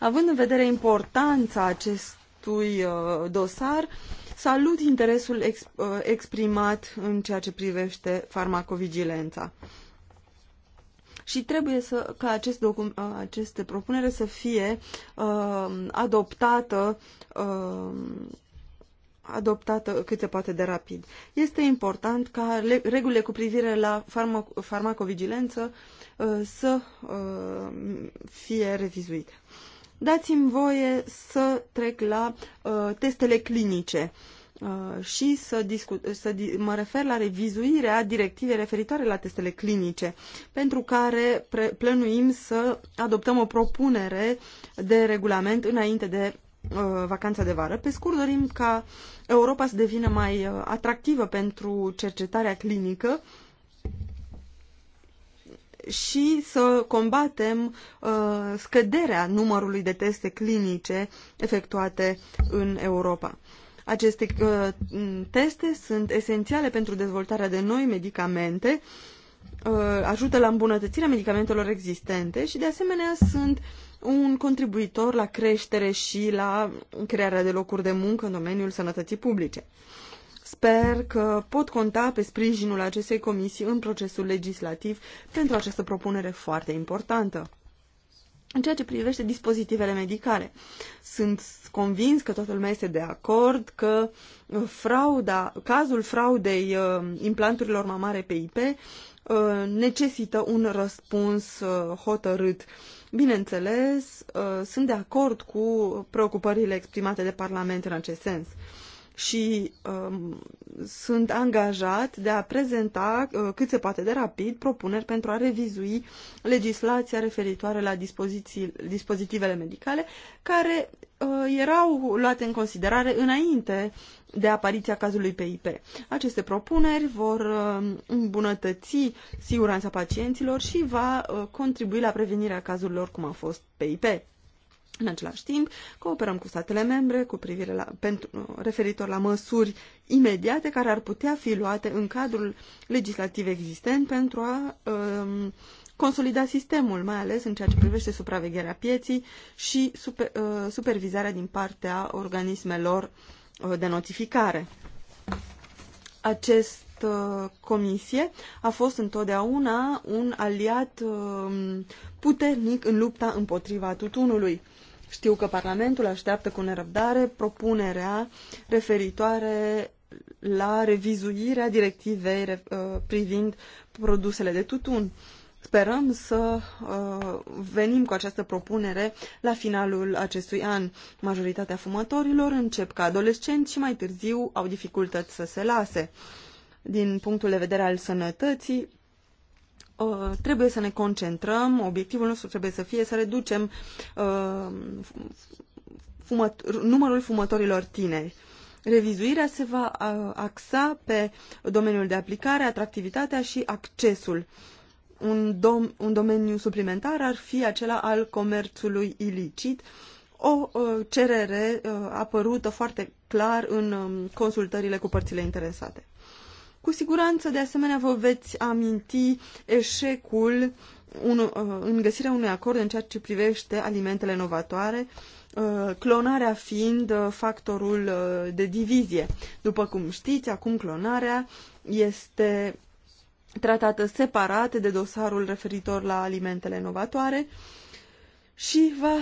Având în vedere importanța acestui uh, dosar, salut interesul uh, exprimat în ceea ce privește farmacovigilența. Și trebuie să, ca acest docum, uh, aceste propunere să fie uh, adoptată uh, adoptată cât se poate de rapid. Este important ca regulile cu privire la farmacovigilență uh, să uh, fie revizuite. Dați-mi voie să trec la uh, testele clinice și să, discut, să mă refer la revizuirea directivei referitoare la testele clinice, pentru care plănuim să adoptăm o propunere de regulament înainte de Uh, vacanța de vară. Pe scurt, dorim ca Europa să devină mai uh, atractivă pentru cercetarea clinică și să combatem uh, scăderea numărului de teste clinice efectuate în Europa. Aceste teste sunt esențiale pentru dezvoltarea de noi medicamente Uh, ajută la îmbunătățirea medicamentelor existente și, de asemenea, sunt un contribuitor la creștere și la crearea de locuri de muncă în domeniul sănătății publice. Sper că pot conta pe sprijinul acestei comisii în procesul legislativ pentru această propunere foarte importantă. În ceea ce privește dispozitivele medicale, sunt convins că toată lumea este de acord că frauda, cazul fraudei uh, implanturilor mamare pe IP Uh, necesită un răspuns uh, hotărât. Bineînțeles, uh, sunt de acord cu preocupările exprimate de Parlament în acest sens și um, sunt angajat de a prezenta uh, cât se poate de rapid propuneri pentru a revizui legislația referitoare la dispozitivele medicale care uh, erau luate în considerare înainte de apariția cazului PIP. Aceste propuneri vor uh, îmbunătăți siguranța pacienților și va uh, contribui la prevenirea cazurilor cum a fost PIP. În același timp, cooperăm cu statele membre cu privire la, pentru, referitor la măsuri imediate care ar putea fi luate în cadrul legislativ existent pentru a um, consolida sistemul, mai ales în ceea ce privește supravegherea pieții și super, uh, supervizarea din partea organismelor uh, de notificare. Acest această uh, comisie a fost întotdeauna un aliat um, puternic în lupta împotriva tutunului. Știu că Parlamentul așteaptă cu nerăbdare propunerea referitoare la revizuirea directivei uh, privind produsele de tutun. Sperăm să uh, venim cu această propunere la finalul acestui an. Majoritatea fumătorilor încep ca adolescenți și mai târziu au dificultăți să se lase. Din punctul de vedere al sănătății, Uh, trebuie să ne concentrăm, obiectivul nostru trebuie să fie să reducem uh, fumăt numărul fumătorilor tineri. Revizuirea se va uh, axa pe domeniul de aplicare, atractivitatea și accesul. Un, dom un domeniu suplimentar ar fi acela al comerțului ilicit, o uh, cerere apărută foarte clar în um, consultările cu părțile interesate. Cu siguranță, de asemenea, vă veți aminti eșecul un, uh, în găsirea unui acord în ceea ce privește alimentele novatoare, uh, clonarea fiind uh, factorul de divizie. După cum știți, acum clonarea este tratată separat de dosarul referitor la alimentele novatoare și va,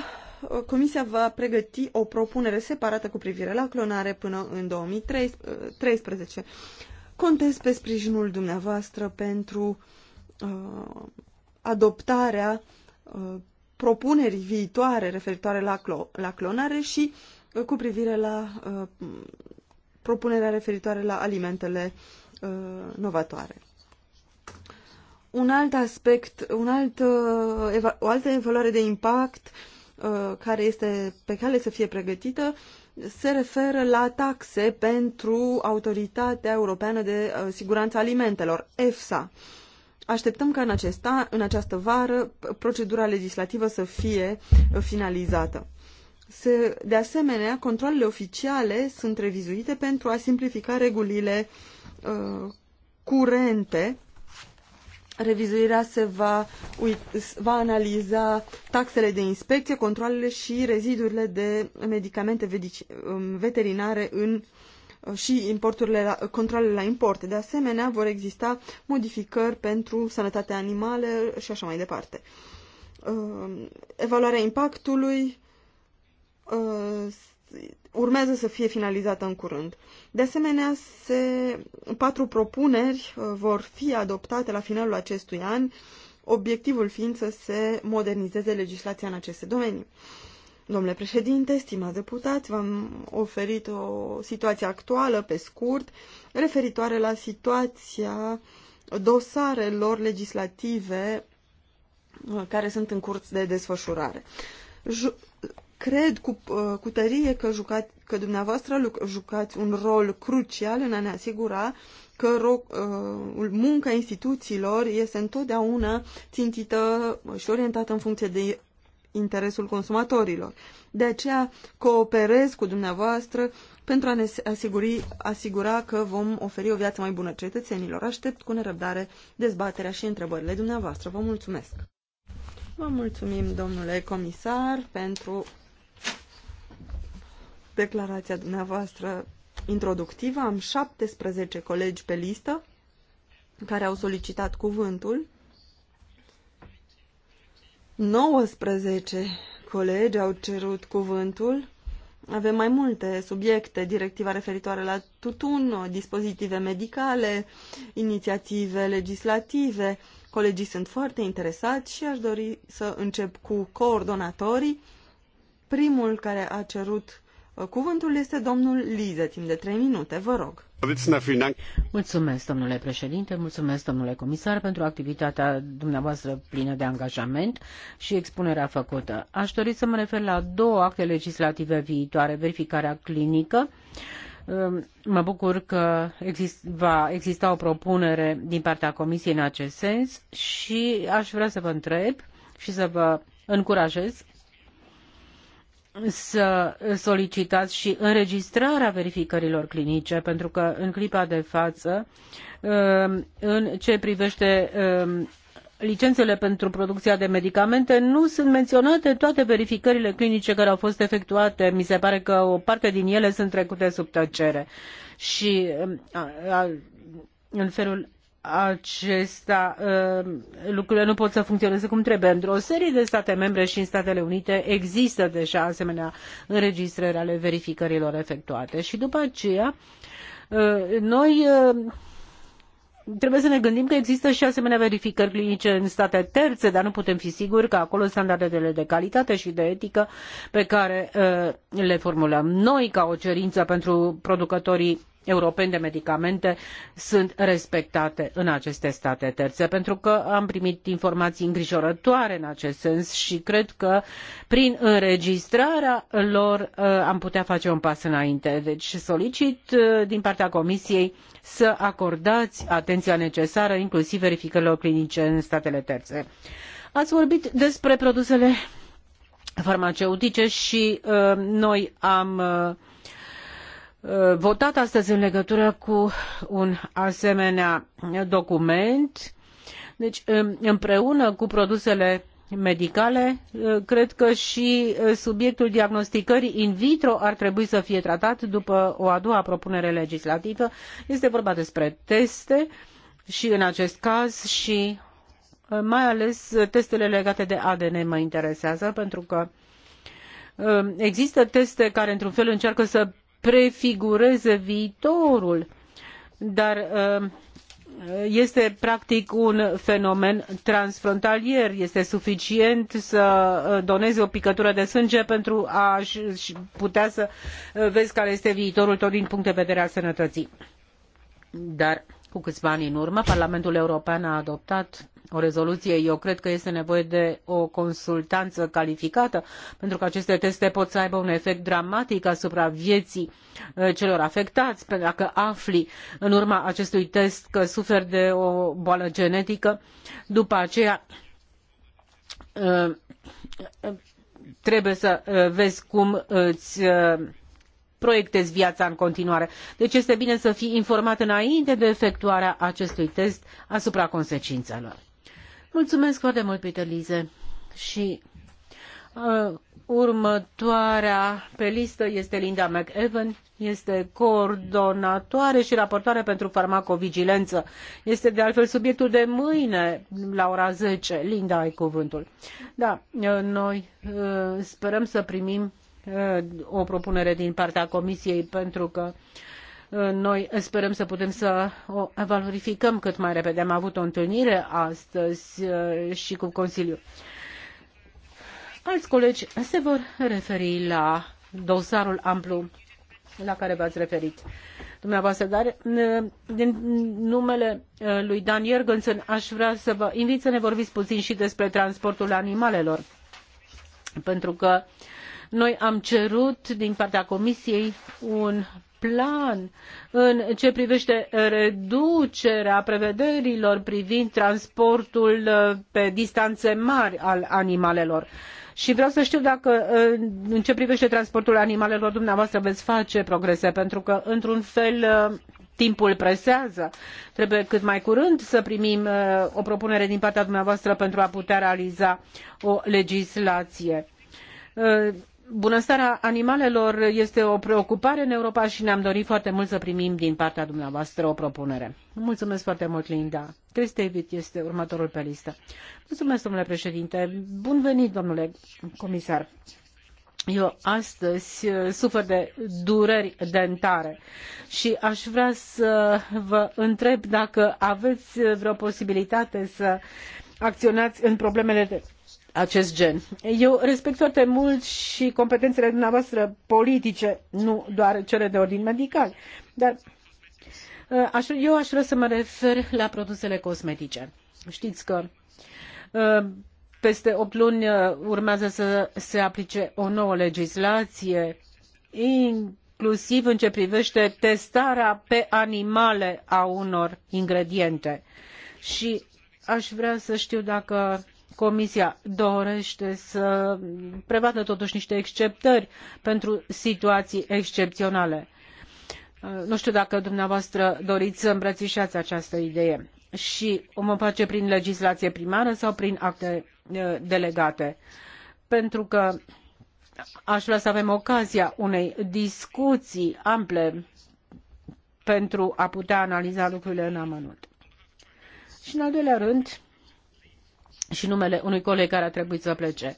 Comisia va pregăti o propunere separată cu privire la clonare până în 2013 contez pe sprijinul dumneavoastră pentru uh, adoptarea uh, propunerii viitoare referitoare la, clo- la clonare și uh, cu privire la uh, propunerea referitoare la alimentele uh, novatoare. Un alt aspect, un alt, uh, o altă evaluare de impact uh, care este pe cale să fie pregătită se referă la taxe pentru Autoritatea Europeană de uh, Siguranță Alimentelor, EFSA. Așteptăm ca în, acesta, în această vară procedura legislativă să fie uh, finalizată. Se, de asemenea, controlele oficiale sunt revizuite pentru a simplifica regulile uh, curente revizuirea se va, va analiza taxele de inspecție, controlele și rezidurile de medicamente um, veterinare în uh, și importurile la, controlele la import. De asemenea, vor exista modificări pentru sănătatea animale și așa mai departe. Um, evaluarea impactului uh, urmează să fie finalizată în curând. De asemenea, se, patru propuneri uh, vor fi adoptate la finalul acestui an, obiectivul fiind să se modernizeze legislația în aceste domenii. Domnule președinte, stimați deputați, v-am oferit o situație actuală, pe scurt, referitoare la situația dosarelor legislative uh, care sunt în curs de desfășurare cred cu, uh, cu tărie că, jucat, că dumneavoastră jucați un rol crucial în a ne asigura că ro, uh, munca instituțiilor este întotdeauna țintită și orientată în funcție de interesul consumatorilor. De aceea cooperez cu dumneavoastră pentru a ne asiguri, asigura că vom oferi o viață mai bună cetățenilor. Aștept cu nerăbdare dezbaterea și întrebările dumneavoastră. Vă mulțumesc! Vă mulțumim, domnule comisar, pentru declarația dumneavoastră introductivă. Am 17 colegi pe listă care au solicitat cuvântul. 19 colegi au cerut cuvântul. Avem mai multe subiecte, directiva referitoare la tutun, dispozitive medicale, inițiative legislative. Colegii sunt foarte interesați și aș dori să încep cu coordonatorii. Primul care a cerut Cuvântul este domnul Lize, timp de trei minute, vă rog. Mulțumesc, domnule președinte, mulțumesc, domnule comisar, pentru activitatea dumneavoastră plină de angajament și expunerea făcută. Aș dori să mă refer la două acte legislative viitoare, verificarea clinică. Ehm, mă bucur că exist, va exista o propunere din partea Comisiei în acest sens și aș vrea să vă întreb și să vă încurajez să solicitați și înregistrarea verificărilor clinice, pentru că în clipa de față, um, în ce privește um, licențele pentru producția de medicamente, nu sunt menționate toate verificările clinice care au fost efectuate. Mi se pare că o parte din ele sunt trecute sub tăcere. Și um, în felul acesta uh, lucrurile nu pot să funcționeze cum trebuie. Într-o serie de state membre și în Statele Unite există deja asemenea înregistrări ale verificărilor efectuate și după aceea uh, noi uh, trebuie să ne gândim că există și asemenea verificări clinice în state terțe, dar nu putem fi siguri că acolo standardele de calitate și de etică pe care le formulăm noi ca o cerință pentru producătorii europeni de medicamente sunt respectate în aceste state terțe, pentru că am primit informații îngrijorătoare în acest sens și cred că prin înregistrarea lor uh, am putea face un pas înainte. Deci solicit uh, din partea Comisiei să acordai atenția necesară inclusiv verificărilor clinice în statele terțe. ai vorbit despre produsele farmaceutice și uh, noi am uh, Uh, votat astăzi în legătură cu un asemenea document. Deci, um, împreună cu produsele medicale, uh, cred că și uh, subiectul diagnosticării in vitro ar trebui să fie tratat după o a doua propunere legislativă. Este vorba despre teste și în acest caz și mai ales testele legate de ADN mă interesează pentru că um, există teste care într-un fel încearcă să prefigureze viitorul, dar uh, este practic un fenomen transfrontalier. Este suficient să uh, donezi o picătură de sânge pentru a putea să uh, vezi care este viitorul tău din punct de vedere al sănătății. Dar cu câțiva ani în urmă, Parlamentul European a adoptat o rezoluție. Eu cred că este nevoie de o consultanță calificată, pentru că aceste teste pot să aibă un efect dramatic asupra vieții uh, celor afectați. Pentru că afli în urma acestui test că suferi de o boală genetică, după aceea uh, uh, trebuie să vezi cum îți proiectezi viața în continuare. Deci este bine să fii informat înainte de efectuarea acestui test asupra consecințelor. Mulțumesc foarte mult, Peter Lize. Și uh, următoarea pe listă este Linda McEwen, este coordonatoare și raportoare pentru farmacovigilență. Este de altfel subiectul de mâine la ora 10. Linda, ai cuvântul. Da, uh, noi uh, sperăm să primim o propunere din partea Comisiei pentru că uh, noi sperăm să putem să o valorificăm cât mai repede. Am avut o întâlnire astăzi uh, și cu Consiliul. Alți colegi se vor referi la dosarul amplu la care v-ați referit dumneavoastră, dar uh, din numele lui Dan Jürgensen aș vrea să vă invit să ne vorbiți puțin și despre transportul animalelor, pentru că uh, noi am cerut din partea Comisiei un plan în ce privește reducerea prevederilor privind transportul uh, pe distanțe mari al animalelor. Și vreau să știu dacă uh, în ce privește transportul animalelor dumneavoastră veți face progrese, pentru că într-un fel uh, timpul presează. Trebuie cât mai curând să primim o propunere din partea dumneavoastră pentru a putea realiza o legislație bunăstarea animalelor este o preocupare în Europa și ne-am dorit foarte mult să primim din partea dumneavoastră o propunere. Mulțumesc foarte mult, Linda. Chris este următorul pe listă. Mulțumesc, domnule președinte. Bun venit, domnule comisar. Eu astăzi uh, sufăr de dureri dentare și aș vrea să vă întreb dacă aveți uh, vreo posibilitate să acționați în problemele de acest gen. Eu respect foarte mult și competențele dumneavoastră politice, nu doar cele de ordin medical, dar uh, aș, eu aș vrea să mă refer la produsele cosmetice. Știți că uh, peste opt luni uh, urmează să se aplice o nouă legislație, inclusiv în ce privește testarea pe animale a unor ingrediente. Și aș vrea să știu dacă Comisia dorește să prevadă totuși niște exceptări pentru situații excepționale. Uh, nu știu dacă dumneavoastră doriți să îmbrățișați această idee și o vom face prin legislație primară sau prin acte uh, delegate. Pentru că aș vrea să avem ocazia unei discuții ample pentru a putea analiza lucrurile în amănunt. Și în al doilea rând, și numele unui coleg care a trebuit să plece.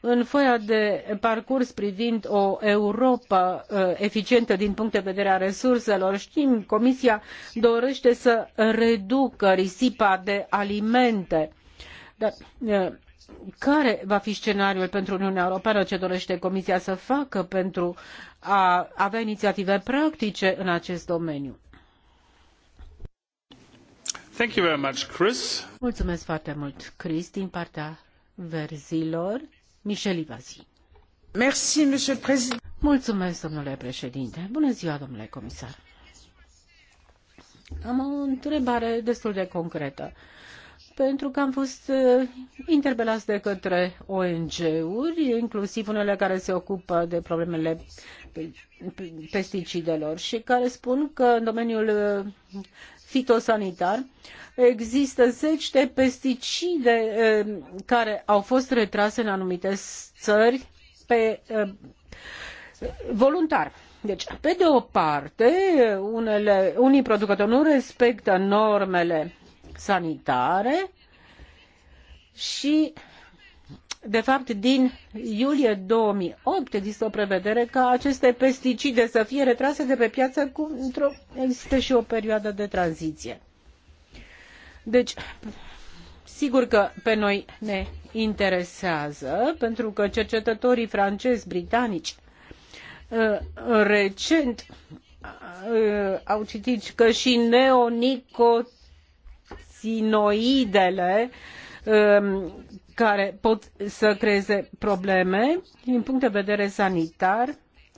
În foaia de parcurs privind o Europa uh, eficientă din punct de vedere a resurselor, știm, Comisia dorește să reducă risipa de alimente. Dar uh, care va fi scenariul pentru Uniunea Europeană? Ce dorește Comisia să facă pentru a avea inițiative practice în acest domeniu? Mulțumesc foarte Chris, din partea verzilor. Michel monsieur le Mulțumesc, domnule președinte. Bună ziua, domnule comisar. Am o întrebare destul de concretă. Pentru că am fost uh, interpelați de către ONG-uri, inclusiv unele care se ocupă de problemele pesticidelor și care spun că în domeniul uh, fitosanitar, există zeci de pesticide eh, care au fost retrase în anumite țări eh, voluntar. Deci, pe de o parte, unele, unii producători nu respectă normele sanitare și de fapt, din iulie 2008 există o prevedere ca aceste pesticide să fie retrase de pe piață cu într-o, există și o perioadă de tranziție. Deci, sigur că pe noi ne interesează, pentru că cercetătorii francezi, britanici, uh, recent uh, au citit că și neonicotinoidele um, care pot să creeze probleme din punct de vedere sanitar.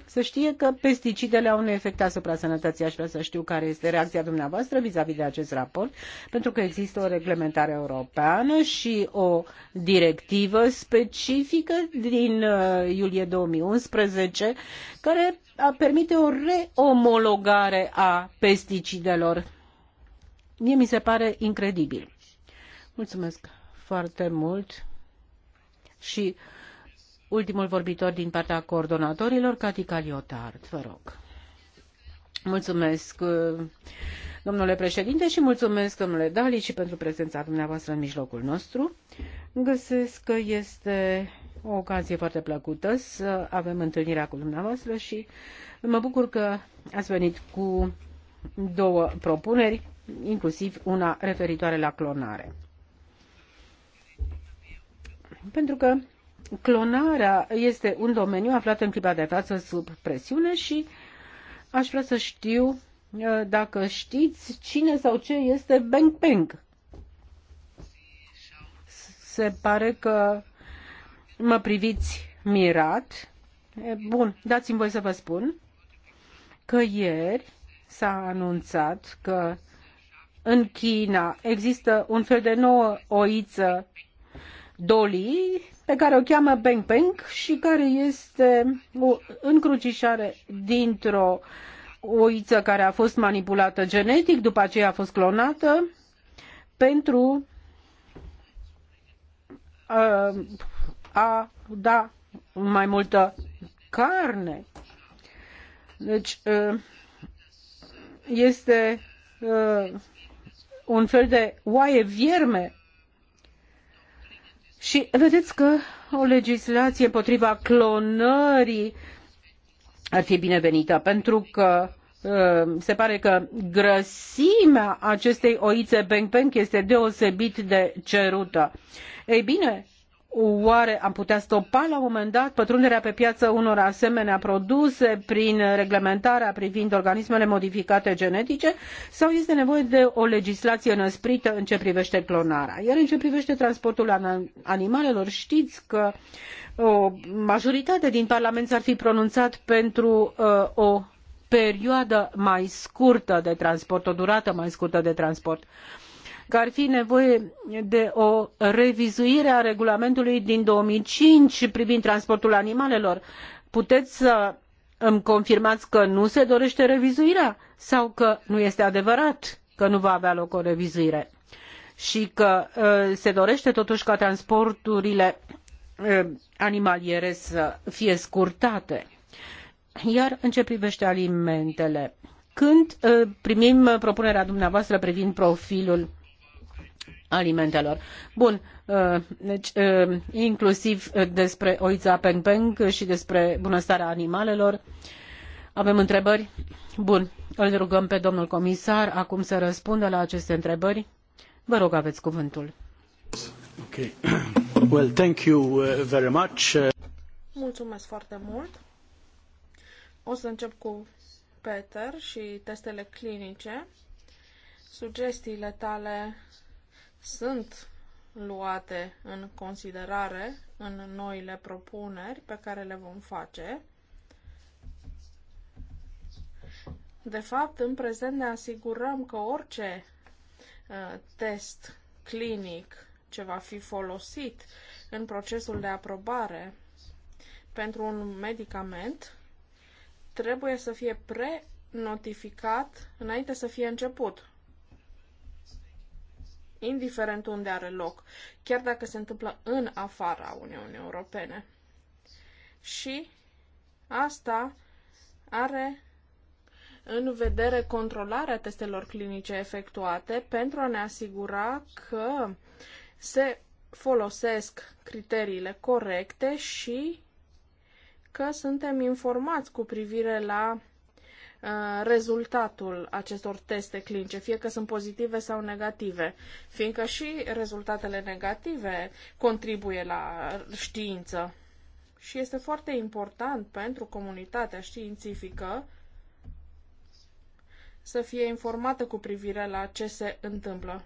Să știe că pesticidele au un efect asupra sănătății. Aș vrea să știu care este reacția dumneavoastră vis-a-vis de acest raport, pentru că există o reglementare europeană și o directivă specifică din uh, iulie 2011 care permite o reomologare a pesticidelor. Mie mi se pare incredibil. Mulțumesc foarte mult și ultimul vorbitor din partea coordonatorilor, Cati Caliotard. Vă rog. Mulțumesc, domnule președinte, și mulțumesc, domnule Dali, și pentru prezența dumneavoastră în mijlocul nostru. Găsesc că este o ocazie foarte plăcută să avem întâlnirea cu dumneavoastră și mă bucur că ați venit cu două propuneri, inclusiv una referitoare la clonare. Pentru că clonarea este un domeniu aflat în clipa de față sub presiune și aș vrea să știu uh, dacă știți cine sau ce este Beng Peng. Se pare că mă priviți mirat. Bun, dați-mi voi să vă spun că ieri s-a anunțat că în China există un fel de nouă oiță Doli, pe care o cheamă Peng Peng și care este o încrucișare dintr-o oiță care a fost manipulată genetic, după aceea a fost clonată pentru a, uh, a da mai multă carne. Deci uh, este uh, un fel de oaie vierme și vedeți că o legislație împotriva clonării ar fi binevenită, pentru că uh, se pare că grăsimea acestei oițe Beng Beng este deosebit de cerută. Ei bine, Oare am putea stopa la un moment dat pătrunderea pe piață unor asemenea produse prin reglementarea privind organismele modificate genetice sau este nevoie de o legislație înăsprită în ce privește clonarea? Iar în ce privește transportul animalelor, știți că o uh, majoritate din Parlament s-ar fi pronunțat pentru uh, o perioadă mai scurtă de transport, o durată mai scurtă de transport. Uh, că ar fi nevoie de o revizuire a regulamentului din 2005 privind transportul animalelor. Puteți să îmi confirmați că nu se dorește revizuirea sau că nu este adevărat că nu va avea loc o revizuire și că uh, se dorește totuși ca transporturile uh, animaliere să fie scurtate. Iar în ce privește alimentele, când uh, primim propunerea dumneavoastră privind profilul alimentelor. Bun, uh, deci uh, inclusiv uh, despre oița Peng Peng și despre bunăstarea animalelor. Avem întrebări? Bun, îl rugăm pe domnul comisar acum să răspundă la aceste întrebări. Vă rog, aveți cuvântul. Okay. Well, thank you very much. Mulțumesc foarte mult. O să încep cu Peter și testele clinice. Sugestiile tale sunt luate în considerare în noile propuneri pe care le vom face. De fapt, în prezent ne asigurăm că orice uh, test clinic ce va fi folosit în procesul de aprobare pentru un medicament trebuie să fie pre-notificat înainte să fie început indiferent unde are loc, chiar dacă se întâmplă în afara Uniunii Europene. Și asta are în vedere controlarea testelor clinice efectuate pentru a ne asigura că se folosesc criteriile corecte și că suntem informați cu privire la Uh, rezultatul acestor teste clinice, fie că sunt pozitive sau negative, fiindcă și rezultatele negative contribuie la știință. Și este foarte important pentru comunitatea științifică să fie informată cu privire la ce se întâmplă.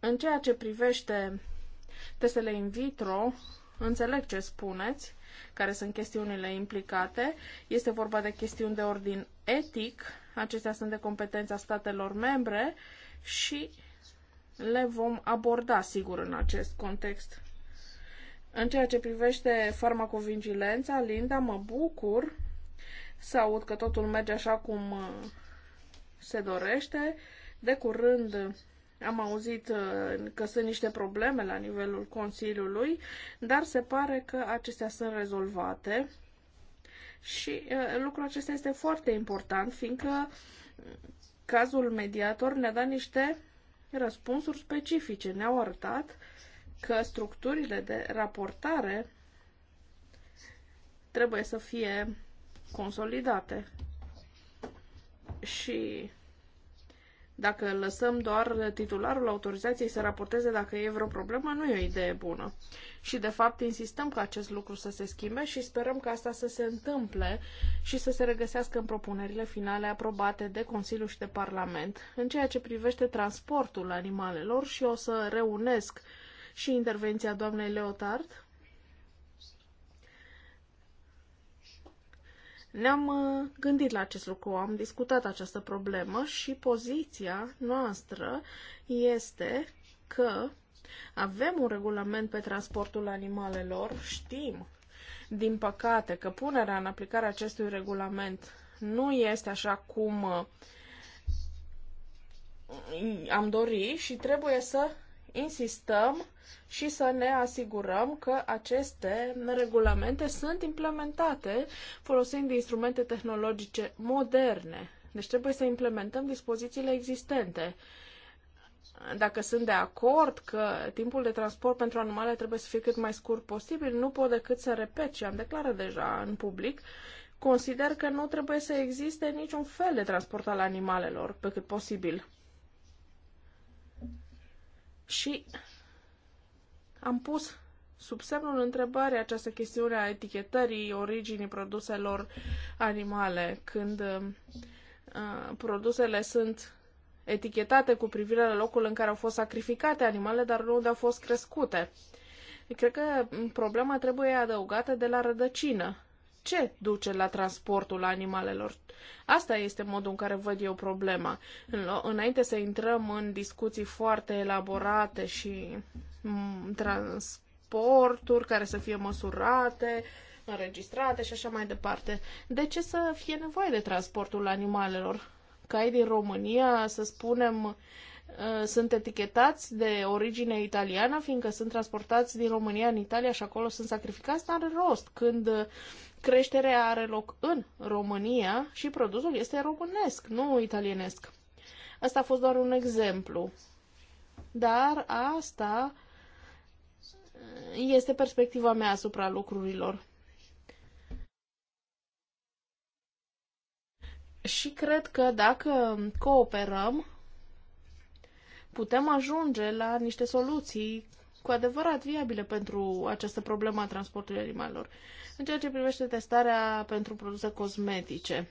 În ceea ce privește testele in vitro, înțeleg ce spuneți, care sunt chestiunile implicate. Este vorba de chestiuni de ordin etic, acestea sunt de competența statelor membre și le vom aborda, sigur, în acest context. În ceea ce privește farmacovigilența, Linda, mă bucur să aud că totul merge așa cum uh, se dorește. De curând am auzit uh, că sunt niște probleme la nivelul Consiliului, dar se pare că acestea sunt rezolvate. Și uh, lucrul acesta este foarte important, fiindcă cazul mediator ne-a dat niște răspunsuri specifice. Ne-au arătat că structurile de raportare trebuie să fie consolidate. Și dacă lăsăm doar titularul autorizației să raporteze dacă e vreo problemă, nu e o idee bună. Și, de fapt, insistăm ca acest lucru să se schimbe și sperăm ca asta să se întâmple și să se regăsească în propunerile finale aprobate de Consiliu și de Parlament. În ceea ce privește transportul animalelor și o să reunesc și intervenția doamnei Leotard, Ne-am uh, gândit la acest lucru, am discutat această problemă și poziția noastră este că avem un regulament pe transportul animalelor, știm, din păcate, că punerea în aplicare acestui regulament nu este așa cum uh, am dori și trebuie să insistăm și să ne asigurăm că aceste regulamente sunt implementate folosind instrumente tehnologice moderne. Deci trebuie să implementăm dispozițiile existente. Dacă sunt de acord că timpul de transport pentru animale trebuie să fie cât mai scurt posibil, nu pot decât să repet și am declarat deja în public consider că nu trebuie să existe niciun fel de transport al animalelor, pe cât posibil. Și am pus sub semnul întrebării această chestiune a etichetării originii produselor animale, când uh, produsele sunt etichetate cu privire la locul în care au fost sacrificate animale, dar nu unde au fost crescute. Cred că problema trebuie adăugată de la rădăcină ce duce la transportul animalelor. Asta este modul în care văd eu problema. Înainte să intrăm în discuții foarte elaborate și mm, transporturi care să fie măsurate, înregistrate și așa mai departe. De ce să fie nevoie de transportul animalelor? Ca ai din România, să spunem, Uh, sunt etichetați de origine italiană, fiindcă sunt transportați din România în Italia și acolo sunt sacrificați, dar are rost. Când uh, creșterea are loc în România și produsul este românesc, nu italienesc. Asta a fost doar un exemplu. Dar asta uh, este perspectiva mea asupra lucrurilor. Și cred că dacă cooperăm, putem ajunge la niște soluții cu adevărat viabile pentru această problemă a transportului animalelor. În ceea ce privește testarea pentru produse cosmetice,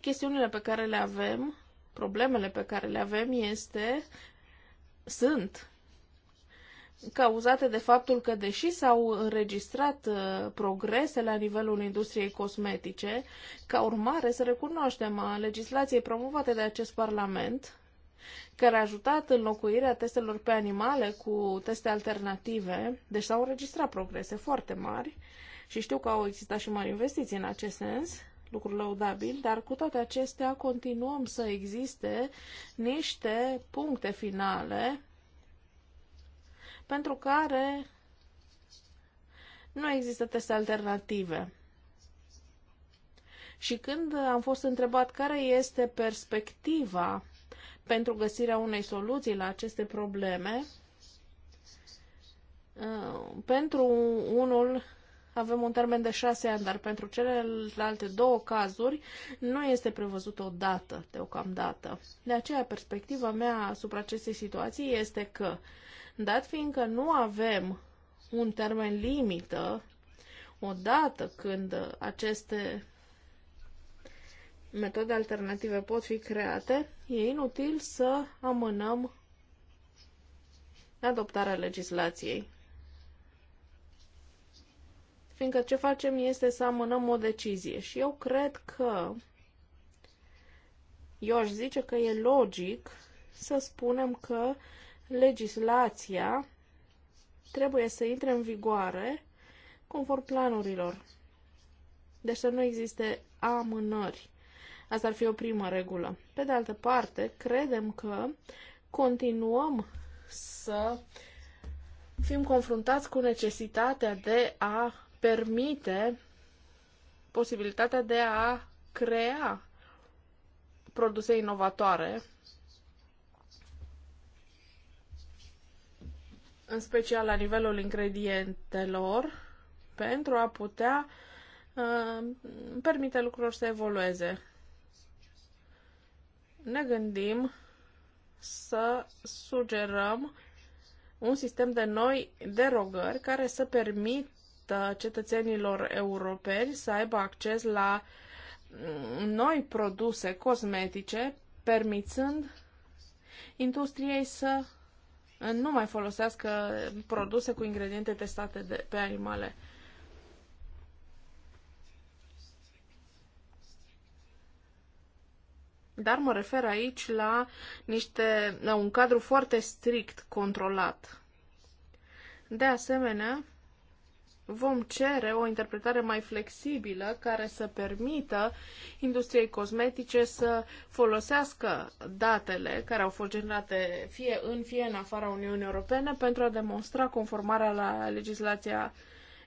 chestiunile pe care le avem, problemele pe care le avem este, sunt cauzate de faptul că, deși s-au înregistrat uh, progrese la nivelul industriei cosmetice, ca urmare să recunoaștem a legislației promovate de acest Parlament, care a ajutat înlocuirea testelor pe animale cu teste alternative, deci s-au înregistrat progrese foarte mari și știu că au existat și mari investiții în acest sens, lucruri laudabil, dar cu toate acestea continuăm să existe niște puncte finale pentru care nu există teste alternative. Și când am fost întrebat care este perspectiva pentru găsirea unei soluții la aceste probleme. Uh, pentru unul avem un termen de șase ani, dar pentru celelalte două cazuri nu este prevăzut o dată deocamdată. De aceea, perspectiva mea asupra acestei situații este că, dat fiindcă nu avem un termen limită, odată când aceste metode alternative pot fi create, e inutil să amânăm adoptarea legislației. Fiindcă ce facem este să amânăm o decizie și eu cred că eu aș zice că e logic să spunem că legislația trebuie să intre în vigoare conform planurilor. Deci să nu existe amânări. Asta ar fi o primă regulă. Pe de altă parte, credem că continuăm să fim confruntați cu necesitatea de a permite posibilitatea de a crea produse inovatoare, în special la nivelul ingredientelor, pentru a putea uh, permite lucrurilor să evolueze ne gândim să sugerăm un sistem de noi derogări care să permită cetățenilor europeni să aibă acces la mm, noi produse cosmetice, permițând industriei să nu mai folosească produse cu ingrediente testate de, pe animale. Dar mă refer aici la, niște, la un cadru foarte strict controlat. De asemenea, vom cere o interpretare mai flexibilă care să permită industriei cosmetice să folosească datele care au fost generate fie în, fie în afara Uniunii Europene pentru a demonstra conformarea la legislația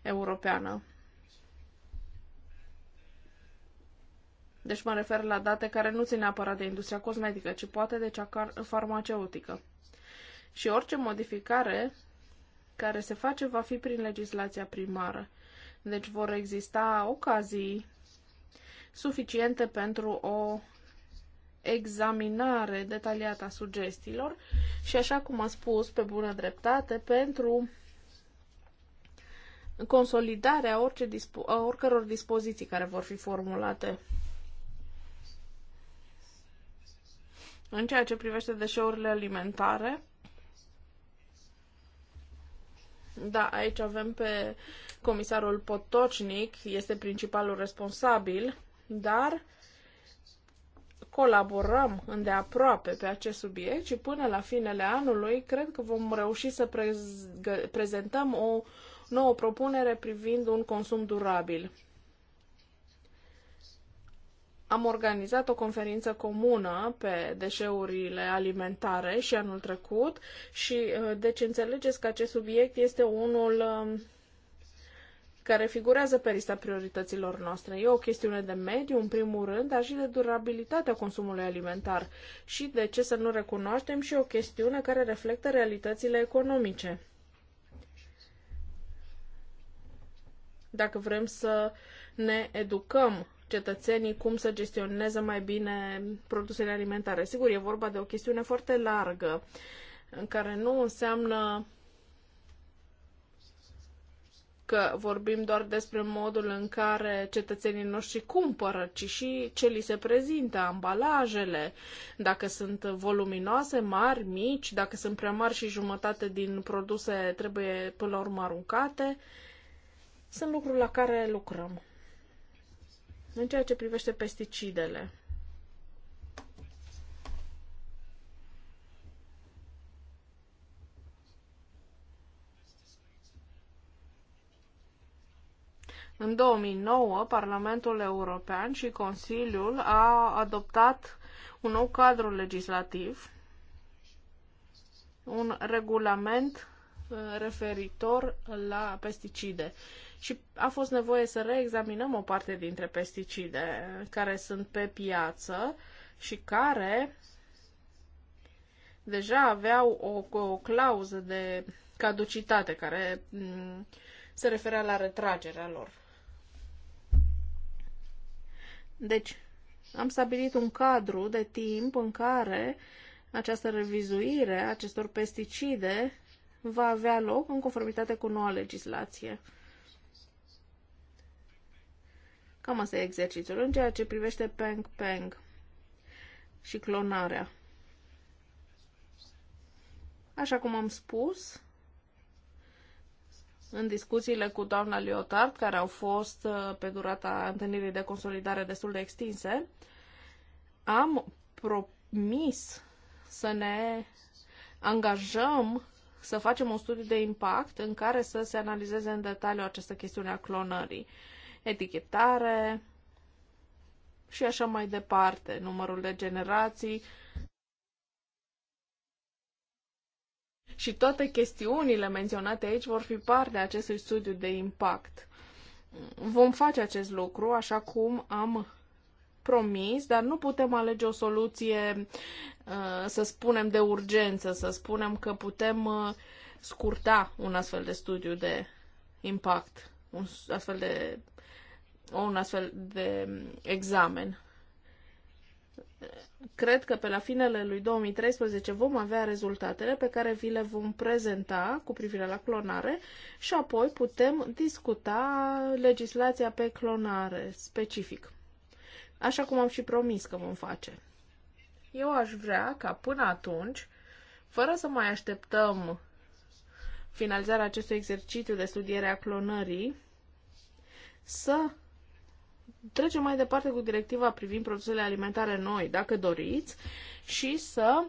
europeană. Deci mă refer la date care nu țin neapărat de industria cosmetică, ci poate de cea farmaceutică. Și orice modificare care se face va fi prin legislația primară. Deci vor exista ocazii suficiente pentru o examinare detaliată a sugestiilor și, așa cum am spus, pe bună dreptate, pentru consolidarea orice dispo- oricăror dispoziții care vor fi formulate În ceea ce privește deșeurile alimentare, da, aici avem pe comisarul Potocnic, este principalul responsabil, dar colaborăm îndeaproape pe acest subiect și până la finele anului cred că vom reuși să prez prezentăm o nouă propunere privind un consum durabil. Am organizat o conferință comună pe deșeurile alimentare și anul trecut și uh, deci înțelegeți că acest subiect este unul um, care figurează pe lista priorităților noastre. E o chestiune de mediu, în primul rând, dar și de durabilitatea consumului alimentar. Și de ce să nu recunoaștem și o chestiune care reflectă realitățile economice. Dacă vrem să ne educăm cetățenii cum să gestioneze mai bine produsele alimentare. Sigur, e vorba de o chestiune foarte largă, în care nu înseamnă că vorbim doar despre modul în care cetățenii noștri cumpără, ci și ce li se prezintă, ambalajele, dacă sunt voluminoase, mari, mici, dacă sunt prea mari și jumătate din produse trebuie până la urmă aruncate. Sunt lucruri la care lucrăm. În ceea ce privește pesticidele, În 2009, Parlamentul European și Consiliul a adoptat un nou cadru legislativ, un regulament uh, referitor la pesticide și a fost nevoie să reexaminăm o parte dintre pesticide care sunt pe piață și care deja aveau o, o clauză de caducitate care mm, se referea la retragerea lor. Deci, am stabilit un cadru de timp în care această revizuire acestor pesticide va avea loc în conformitate cu noua legislație. Cam asta e exercițiul. În ceea ce privește Peng Peng și clonarea. Așa cum am spus, în discuțiile cu doamna Liotard, care au fost uh, pe durata întâlnirii de consolidare destul de extinse, am promis să ne angajăm să facem un studiu de impact în care să se analizeze în detaliu această chestiune a clonării. Uh, etichetare și așa mai departe, numărul de generații și toate chestiunile menționate aici vor fi parte a acestui studiu de impact. Vom face acest lucru așa cum am promis, dar nu putem alege o soluție, uh, să spunem, de urgență, să spunem că putem uh, scurta un astfel de studiu de impact, un astfel de o un astfel de examen. Cred că pe la finele lui 2013 vom avea rezultatele pe care vi le vom prezenta cu privire la clonare și apoi putem discuta legislația pe clonare specific. Așa cum am și promis că vom face. Eu aș vrea ca până atunci, fără să mai așteptăm finalizarea acestui exercițiu de studiere a clonării, să trecem mai departe cu directiva privind produsele alimentare noi, dacă doriți, și să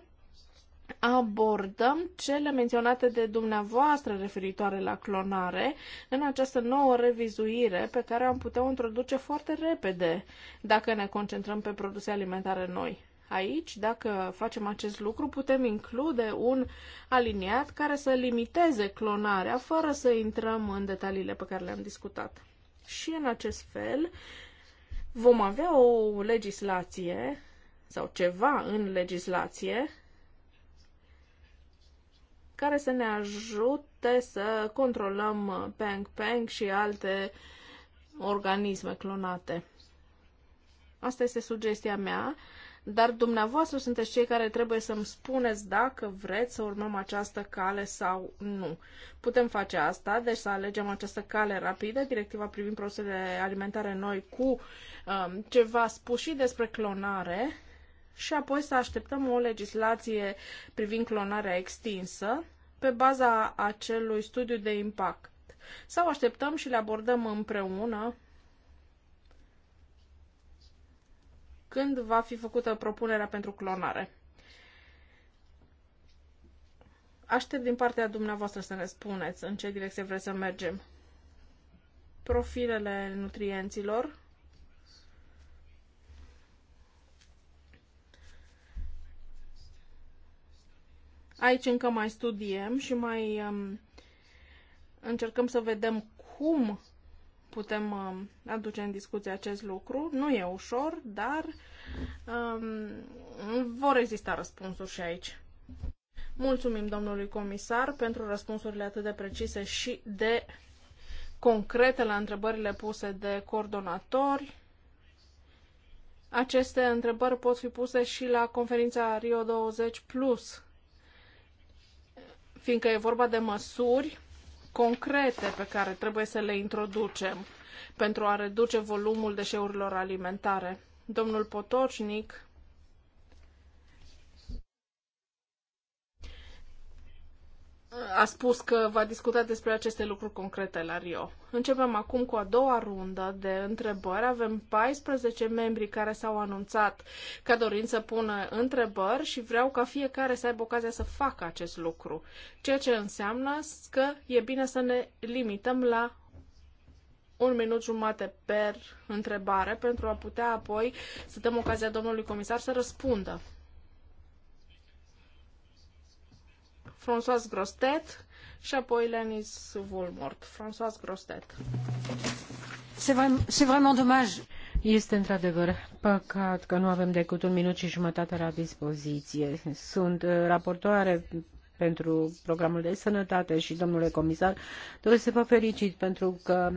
abordăm cele menționate de dumneavoastră referitoare la clonare în această nouă revizuire pe care am putea o introduce foarte repede dacă ne concentrăm pe produse alimentare noi. Aici, dacă facem acest lucru, putem include un aliniat care să limiteze clonarea fără să intrăm în detaliile pe care le-am discutat. Și în acest fel vom avea o legislație sau ceva în legislație care să ne ajute să controlăm Peng Peng și alte organisme clonate. Asta este sugestia mea dar dumneavoastră sunteți cei care trebuie să-mi spuneți dacă vreți să urmăm această cale sau nu. Putem face asta, deci să alegem această cale rapidă, directiva privind produsele alimentare noi cu um, ceva spus și despre clonare și apoi să așteptăm o legislație privind clonarea extinsă pe baza acelui studiu de impact. Sau așteptăm și le abordăm împreună când va fi făcută propunerea pentru clonare. Aștept din partea dumneavoastră să ne spuneți în ce direcție vreți să mergem. Profilele nutrienților, Aici încă mai studiem și mai um, încercăm să vedem cum putem um, aduce în discuție acest lucru. Nu e ușor, dar um, vor exista răspunsuri și aici. Mulțumim domnului comisar pentru răspunsurile atât de precise și de concrete la întrebările puse de coordonatori. Aceste întrebări pot fi puse și la conferința Rio 20 Plus, fiindcă e vorba de măsuri concrete pe care trebuie să le introducem pentru a reduce volumul deșeurilor alimentare. Domnul Potocnic a spus că va discuta despre aceste lucruri concrete la Rio. Începem acum cu a doua rundă de întrebări. Avem 14 membri care s-au anunțat ca dorind să pună întrebări și vreau ca fiecare să aibă ocazia să facă acest lucru. Ceea ce înseamnă că e bine să ne limităm la un minut jumate per întrebare pentru a putea apoi să dăm ocazia domnului comisar să răspundă François Grostet și apoi Lenis Volmort. François Grostet. C'est vraiment dommage. Este într-adevăr păcat că nu avem decât un minut și jumătate la dispoziție. Sunt uh, raportoare pentru programul de sănătate și domnule comisar, doresc să vă felicit pentru că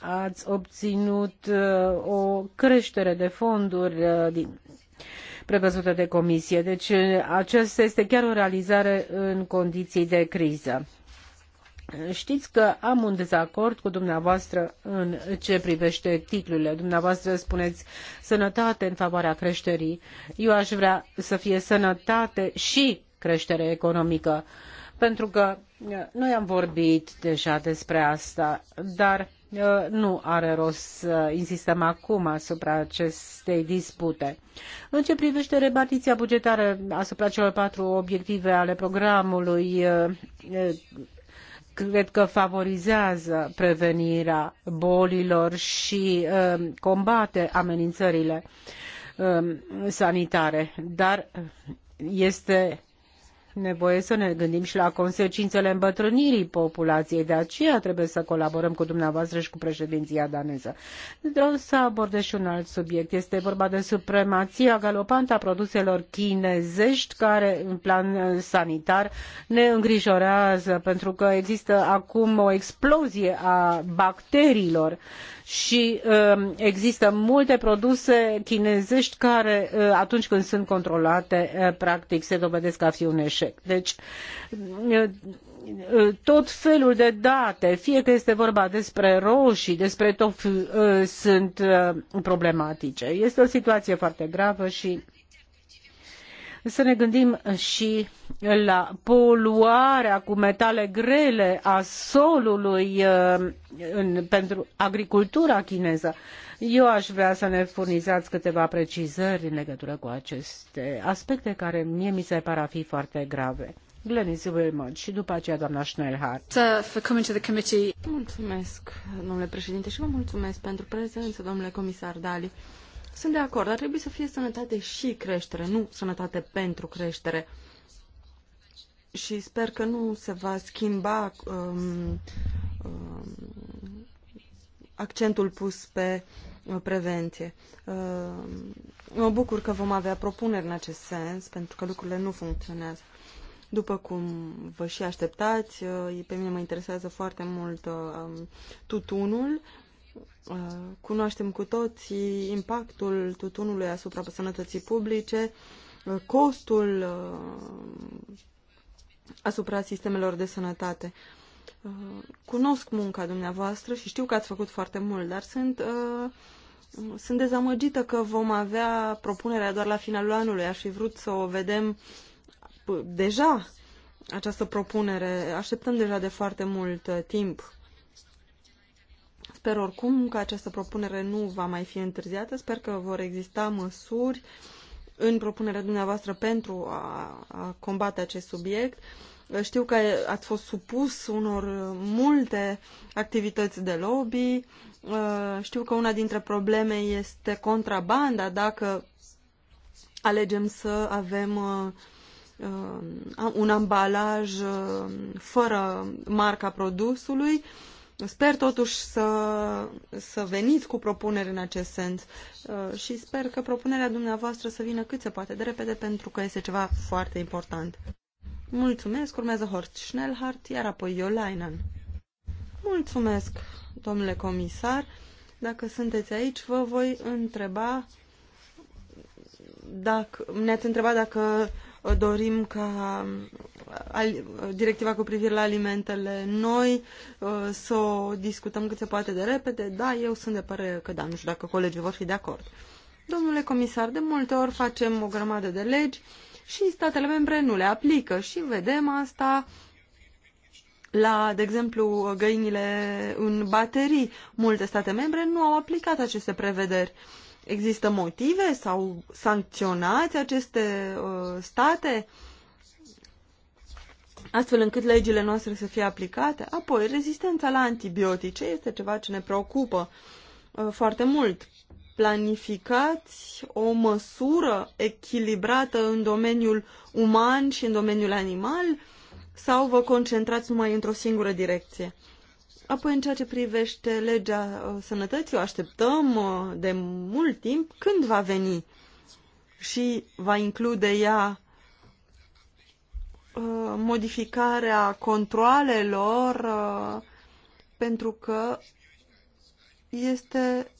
ați obținut uh, o creștere de fonduri uh, din prevăzute de comisie. Deci uh, aceasta este chiar o realizare în condiții de criză. Știți că am un dezacord cu dumneavoastră în ce privete titlurile. Dumneavoastră spuneți sănătate în favoarea creșterii. Eu aș vrea să fie sănătate și creștere economică, pentru că uh, noi am vorbit deja despre asta, dar Uh, nu are rost să insistăm acum asupra acestei dispute. În ce privește repartiția bugetară asupra celor patru obiective ale programului, uh, uh, cred că favorizează prevenirea bolilor și combate amenințările sanitare, dar este nevoie să ne gândim și la consecințele îmbătrânirii populației. De aceea trebuie să colaborăm cu dumneavoastră și cu președinția daneză. Vreau să abordez și un alt subiect. Este vorba de supremația galopantă a produselor chinezești care în plan uh, sanitar ne îngrijorează pentru că există acum o explozie a bacteriilor și um, există multe produse chinezeti care uh, atunci când sunt controlate uh, practic se dovedesc a fi un eec. Deci uh, tot felul de date, fie că este vorba despre roșii, despre tot, sunt problematice. Este o situație foarte gravă și să ne gândim și la poluarea cu metale grele a solului uh, în, pentru agricultura chineză. Eu aș vrea să ne furnizați câteva precizări în legătură cu aceste aspecte care mie mi se par a fi foarte grave. Glenis Wilmot și după aceea doamna Schnellhardt. Mulțumesc, domnule președinte, și vă mulțumesc pentru prezență, domnule comisar Dali. Sunt de acord, dar trebuie să fie sănătate și creștere, nu sănătate pentru creștere. Și sper că nu se va schimba um, um, accentul pus pe uh, prevenție. Uh, mă bucur că vom avea propuneri în acest sens, pentru că lucrurile nu funcționează. După cum vă și așteptați, uh, pe mine mă interesează foarte mult uh, um, tutunul Uh, cunoaștem cu toții impactul tutunului asupra sănătății publice, uh, costul uh, asupra sistemelor de sănătate. Cunosc munca dumneavoastră și știu că ați făcut foarte mult, dar sunt, sunt dezamăgită că vom avea propunerea doar la finalul anului. Aș fi vrut să o vedem deja această propunere. Așteptăm deja de foarte mult timp. Sper oricum că această propunere nu va mai fi întârziată. Sper că vor exista măsuri în propunerea dumneavoastră pentru a, a combate acest subiect. Știu că ați fost supus unor multe activități de lobby. Uh, știu că una dintre probleme este contrabanda. Dacă alegem să avem uh, uh, un ambalaj fără marca produsului, Sper totuși să, să veniți cu propuneri în acest sens uh, și sper că propunerea dumneavoastră să vină cât se poate de repede pentru că este ceva foarte important. Mulțumesc, urmează Horst Schnellhardt, iar apoi Iolainen. Mulțumesc, domnule comisar. Dacă sunteți aici, vă voi întreba dacă ne-ați întrebat dacă dorim ca directiva cu privire la alimentele noi uh, să o discutăm cât se poate de repede. Da, eu sunt de părere că da, nu știu dacă colegii vor fi de acord. Domnule comisar, de multe ori facem o grămadă de legi și statele membre nu le aplică și vedem asta la, de exemplu, găinile în baterii. Multe state membre nu au aplicat aceste prevederi. Uh, Există motive sau sancționați aceste uh, state astfel încât legile noastre să fie aplicate? Apoi, rezistența la antibiotice este ceva ce ne preocupă uh, foarte mult. Planificați o măsură echilibrată în domeniul uman și în domeniul animal sau vă concentrați numai într-o singură direcție? Apoi, în ceea ce privește legea uh, sănătății, o așteptăm uh, de mult timp când va veni și va include ea uh, modificarea controalelor pentru că este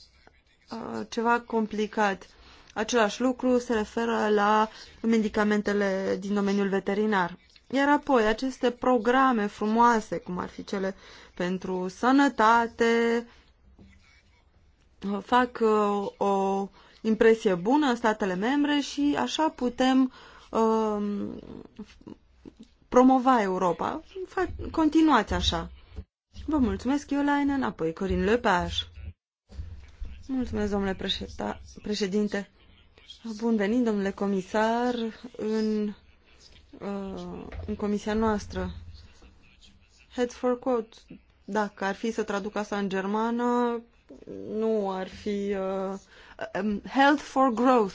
ceva complicat. Același lucru se referă la medicamentele din domeniul veterinar. Iar apoi aceste programe frumoase, cum ar fi cele uh, pentru sănătate, fac uh, o impresie bună în statele membre și așa putem um, promova Europa. continuați așa. Vă mulțumesc, Iolaine, apoi Corin Lepaj. Mulțumesc, domnule președinte. Bun venit, domnule comisar, în, uh, în comisia noastră. Head for quote, dacă ar fi să traduc asta în germană, nu ar fi uh, um, health for growth.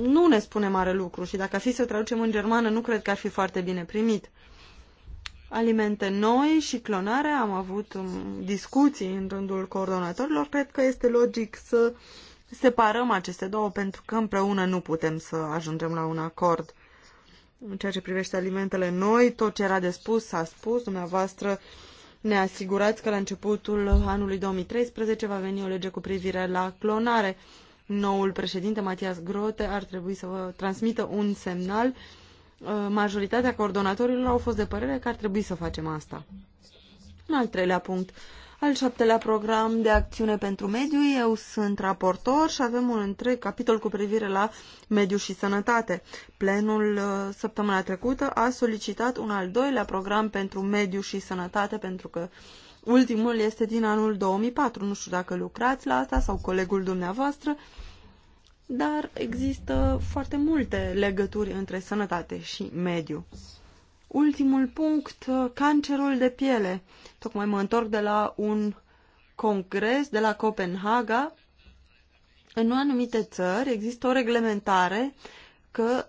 Nu ne spune mare lucru și dacă ar fi să traducem în germană, nu cred că ar fi foarte bine primit. Alimente noi și clonare, am avut um, discuții în rândul coordonatorilor, cred că este logic să separăm aceste două pentru că împreună nu putem să ajungem la un acord. În ceea ce privește alimentele noi, tot ce era de spus s-a spus, dumneavoastră uh, ne asigurați că la începutul anului 2013 va veni o lege cu privire la clonare. Noul președinte, Matias Grote, ar trebui să vă transmită un semnal. Uh, majoritatea coordonatorilor au fost de părere că ar trebui să facem asta. Un al treilea punct al șaptelea program de acțiune pentru mediu, eu sunt raportor și avem un întreg capitol cu privire la mediu și sănătate. Plenul uh, săptămâna trecută a solicitat un al doilea program pentru mediu și sănătate pentru că ultimul este din anul 2004. Nu știu dacă lucrați la asta sau colegul dumneavoastră, dar există foarte multe legături între sănătate și mediu. Ultimul punct, uh, cancerul de piele. Tocmai mă întorc de la un congres de la Copenhaga. În anumite țări există o reglementare că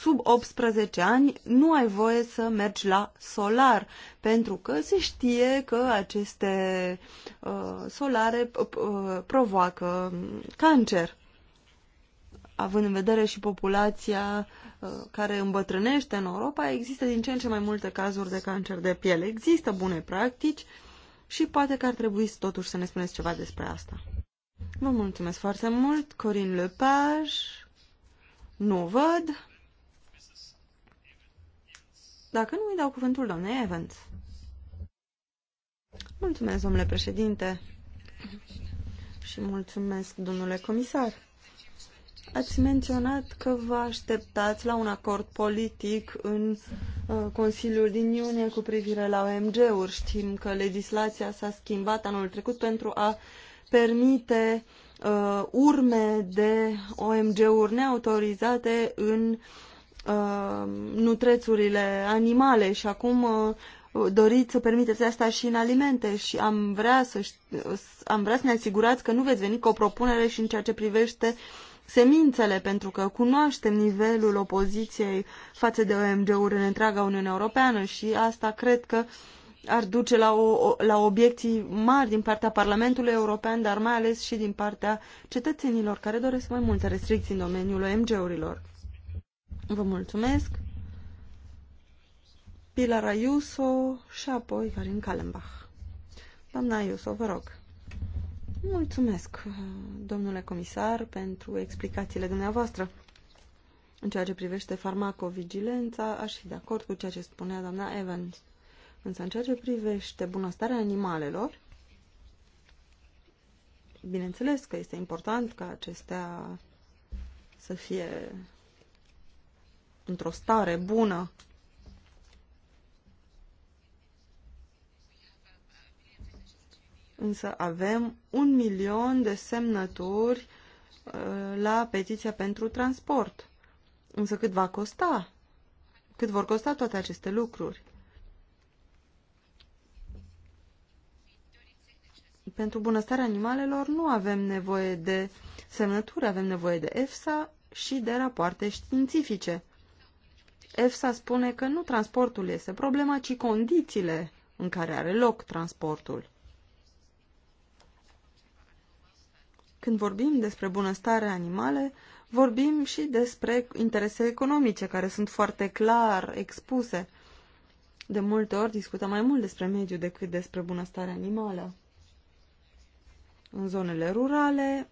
sub 18 ani nu ai voie să mergi la solar, pentru că se știe că aceste uh, solare uh, provoacă mm, cancer, având în vedere și populația care îmbătrânește în Europa, există din ce în ce mai multe cazuri de cancer de piele. Există bune practici și poate că ar trebui totuși să ne spuneți ceva despre asta. Vă mulțumesc foarte mult, Corin Lepage. Nu văd. Dacă nu, îi dau cuvântul doamnei Evans. Mulțumesc, domnule președinte. Și mulțumesc, domnule comisar. Ați menționat că vă așteptați la un acord politic în uh, Consiliul din iunie cu privire la OMG-uri. Știm că legislația s-a schimbat anul trecut pentru a permite uh, urme de OMG-uri neautorizate în uh, nutrețurile animale și acum uh, doriți să permiteți asta și în alimente și am vrea să, uh, am vrea să ne asigurați că nu veți veni cu o propunere și în ceea ce privește uh, semințele, pentru că cunoaștem nivelul opoziției față de OMG-uri în întreaga Uniune Europeană și asta cred că ar duce la, o, la obiecții mari din partea Parlamentului European, dar mai ales și din partea cetățenilor care doresc mai multe restricții în domeniul OMG-urilor. Vă mulțumesc! Pilar Ayuso și apoi Karin Kallenbach. Doamna Ayuso, vă rog. Mulțumesc, domnule comisar, pentru explicațiile dumneavoastră. În ceea ce privește farmacovigilența, aș fi de acord cu ceea ce spunea doamna Evans. Însă în ceea ce privește bunăstarea animalelor, bineînțeles că este important ca acestea să fie într-o stare bună, însă avem un milion de semnături uh, la petiția pentru transport. Însă cât va costa? Cât vor costa toate aceste lucruri? Pentru bunăstarea animalelor nu avem nevoie de semnături, avem nevoie de EFSA și de rapoarte științifice. EFSA spune că nu transportul este problema, ci condițiile în care are loc transportul. Când vorbim despre bunăstare animale, vorbim și despre interese economice, care sunt foarte clar expuse. De multe ori discutăm mai mult despre mediu decât despre bunăstare animală. În zonele rurale,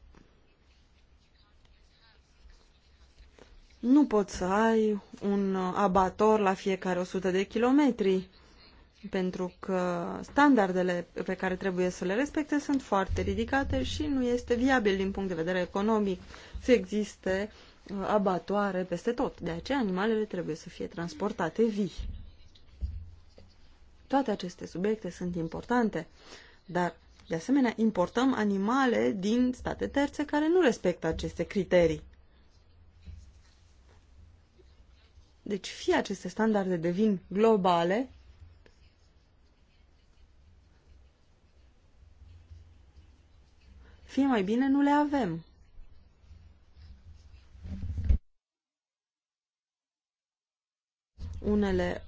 nu poți să ai un abator la fiecare 100 de kilometri pentru că standardele pe care trebuie să le respecte sunt foarte ridicate și nu este viabil din punct de vedere economic să existe uh, abatoare peste tot. De aceea animalele trebuie să fie transportate vii. Toate aceste subiecte sunt importante, dar de asemenea importăm animale din state terțe care nu respectă aceste criterii. Deci fie aceste standarde devin globale, fie mai bine nu le avem. Unele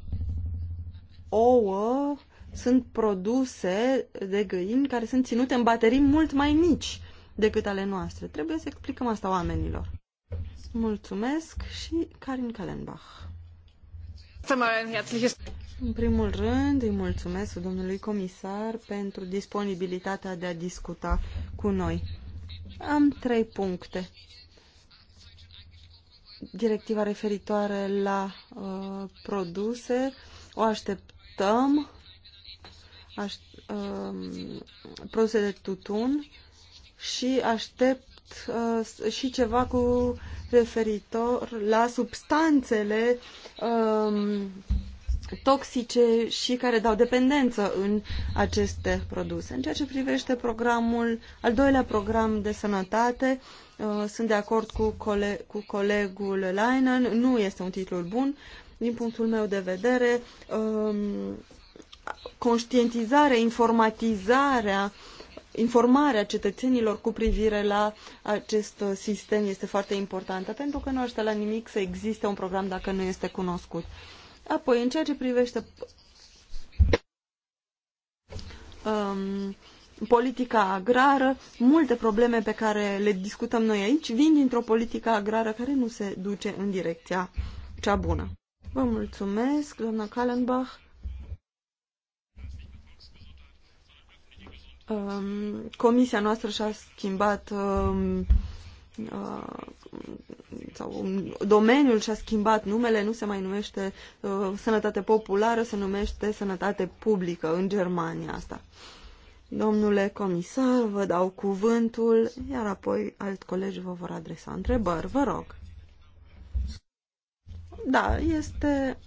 ouă sunt produse de găini care sunt ținute în baterii mult mai mici decât ale noastre. Trebuie să explicăm asta oamenilor. Mulțumesc și Karin Kallenbach. În primul rând, îi mulțumesc domnului comisar pentru disponibilitatea de a discuta cu noi. Am trei puncte. Directiva referitoare la uh, produse, o așteptăm, aș, uh, produse de tutun și aștept fapt uh, și ceva cu referitor la substanțele um, toxice și care dau dependență în aceste produse. În ceea ce privește programul, al doilea program de sănătate, uh, sunt de acord cu, cole, cu colegul Leinen, nu este un titlu bun, din punctul meu de vedere, um, conștientizarea, informatizarea informarea cetățenilor cu privire la acest sistem este foarte importantă, pentru că nu ajută la nimic să existe un program dacă nu este cunoscut. Apoi, în ceea ce privește um, politica agrară, multe probleme pe care le discutăm noi aici vin dintr-o politică agrară care nu se duce în direcția cea bună. Vă mulțumesc, doamna Kallenbach. um, comisia noastră și-a schimbat um, uh, sau um, domeniul și-a schimbat numele, nu se mai numește uh, sănătate populară, se numește sănătate publică în Germania asta. Domnule comisar, vă dau cuvântul, iar apoi alt colegi vă vor adresa întrebări. Vă rog. Da, este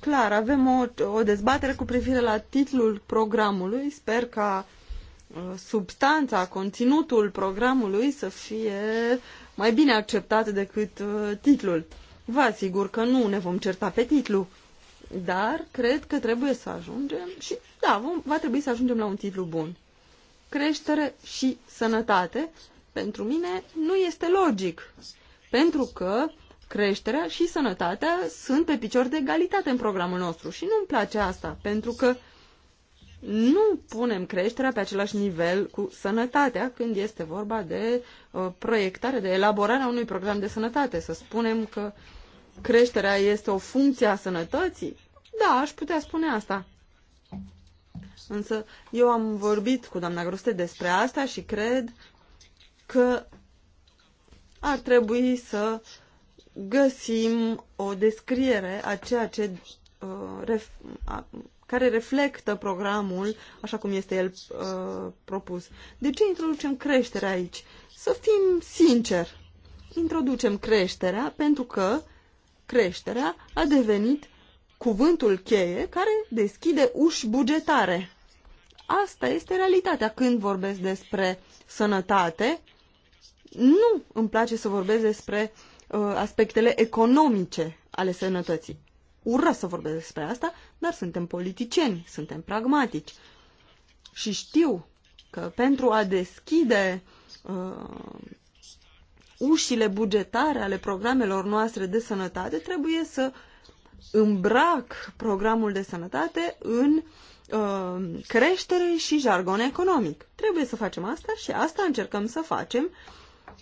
clar, avem o, o dezbatere cu privire la titlul programului. Sper ca uh, substanța, conținutul programului să fie mai bine acceptat decât uh, titlul. Vă asigur că nu ne vom certa pe titlu, dar cred că trebuie să ajungem și, da, vom, va trebui să ajungem la un titlu bun. Creștere și sănătate, pentru mine, nu este logic. Pentru că creșterea și sănătatea sunt pe picior de egalitate în programul nostru și nu-mi place asta, pentru că nu punem creșterea pe același nivel cu sănătatea când este vorba de uh, proiectare, de elaborarea unui program de sănătate. Să spunem că creșterea este o funcție a sănătății? Da, aș putea spune asta. Însă eu am vorbit cu doamna Groste despre asta și cred că ar trebui să uh, găsim o descriere a ceea ce, uh, ref, a, care reflectă programul așa cum este el uh, propus. De ce introducem creșterea aici? Să fim sinceri. Introducem creșterea pentru că creșterea a devenit cuvântul cheie care deschide uși bugetare. Asta este realitatea când vorbesc despre sănătate. Nu îmi place să vorbesc despre uh, Uh, aspectele economice ale sănătății. Ură să vorbesc despre asta, dar suntem politicieni, suntem pragmatici. Și știu că pentru a deschide uh, ușile bugetare ale programelor noastre de sănătate, trebuie să îmbrac programul de sănătate în uh, creștere și jargon economic. Trebuie să facem asta și asta încercăm să facem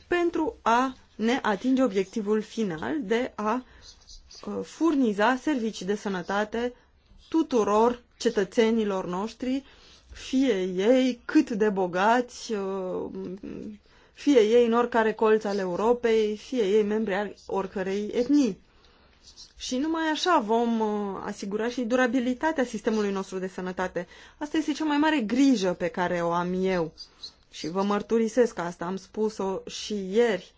pentru a ne atinge obiectivul final de a uh, furniza servicii de sănătate tuturor cetățenilor noștri, fie ei cât de bogați, uh, fie ei în oricare colț al Europei, fie ei membri al oricărei etnii. Și numai așa vom uh, asigura și durabilitatea sistemului nostru de sănătate. Asta este cea mai mare grijă pe care o am eu. Și vă mărturisesc asta, am spus-o și ieri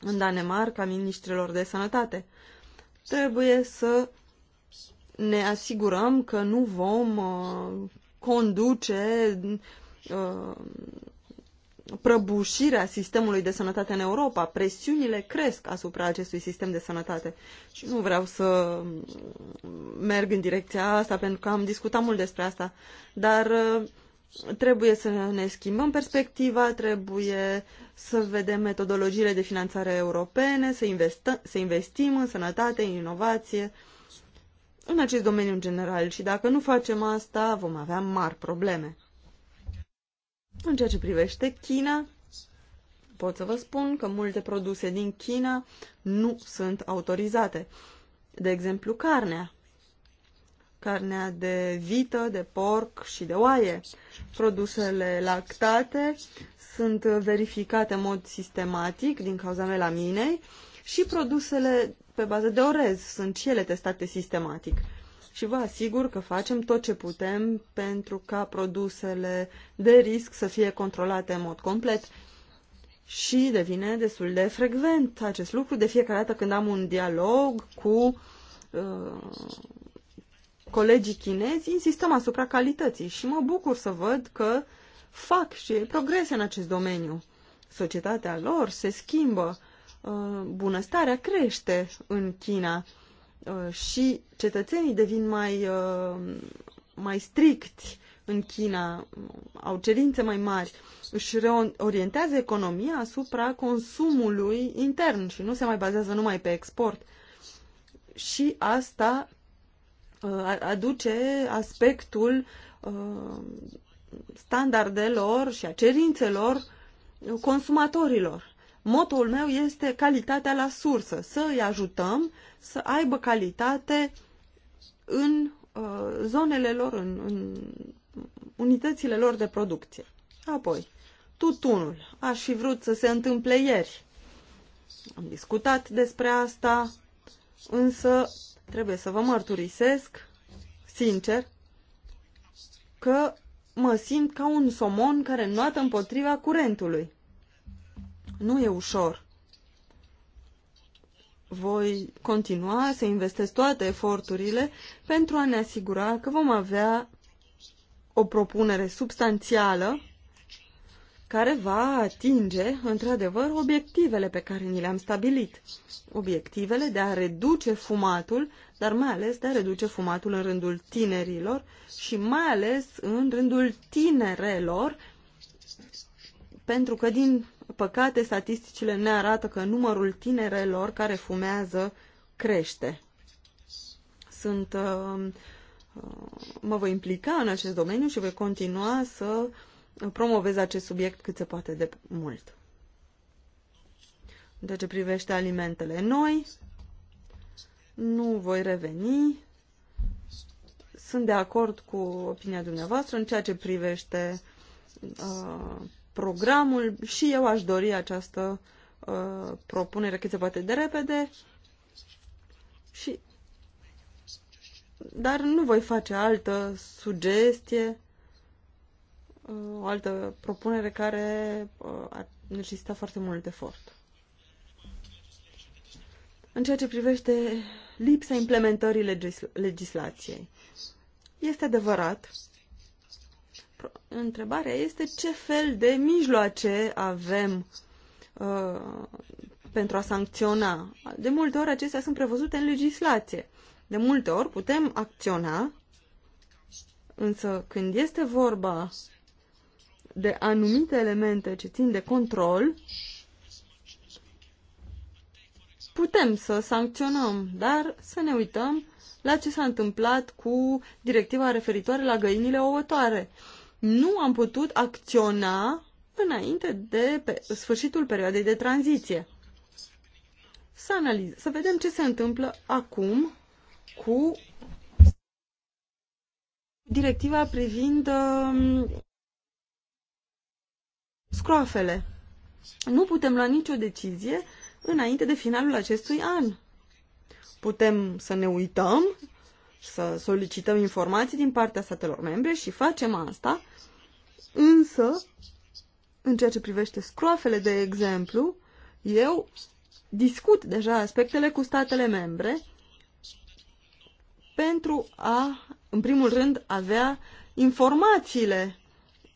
în Danemarca ministrilor de sănătate. Trebuie să ne asigurăm că nu vom uh, conduce uh, prăbușirea sistemului de sănătate în Europa. Presiunile cresc asupra acestui sistem de sănătate și nu vreau să merg în direcția asta pentru că am discutat mult despre asta, dar uh, trebuie să ne schimbăm perspectiva, trebuie să vedem metodologiile de finanțare europene, să, investă, să investim în sănătate, în inovație, în acest domeniu în general. Și dacă nu facem asta, vom avea mari probleme. În ceea ce privește China, pot să vă spun că multe produse din China nu sunt autorizate. De exemplu, carnea carnea de vită, de porc și de oaie. Produsele lactate sunt verificate în mod sistematic din cauza melaminei și produsele pe bază de orez sunt și ele testate sistematic. Și vă asigur că facem tot ce putem pentru ca produsele de risc să fie controlate în mod complet. Și devine destul de frecvent acest lucru de fiecare dată când am un dialog cu uh, colegii chinezi, insistăm asupra calității și mă bucur să văd că fac și progrese în acest domeniu. Societatea lor se schimbă, uh, bunăstarea crește în China uh, și cetățenii devin mai, uh, mai stricti în China, au cerințe mai mari, își orientează economia asupra consumului intern și nu se mai bazează numai pe export. Și asta aduce aspectul standardelor și a cerințelor consumatorilor. Motul meu este calitatea la sursă, să îi ajutăm să aibă calitate în zonele lor, în, în unitățile lor de producție. Apoi, tutunul. Aș fi vrut să se întâmple ieri. Am discutat despre asta, însă Trebuie să vă mărturisesc, sincer, că mă simt ca un somon care înnoată împotriva curentului. Nu e ușor. Voi continua să investesc toate eforturile pentru a ne asigura că vom avea o propunere substanțială care va atinge, într-adevăr, obiectivele pe care ni le-am stabilit. Obiectivele de a reduce fumatul, dar mai ales de a reduce fumatul în rândul tinerilor și mai ales în rândul tinerelor, pentru că, din păcate, statisticile ne arată că numărul tinerelor care fumează crește. Sunt, uh, uh, mă voi implica în acest domeniu și voi continua să Promovez acest subiect cât se poate de mult. În ceea ce privește alimentele noi, nu voi reveni. Sunt de acord cu opinia dumneavoastră în ceea ce privește uh, programul și eu aș dori această uh, propunere cât se poate de repede și dar nu voi face altă sugestie o altă propunere care uh, ar necesita foarte mult efort. În ceea ce privește lipsa implementării legis legislației, este adevărat. Întrebarea este ce fel de mijloace avem uh, pentru a sancționa. De multe ori acestea sunt prevăzute în legislație. De multe ori putem acționa, însă când este vorba de anumite elemente ce țin de control, putem să sancționăm, dar să ne uităm la ce s-a întâmplat cu directiva referitoare la găinile ouătoare. Nu am putut acționa înainte de pe sfârșitul perioadei de tranziție. Să, analiz, să vedem ce se întâmplă acum cu directiva privind uh, scroafele. Nu putem lua nicio decizie înainte de finalul acestui an. Putem să ne uităm, să solicităm informații din partea statelor membre și facem asta, însă, în ceea ce privește scroafele, de exemplu, eu discut deja aspectele cu statele membre pentru a, în primul rând, avea informațiile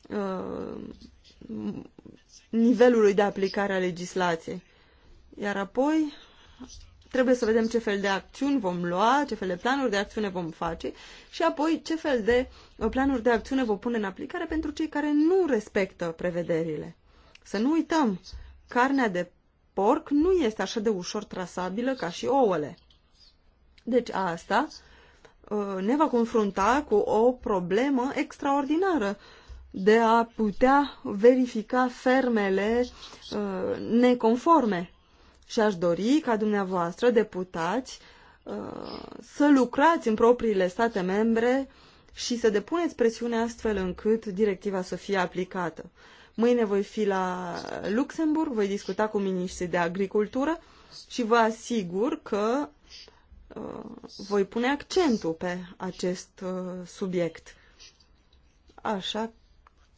uh, nivelului de aplicare a legislației. Iar apoi trebuie să vedem ce fel de acțiuni vom lua, ce fel de planuri de acțiune vom face și apoi ce fel de uh, planuri de acțiune vom pune în aplicare pentru cei care nu respectă prevederile. Să nu uităm, carnea de porc nu este așa de ușor trasabilă ca și ouăle. Deci asta uh, ne va confrunta cu o problemă extraordinară de a putea verifica fermele uh, neconforme. Și aș dori ca dumneavoastră, deputați, uh, să lucrați în propriile state membre și să depuneți presiune astfel încât directiva să fie aplicată. Mâine voi fi la Luxemburg, voi discuta cu miniștrii de agricultură și vă asigur că uh, voi pune accentul pe acest uh, subiect. Așa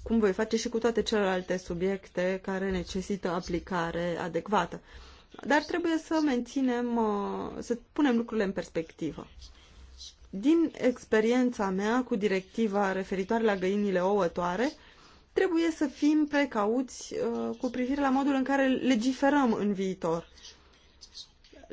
cum voi face și cu toate celelalte subiecte care necesită aplicare adecvată. Dar trebuie să menținem, uh, să punem lucrurile în perspectivă. Din experiența mea cu directiva referitoare la găinile ouătoare, trebuie să fim precauți uh, cu privire la modul în care legiferăm în viitor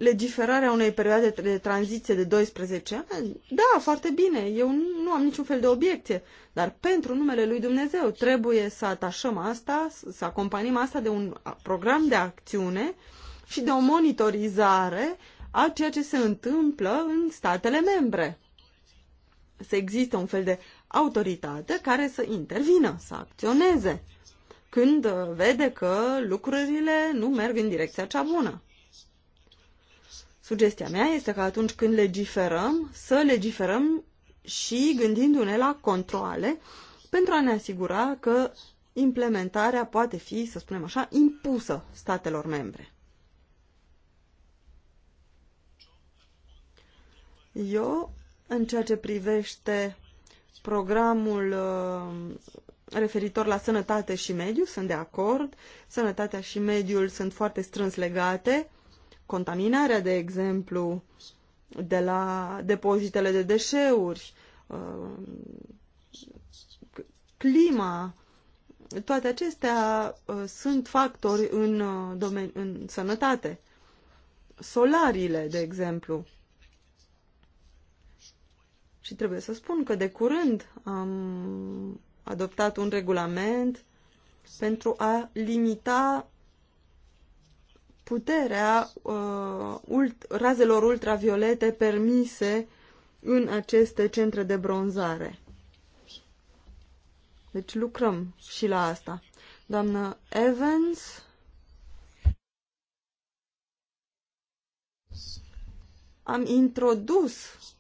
legiferarea unei perioade de tranziție de 12 ani, da, foarte bine, eu nu am niciun fel de obiecție, dar pentru numele lui Dumnezeu trebuie să atașăm asta, să acompaniem asta de un program de acțiune și de o monitorizare a ceea ce se întâmplă în statele membre. Să există un fel de autoritate care să intervină, să acționeze când uh, vede că lucrurile nu merg în direcția cea bună. Sugestia mea este că atunci când legiferăm, să legiferăm și gândindu-ne la controle pentru a ne asigura că implementarea poate fi, să spunem așa, impusă statelor membre. Eu, în ceea ce privește programul uh, referitor la sănătate și mediu, sunt de acord. Sănătatea și mediul sunt foarte strâns legate contaminarea, de exemplu, de la depozitele de deșeuri, uh, clima, toate acestea uh, sunt factori în, uh, în sănătate. Solariile, de exemplu. Și trebuie să spun că de curând am adoptat un regulament pentru a limita puterea uh, ult razelor ultraviolete permise în aceste centre de bronzare. Deci lucrăm și la asta. Doamnă Evans. Am introdus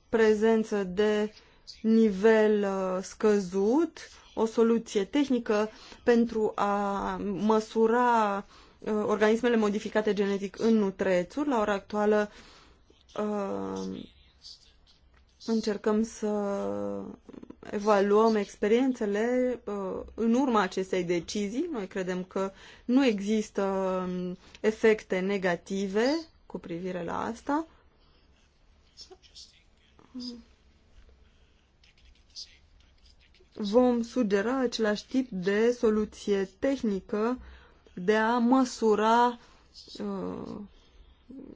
prezență de nivel uh, scăzut, o soluție tehnică pentru a măsura Uh, organismele modificate genetic în nutrețuri. La ora actuală uh, încercăm să evaluăm experiențele uh, în urma acestei decizii. Noi credem că nu există um, efecte negative cu privire la asta. Vom sugera același tip de soluție tehnică de a măsura uh,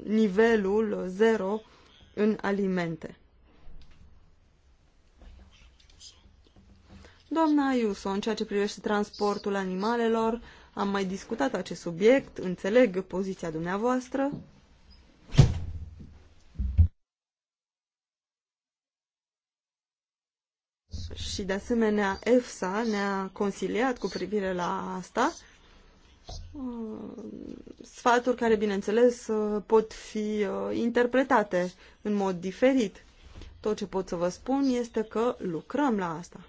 nivelul zero în alimente. Doamna Iuso, în ceea ce privește transportul animalelor, am mai discutat acest subiect, înțeleg poziția dumneavoastră. Și de asemenea EFSA ne-a consiliat cu privire la asta Mm, sfaturi care, bineînțeles, uh, pot fi uh, interpretate în mod diferit. Tot ce pot să vă spun este că lucrăm la asta.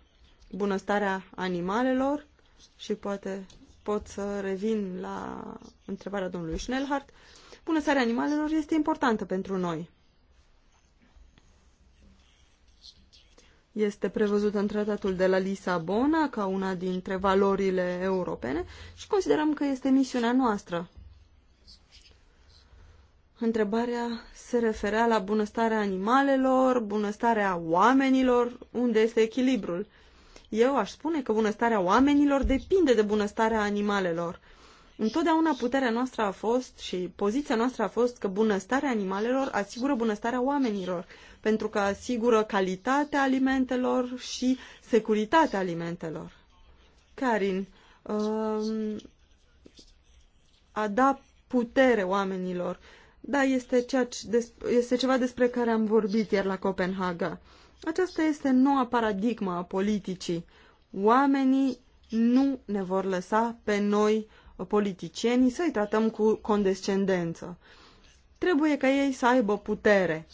Bunăstarea animalelor și poate pot să revin la întrebarea domnului Schnellhardt. Bunăstarea animalelor este importantă pentru noi. este prevăzută în tratatul de la Lisabona ca una dintre valorile europene și considerăm că este misiunea noastră. Întrebarea se referea la bunăstarea animalelor, bunăstarea oamenilor, unde este echilibrul. Eu aș spune că bunăstarea oamenilor depinde de bunăstarea animalelor. Întotdeauna puterea noastră a fost și poziția noastră a fost că bunăstarea animalelor asigură bunăstarea oamenilor, pentru că asigură calitatea alimentelor și securitatea alimentelor. Karin, uh, a da putere oamenilor. Da, este, ceea ce, este ceva despre care am vorbit ieri la Copenhaga. Aceasta este noua paradigmă a politicii. Oamenii nu ne vor lăsa pe noi uh, politicienii, să-i tratăm cu condescendență. Trebuie ca ei să aibă putere.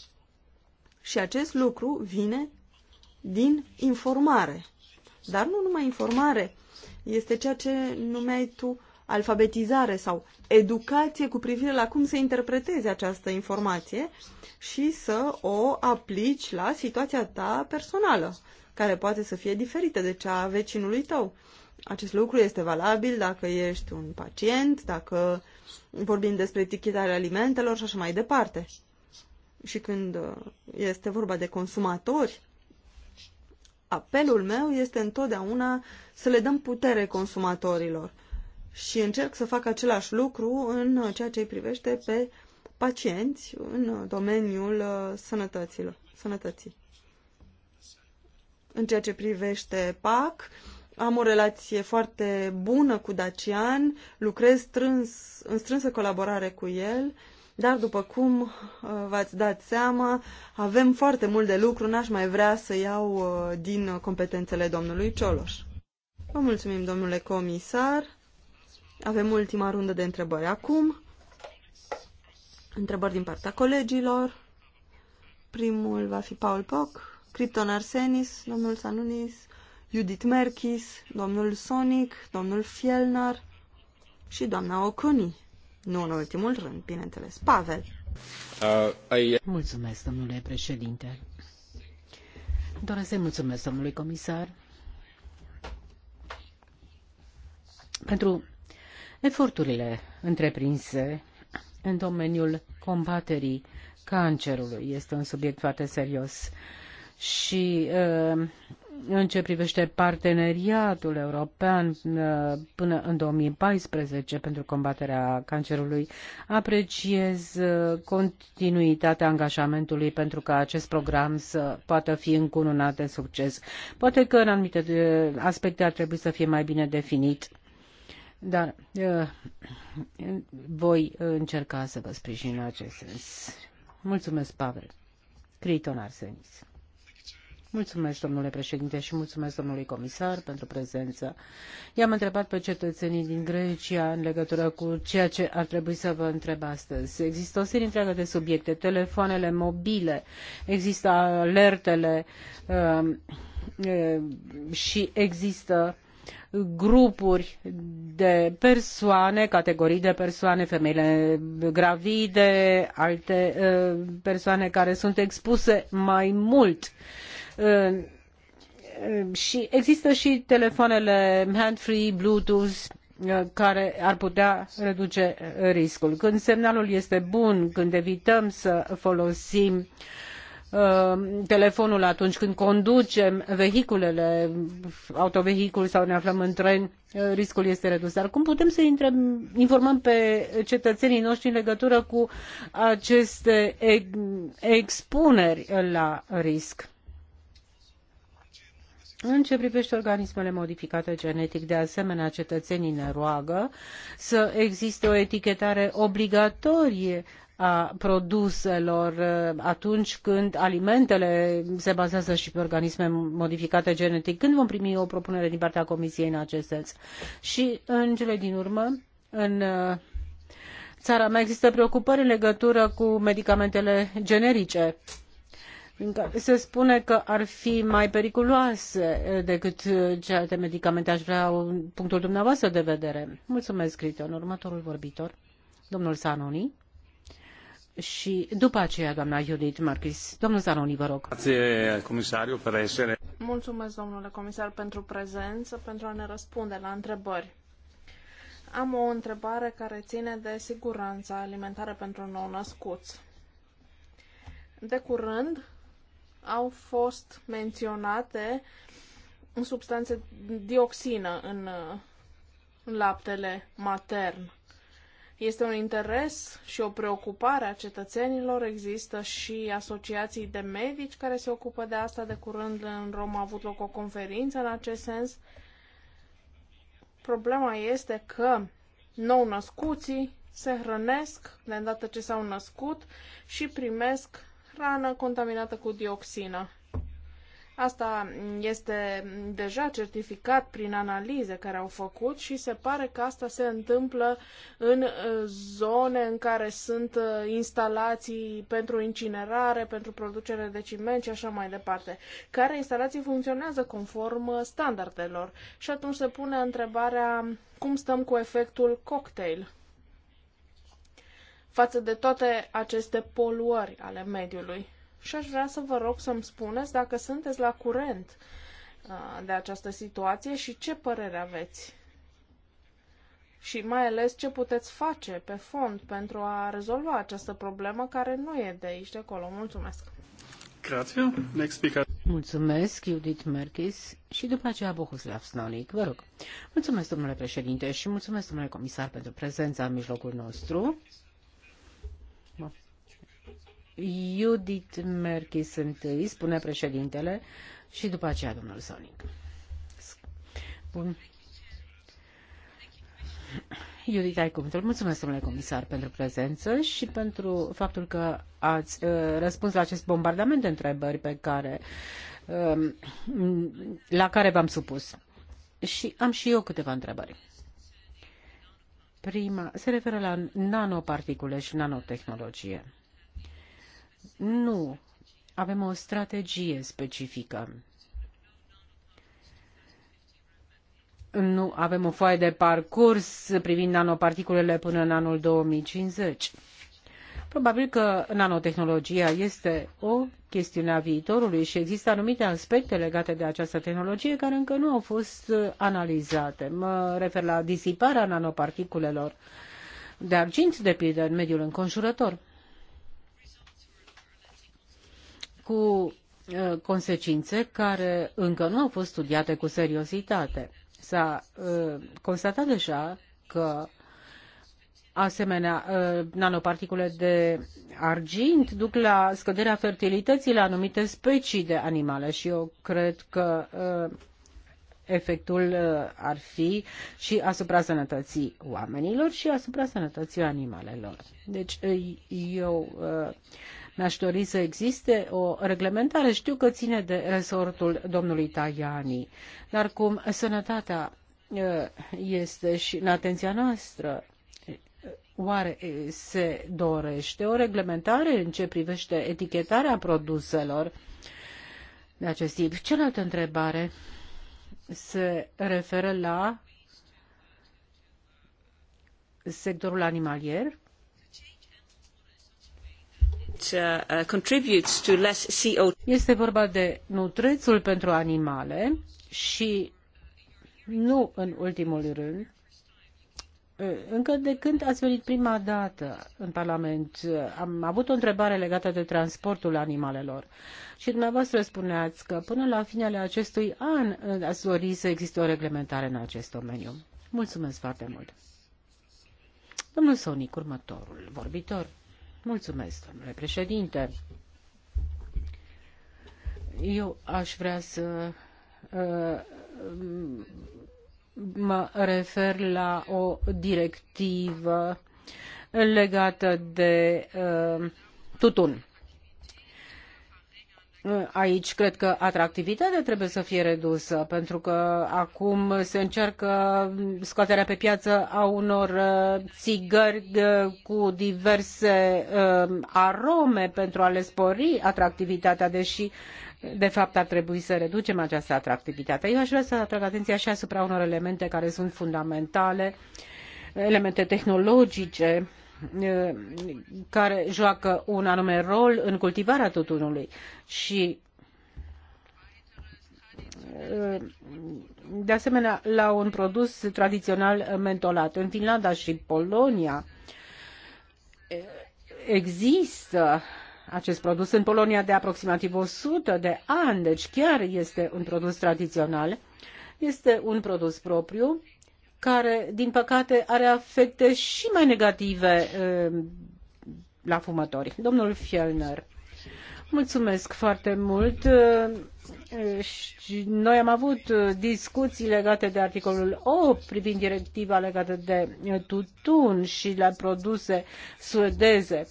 Și acest lucru vine din informare. Dar nu numai informare, este ceea ce numeai tu alfabetizare sau educație cu privire la cum să interpretezi această informație și să o aplici la situația ta personală, care poate să fie diferită de cea a vecinului tău. Acest lucru este valabil dacă ești un pacient, dacă vorbim despre etichetarea alimentelor și așa mai departe. Și când uh, este vorba de consumatori, apelul meu este întotdeauna să le dăm putere consumatorilor. Și încerc să fac același lucru în ceea ce îi privește pe pacienți în domeniul uh, sănătăților, sănătății. În ceea ce privește PAC, am o relație foarte bună cu Dacian, lucrez strâns, în strânsă colaborare cu el, dar după cum uh, v-ați dat seama, avem foarte mult de lucru, n-aș mai vrea să iau uh, din competențele domnului Cioloș. Vă mulțumim, domnule comisar. Avem ultima rundă de întrebări acum. Întrebări din partea colegilor. Primul va fi Paul Poc, Krypton Arsenis, domnul Sanunis, Judith Merkis, domnul Sonic, domnul Fielnar și doamna Oconi. Nu în ultimul rând, bineînțeles, Pavel. Uh, I... Mulțumesc, domnule președinte. Doresc să mulțumesc domnului comisar pentru eforturile întreprinse în domeniul combaterii cancerului. Este un subiect foarte serios și uh, în ce privește parteneriatul european uh, până în 2014 pentru combaterea cancerului, apreciez uh, continuitatea angajamentului pentru ca acest program să poată fi încununat de succes. Poate că în anumite uh, aspecte ar trebui să fie mai bine definit, dar voi încerca să vă sprijin în acest sens. Mulțumesc, Pavel. Criton Arsenis. Mulțumesc, domnule președinte, și mulțumesc domnului comisar pentru prezență. I-am întrebat pe cetățenii din Grecia în legătură cu ceea ce ar trebui să vă întreb astăzi. Există o serie întreagă de subiecte, telefoanele mobile, există alertele uh, uh, și există grupuri de persoane, categorii de persoane, femeile gravide, alte uh, persoane care sunt expuse mai mult uh, Uh, și există și telefoanele handfree, Bluetooth, uh, care ar putea reduce riscul. Când semnalul este bun, când evităm să folosim uh, telefonul atunci când conducem vehiculele, autovehicul sau ne aflăm în tren, riscul este redus. Dar cum putem să informăm pe cetățenii noștri în legătură cu aceste expuneri la risc? În ce privește organismele modificate genetic, de asemenea, cetățenii ne roagă să existe o etichetare obligatorie a produselor uh, atunci când alimentele se bazează și pe organisme modificate genetic. Când vom primi o propunere din partea Comisiei în acest sens? Și în cele din urmă, în uh, țara mea există preocupări în legătură cu medicamentele generice se spune că ar fi mai periculoase eh, decât eh, celelalte medicamente. Aș vrea un punctul dumneavoastră de vedere. Mulțumesc, Criton. Următorul vorbitor, domnul Sanoni. Și după aceea, doamna Judith Marquis. Domnul Zanoni, vă rog. Mulțumesc, domnule comisar, pentru prezență, pentru a ne răspunde la întrebări. Am o întrebare care ține de siguranța alimentară pentru nou-născuți. De curând au fost menționate substanțe dioxină în, în laptele matern. Este un interes și o preocupare a cetățenilor. Există și asociații de medici care se ocupă de asta. De curând în Roma a avut loc o conferință în acest sens. Problema este că nou-născuții se hrănesc de îndată ce s-au născut și primesc hrană contaminată cu dioxină. Asta este deja certificat prin analize care au făcut și se pare că asta se întâmplă în uh, zone în care sunt uh, instalații pentru incinerare, pentru producere de ciment și așa mai departe, care instalații funcționează conform uh, standardelor. Și atunci se pune întrebarea cum stăm cu efectul cocktail față de toate aceste poluări ale mediului. Și aș vrea să vă rog să-mi spuneți dacă sunteți la curent uh, de această situație și ce părere aveți. Și mai ales ce puteți face pe fond pentru a rezolva această problemă care nu e de aici de acolo. Mulțumesc! Grazie. Next speaker. Mulțumesc, Judith Merkis și după aceea Bohuslav Snolic. Vă rog. Mulțumesc, domnule președinte, și mulțumesc, domnule comisar, pentru prezența în mijlocul nostru. Judith Merkis întâi, spune președintele, și după aceea domnul Sonic. Bun. Judith, ai cuvântul. Mulțumesc, domnule comisar, pentru prezență și pentru faptul că ați uh, răspuns la acest bombardament de întrebări pe care, uh, la care v-am supus. Și am și eu câteva întrebări. Prima se referă la nanoparticule și nanotehnologie. Nu avem o strategie specifică. Nu avem o foaie de parcurs privind nanoparticulele până în anul 2050. Probabil că nanotehnologia este o chestiune a viitorului și există anumite aspecte legate de această tehnologie care încă nu au fost uh, analizate. Mă refer la disiparea nanoparticulelor de argint, de pildă, în mediul înconjurător. Cu uh, consecințe care încă nu au fost studiate cu seriozitate. S-a uh, constatat deja că Asemenea, uh, nanoparticule de argint duc la scăderea fertilității la anumite specii de animale și eu cred că uh, efectul uh, ar fi și asupra sănătății oamenilor și asupra sănătății animalelor. Deci eu mi-aș dori să existe o reglementare. Știu că ține de resortul domnului Tajani, dar cum sănătatea este și în atenția noastră, Oare se dorește o reglementare în ce privește etichetarea produselor de acest tip? Cealaltă întrebare se referă la sectorul animalier. Uh, uh, este vorba de nutrețul pentru animale și, nu în ultimul rând, încă de când ați venit prima dată în Parlament, am avut o întrebare legată de transportul animalelor și dumneavoastră spuneați că până la finele acestui an ați dori să existe o reglementare în acest domeniu. Mulțumesc foarte mult. Domnul Sonic, următorul vorbitor. Mulțumesc, domnule președinte. Eu aș vrea să mă refer la o directivă legată de uh, tutun. Aici cred că atractivitatea trebuie să fie redusă, pentru că acum se încearcă scoaterea pe piață a unor uh, țigări uh, cu diverse uh, arome pentru a le spori atractivitatea, deși de fapt ar trebui să reducem această atractivitate. Eu aș vrea să atrag atenția și asupra unor elemente care sunt fundamentale, elemente tehnologice eh, care joacă un anume rol în cultivarea tutunului și eh, de asemenea la un produs tradițional mentolat. În Finlanda și Polonia eh, există acest produs în Polonia de aproximativ 100 de ani, deci chiar este un produs tradițional. Este un produs propriu care, din păcate, are afecte și mai negative eh, la fumători. Domnul Fielner. Mulțumesc foarte mult. Eh, noi am avut discuții legate de articolul 8 privind directiva legată de tutun și la produse suedeze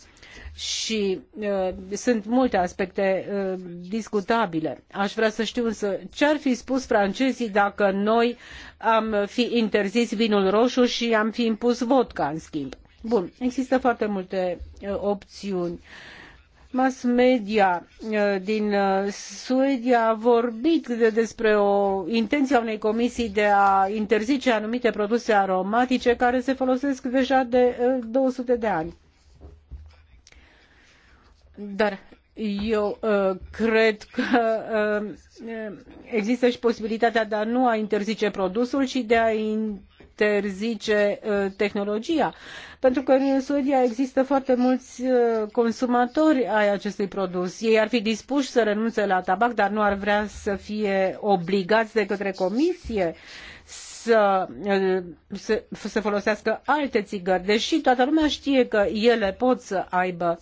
și uh, sunt multe aspecte uh, discutabile. Aș vrea să știu însă ce ar fi spus francezii dacă noi am fi interzis vinul roșu și am fi impus vodka în schimb. Bun, există foarte multe uh, opțiuni. Mass media uh, din uh, Suedia a vorbit de, despre o intenție a unei comisii de a interzice anumite produse aromatice care se folosesc deja de 200 uh, de ani dar eu uh, cred că uh, uh, există și posibilitatea de a nu a interzice produsul, ci de a interzice uh, tehnologia. Pentru că în Suedia există foarte mulți uh, consumatori ai acestui produs. Ei ar fi dispuși să renunțe la tabac, dar nu ar vrea să fie obligați de către comisie să uh, se, să folosească alte țigări, deși toată lumea știe că ele pot să aibă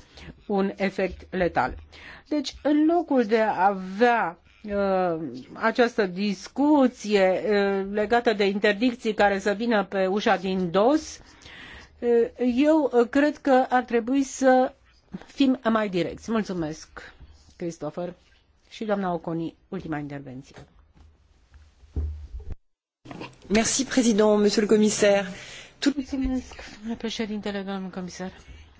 un efect letal. Deci, în locul de a avea uh, această discuție uh, legată de interdicții care să vină pe ușa din dos, eu cred că ar trebui să fim mai direcți. Mulțumesc, Christopher. Și doamna Oconi, ultima intervenție. Merci, président, monsieur le commissaire. Tout... Mulțumesc, domnule președintele, domnul comisar.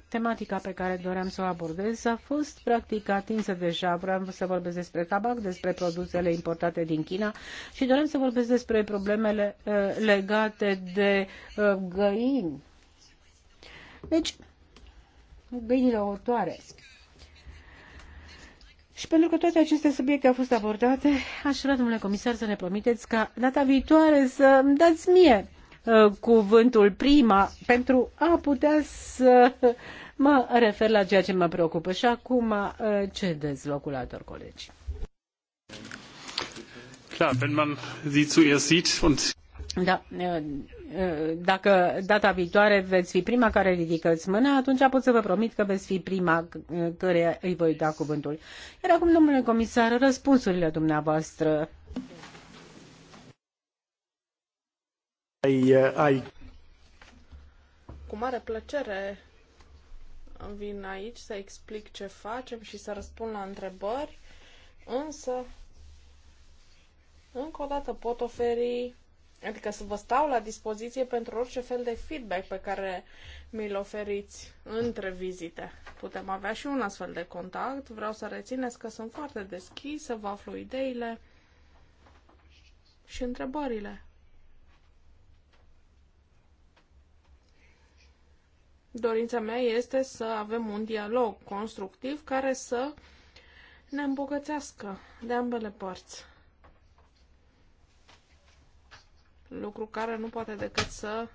Tematica pe care doream să o abordez a fost practic atinsă deja. Vreau să vorbesc despre tabac, despre produsele importate din China și doream să vorbesc despre problemele uh, legate de uh, găini. Deci, găinile ortoare. Și pentru că toate aceste subiecte au fost abordate, aș vrea, domnule comisar, să ne promiteți ca data viitoare să îmi dați mie uh, cuvântul prima pentru a putea să mă refer la ceea ce mă preocupă. Și acum uh, cedez locul altor colegi. Klar, wenn man sie zuerst sieht und da, uh, dacă data viitoare veți fi prima care ridicați mâna, atunci pot să vă promit că veți fi prima care îi voi da cuvântul. Iar acum, domnule comisar, răspunsurile dumneavoastră. Ai, uh, ai. Cu mare plăcere vin aici să explic ce facem și să răspund la întrebări, însă încă o dată pot oferi Adică să vă stau la dispoziție pentru orice fel de feedback pe care mi-l oferiți între vizite. Putem avea și un astfel de contact. Vreau să rețineți că sunt foarte deschis, să vă aflu ideile și întrebările. Dorința mea este să avem un dialog constructiv care să ne îmbogățească de ambele părți. lucru care nu poate decât să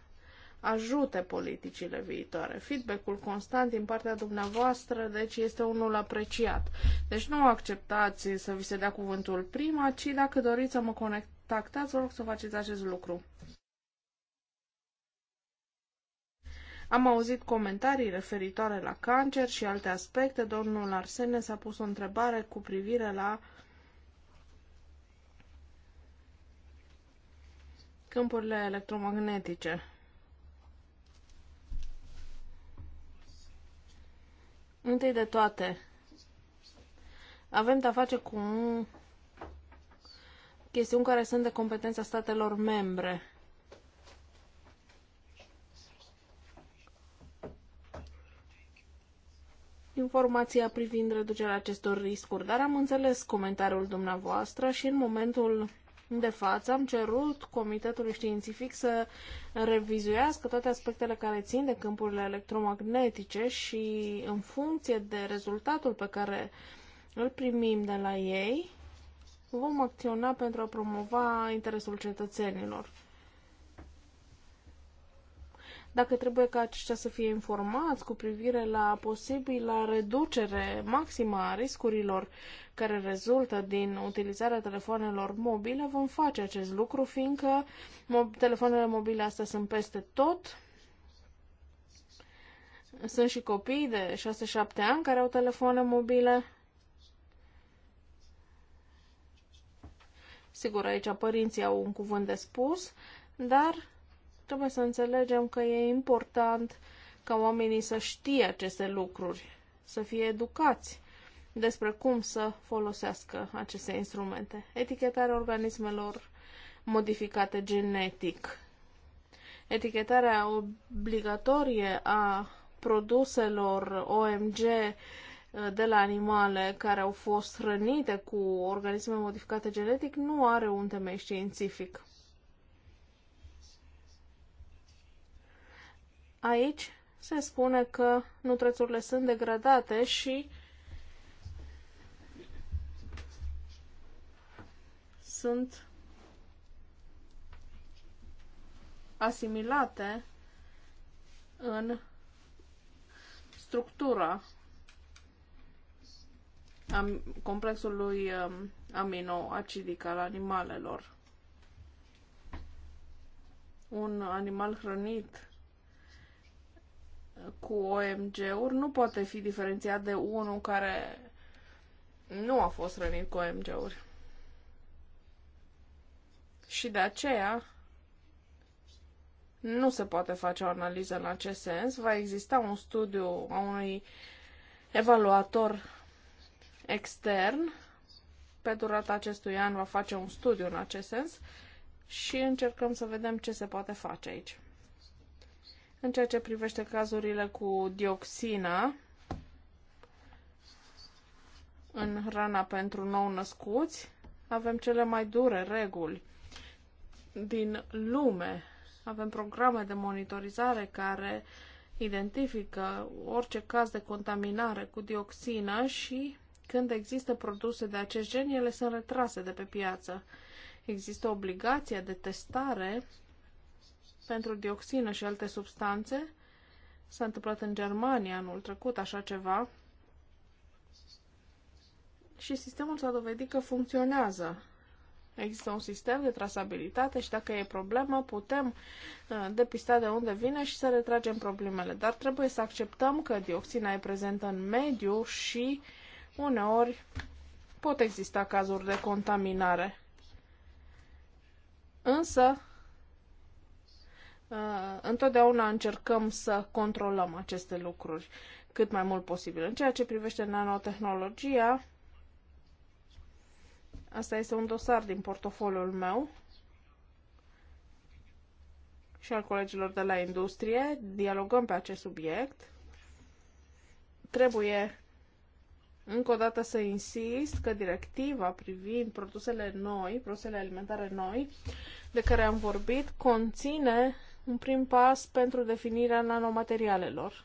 ajute politicile viitoare. Feedback-ul constant din partea dumneavoastră, deci este unul apreciat. Deci nu acceptați să vi se dea cuvântul prima, ci dacă doriți să mă contactați, vă rog să faceți acest lucru. Am auzit comentarii referitoare la cancer și alte aspecte. Domnul Arsene s-a pus o întrebare cu privire la uh, Câmpurile electromagnetice. Întâi de toate, avem de-a face cu chestiuni care sunt de competența statelor membre. informația privind reducerea acestor riscuri, dar am înțeles comentariul dumneavoastră și în momentul de față, am cerut Comitetului Științific să revizuiască toate aspectele care țin de câmpurile electromagnetice și în funcție de rezultatul pe care îl primim de la ei, vom acționa pentru a promova interesul cetățenilor dacă trebuie ca aceștia să fie informați cu privire la posibila reducere maximă a riscurilor care rezultă din utilizarea telefonelor mobile, vom face acest lucru, fiindcă mob- telefoanele mobile astea sunt peste tot. Sunt și copii de 6-7 ani care au telefoane mobile. Sigur, aici părinții au un cuvânt de spus, dar Trebuie să înțelegem că e important ca oamenii să știe aceste lucruri, să fie educați despre cum să folosească aceste instrumente. Etichetarea organismelor modificate genetic. Etichetarea obligatorie a produselor OMG uh, de la animale care au fost hrănite cu organisme modificate genetic nu are un temei științific. Aici se spune că nutrețurile sunt degradate și sunt asimilate în structura am, complexului um, aminoacidic al animalelor. Un animal hrănit cu OMG-uri nu poate fi diferențiat de unul care nu a fost rănit cu OMG-uri. Și de aceea nu se poate face o analiză în acest sens. Va exista un studiu a unui evaluator extern. Pe durata acestui an va face un studiu în acest sens și încercăm să vedem ce se poate face aici. În ceea ce privește cazurile cu dioxina în rana pentru nou-născuți, avem cele mai dure reguli din lume. Avem programe de monitorizare care identifică orice caz de contaminare cu dioxină și când există produse de acest gen, ele sunt retrase de pe piață. Există obligația de testare pentru dioxină și alte substanțe. S-a întâmplat în Germania anul trecut așa ceva. Și sistemul s-a dovedit că funcționează. Există un sistem de trasabilitate și dacă e problemă, putem uh, depista de unde vine și să retragem problemele. Dar trebuie să acceptăm că dioxina e prezentă în mediu și uneori pot exista cazuri de contaminare. Însă, Uh, întotdeauna încercăm să controlăm aceste lucruri cât mai mult posibil. În ceea ce privește nanotehnologia, asta este un dosar din portofoliul meu și al colegilor de la industrie. Dialogăm pe acest subiect. Trebuie încă o dată să insist că directiva privind produsele noi, produsele alimentare noi, de care am vorbit, conține un prim pas pentru definirea nanomaterialelor.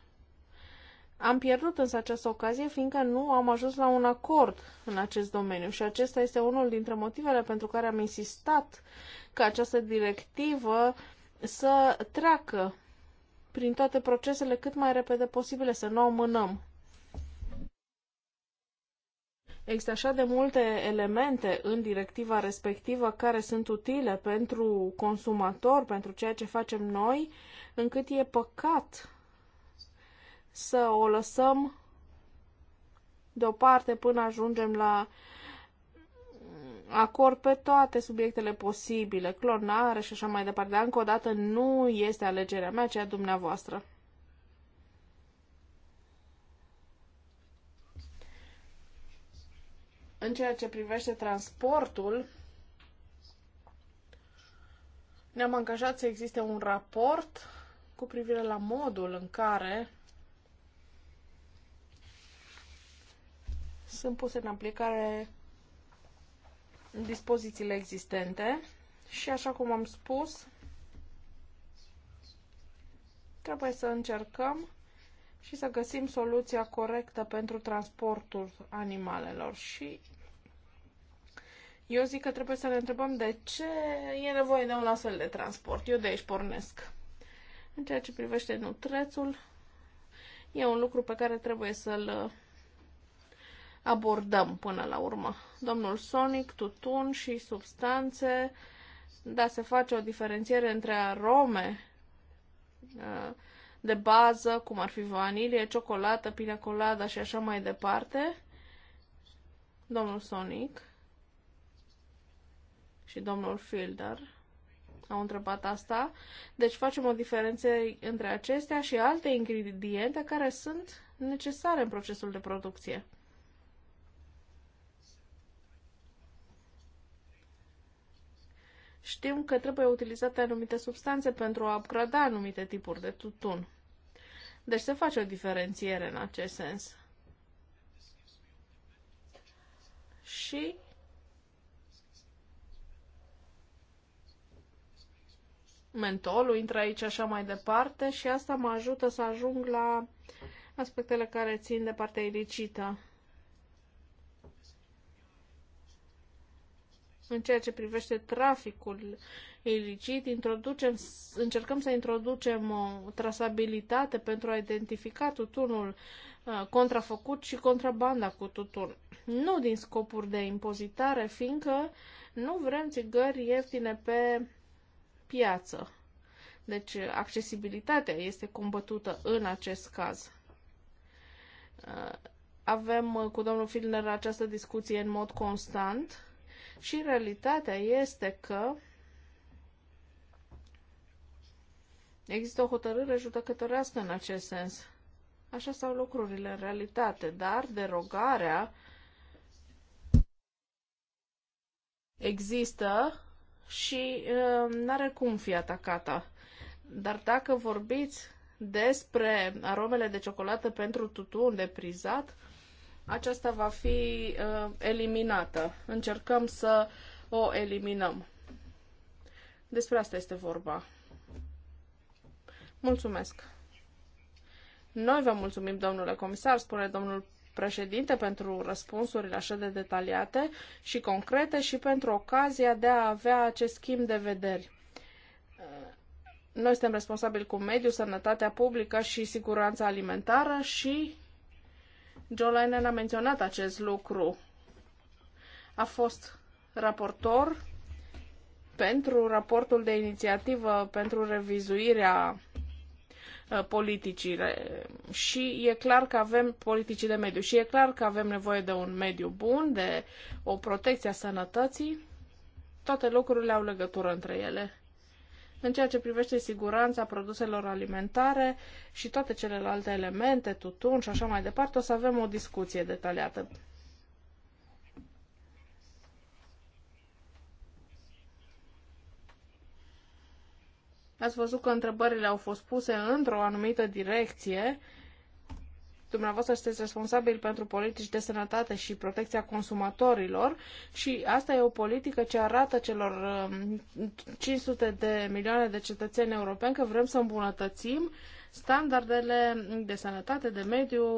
Am pierdut însă această ocazie fiindcă nu am ajuns la un acord în acest domeniu și acesta este unul dintre motivele pentru care am insistat ca această directivă să treacă prin toate procesele cât mai repede posibile, să nu o amânăm. Există așa de multe elemente în directiva respectivă care sunt utile pentru consumator, pentru ceea ce facem noi, încât e păcat să o lăsăm deoparte până ajungem la acord pe toate subiectele posibile, clonare și așa mai departe. Dar încă o dată nu este alegerea mea, ci a dumneavoastră. În ceea ce privește transportul, ne-am angajat să existe un raport cu privire la modul în care sunt puse în aplicare dispozițiile existente și, așa cum am spus, trebuie să încercăm și să găsim soluția corectă pentru transportul animalelor. Și eu zic că trebuie să ne întrebăm de ce e nevoie de un astfel de transport. Eu de aici pornesc. În ceea ce privește nutrețul, e un lucru pe care trebuie să-l uh, abordăm până la urmă. Domnul Sonic, tutun și substanțe, da, se face o diferențiere între arome, uh, de bază, cum ar fi vanilie, ciocolată, pina colada și așa mai departe. Domnul Sonic și domnul Fielder au întrebat asta. Deci facem o diferență între acestea și alte ingrediente care sunt necesare în procesul de producție. Știm că trebuie utilizate anumite substanțe pentru a upgrada anumite tipuri de tutun. Deci se face o diferențiere în acest sens. Și mentolul intră aici așa mai departe și asta mă ajută să ajung la aspectele care țin de partea ilicită. În ceea ce privește traficul ilicit, introducem, încercăm să introducem o trasabilitate pentru a identifica tutunul uh, contrafăcut și contrabanda cu tutun. Nu din scopuri de impozitare, fiindcă nu vrem țigări ieftine pe piață. Deci accesibilitatea este combătută în acest caz. Uh, avem uh, cu domnul Filner această discuție în mod constant și realitatea este că există o hotărâre judecătorească în acest sens. Așa stau lucrurile în realitate, dar derogarea există și uh, nu are cum fi atacată. Dar dacă vorbiți despre aromele de ciocolată pentru tutun de prizat, aceasta va fi uh, eliminată. Încercăm să o eliminăm. Despre asta este vorba. Mulțumesc. Noi vă mulțumim, domnule comisar, spune domnul președinte, pentru răspunsurile așa de detaliate și concrete și pentru ocazia de a avea acest schimb de vederi. Noi suntem responsabili cu mediul, sănătatea publică și siguranța alimentară și Joe a menționat acest lucru. A fost raportor pentru raportul de inițiativă pentru revizuirea ă, politicile și e clar că avem politicii de mediu și e clar că avem nevoie de un mediu bun, de o protecție a sănătății. Toate lucrurile au legătură între ele în ceea ce privește siguranța produselor alimentare și toate celelalte elemente, tutun și așa mai departe, o să avem o discuție detaliată. Ați văzut că întrebările au fost puse într-o anumită direcție dumneavoastră sunteți responsabili pentru politici de sănătate și protecția consumatorilor și asta e o politică ce arată celor 500 um, de milioane de cetățeni europeni că vrem să îmbunătățim standardele de sănătate, de mediu,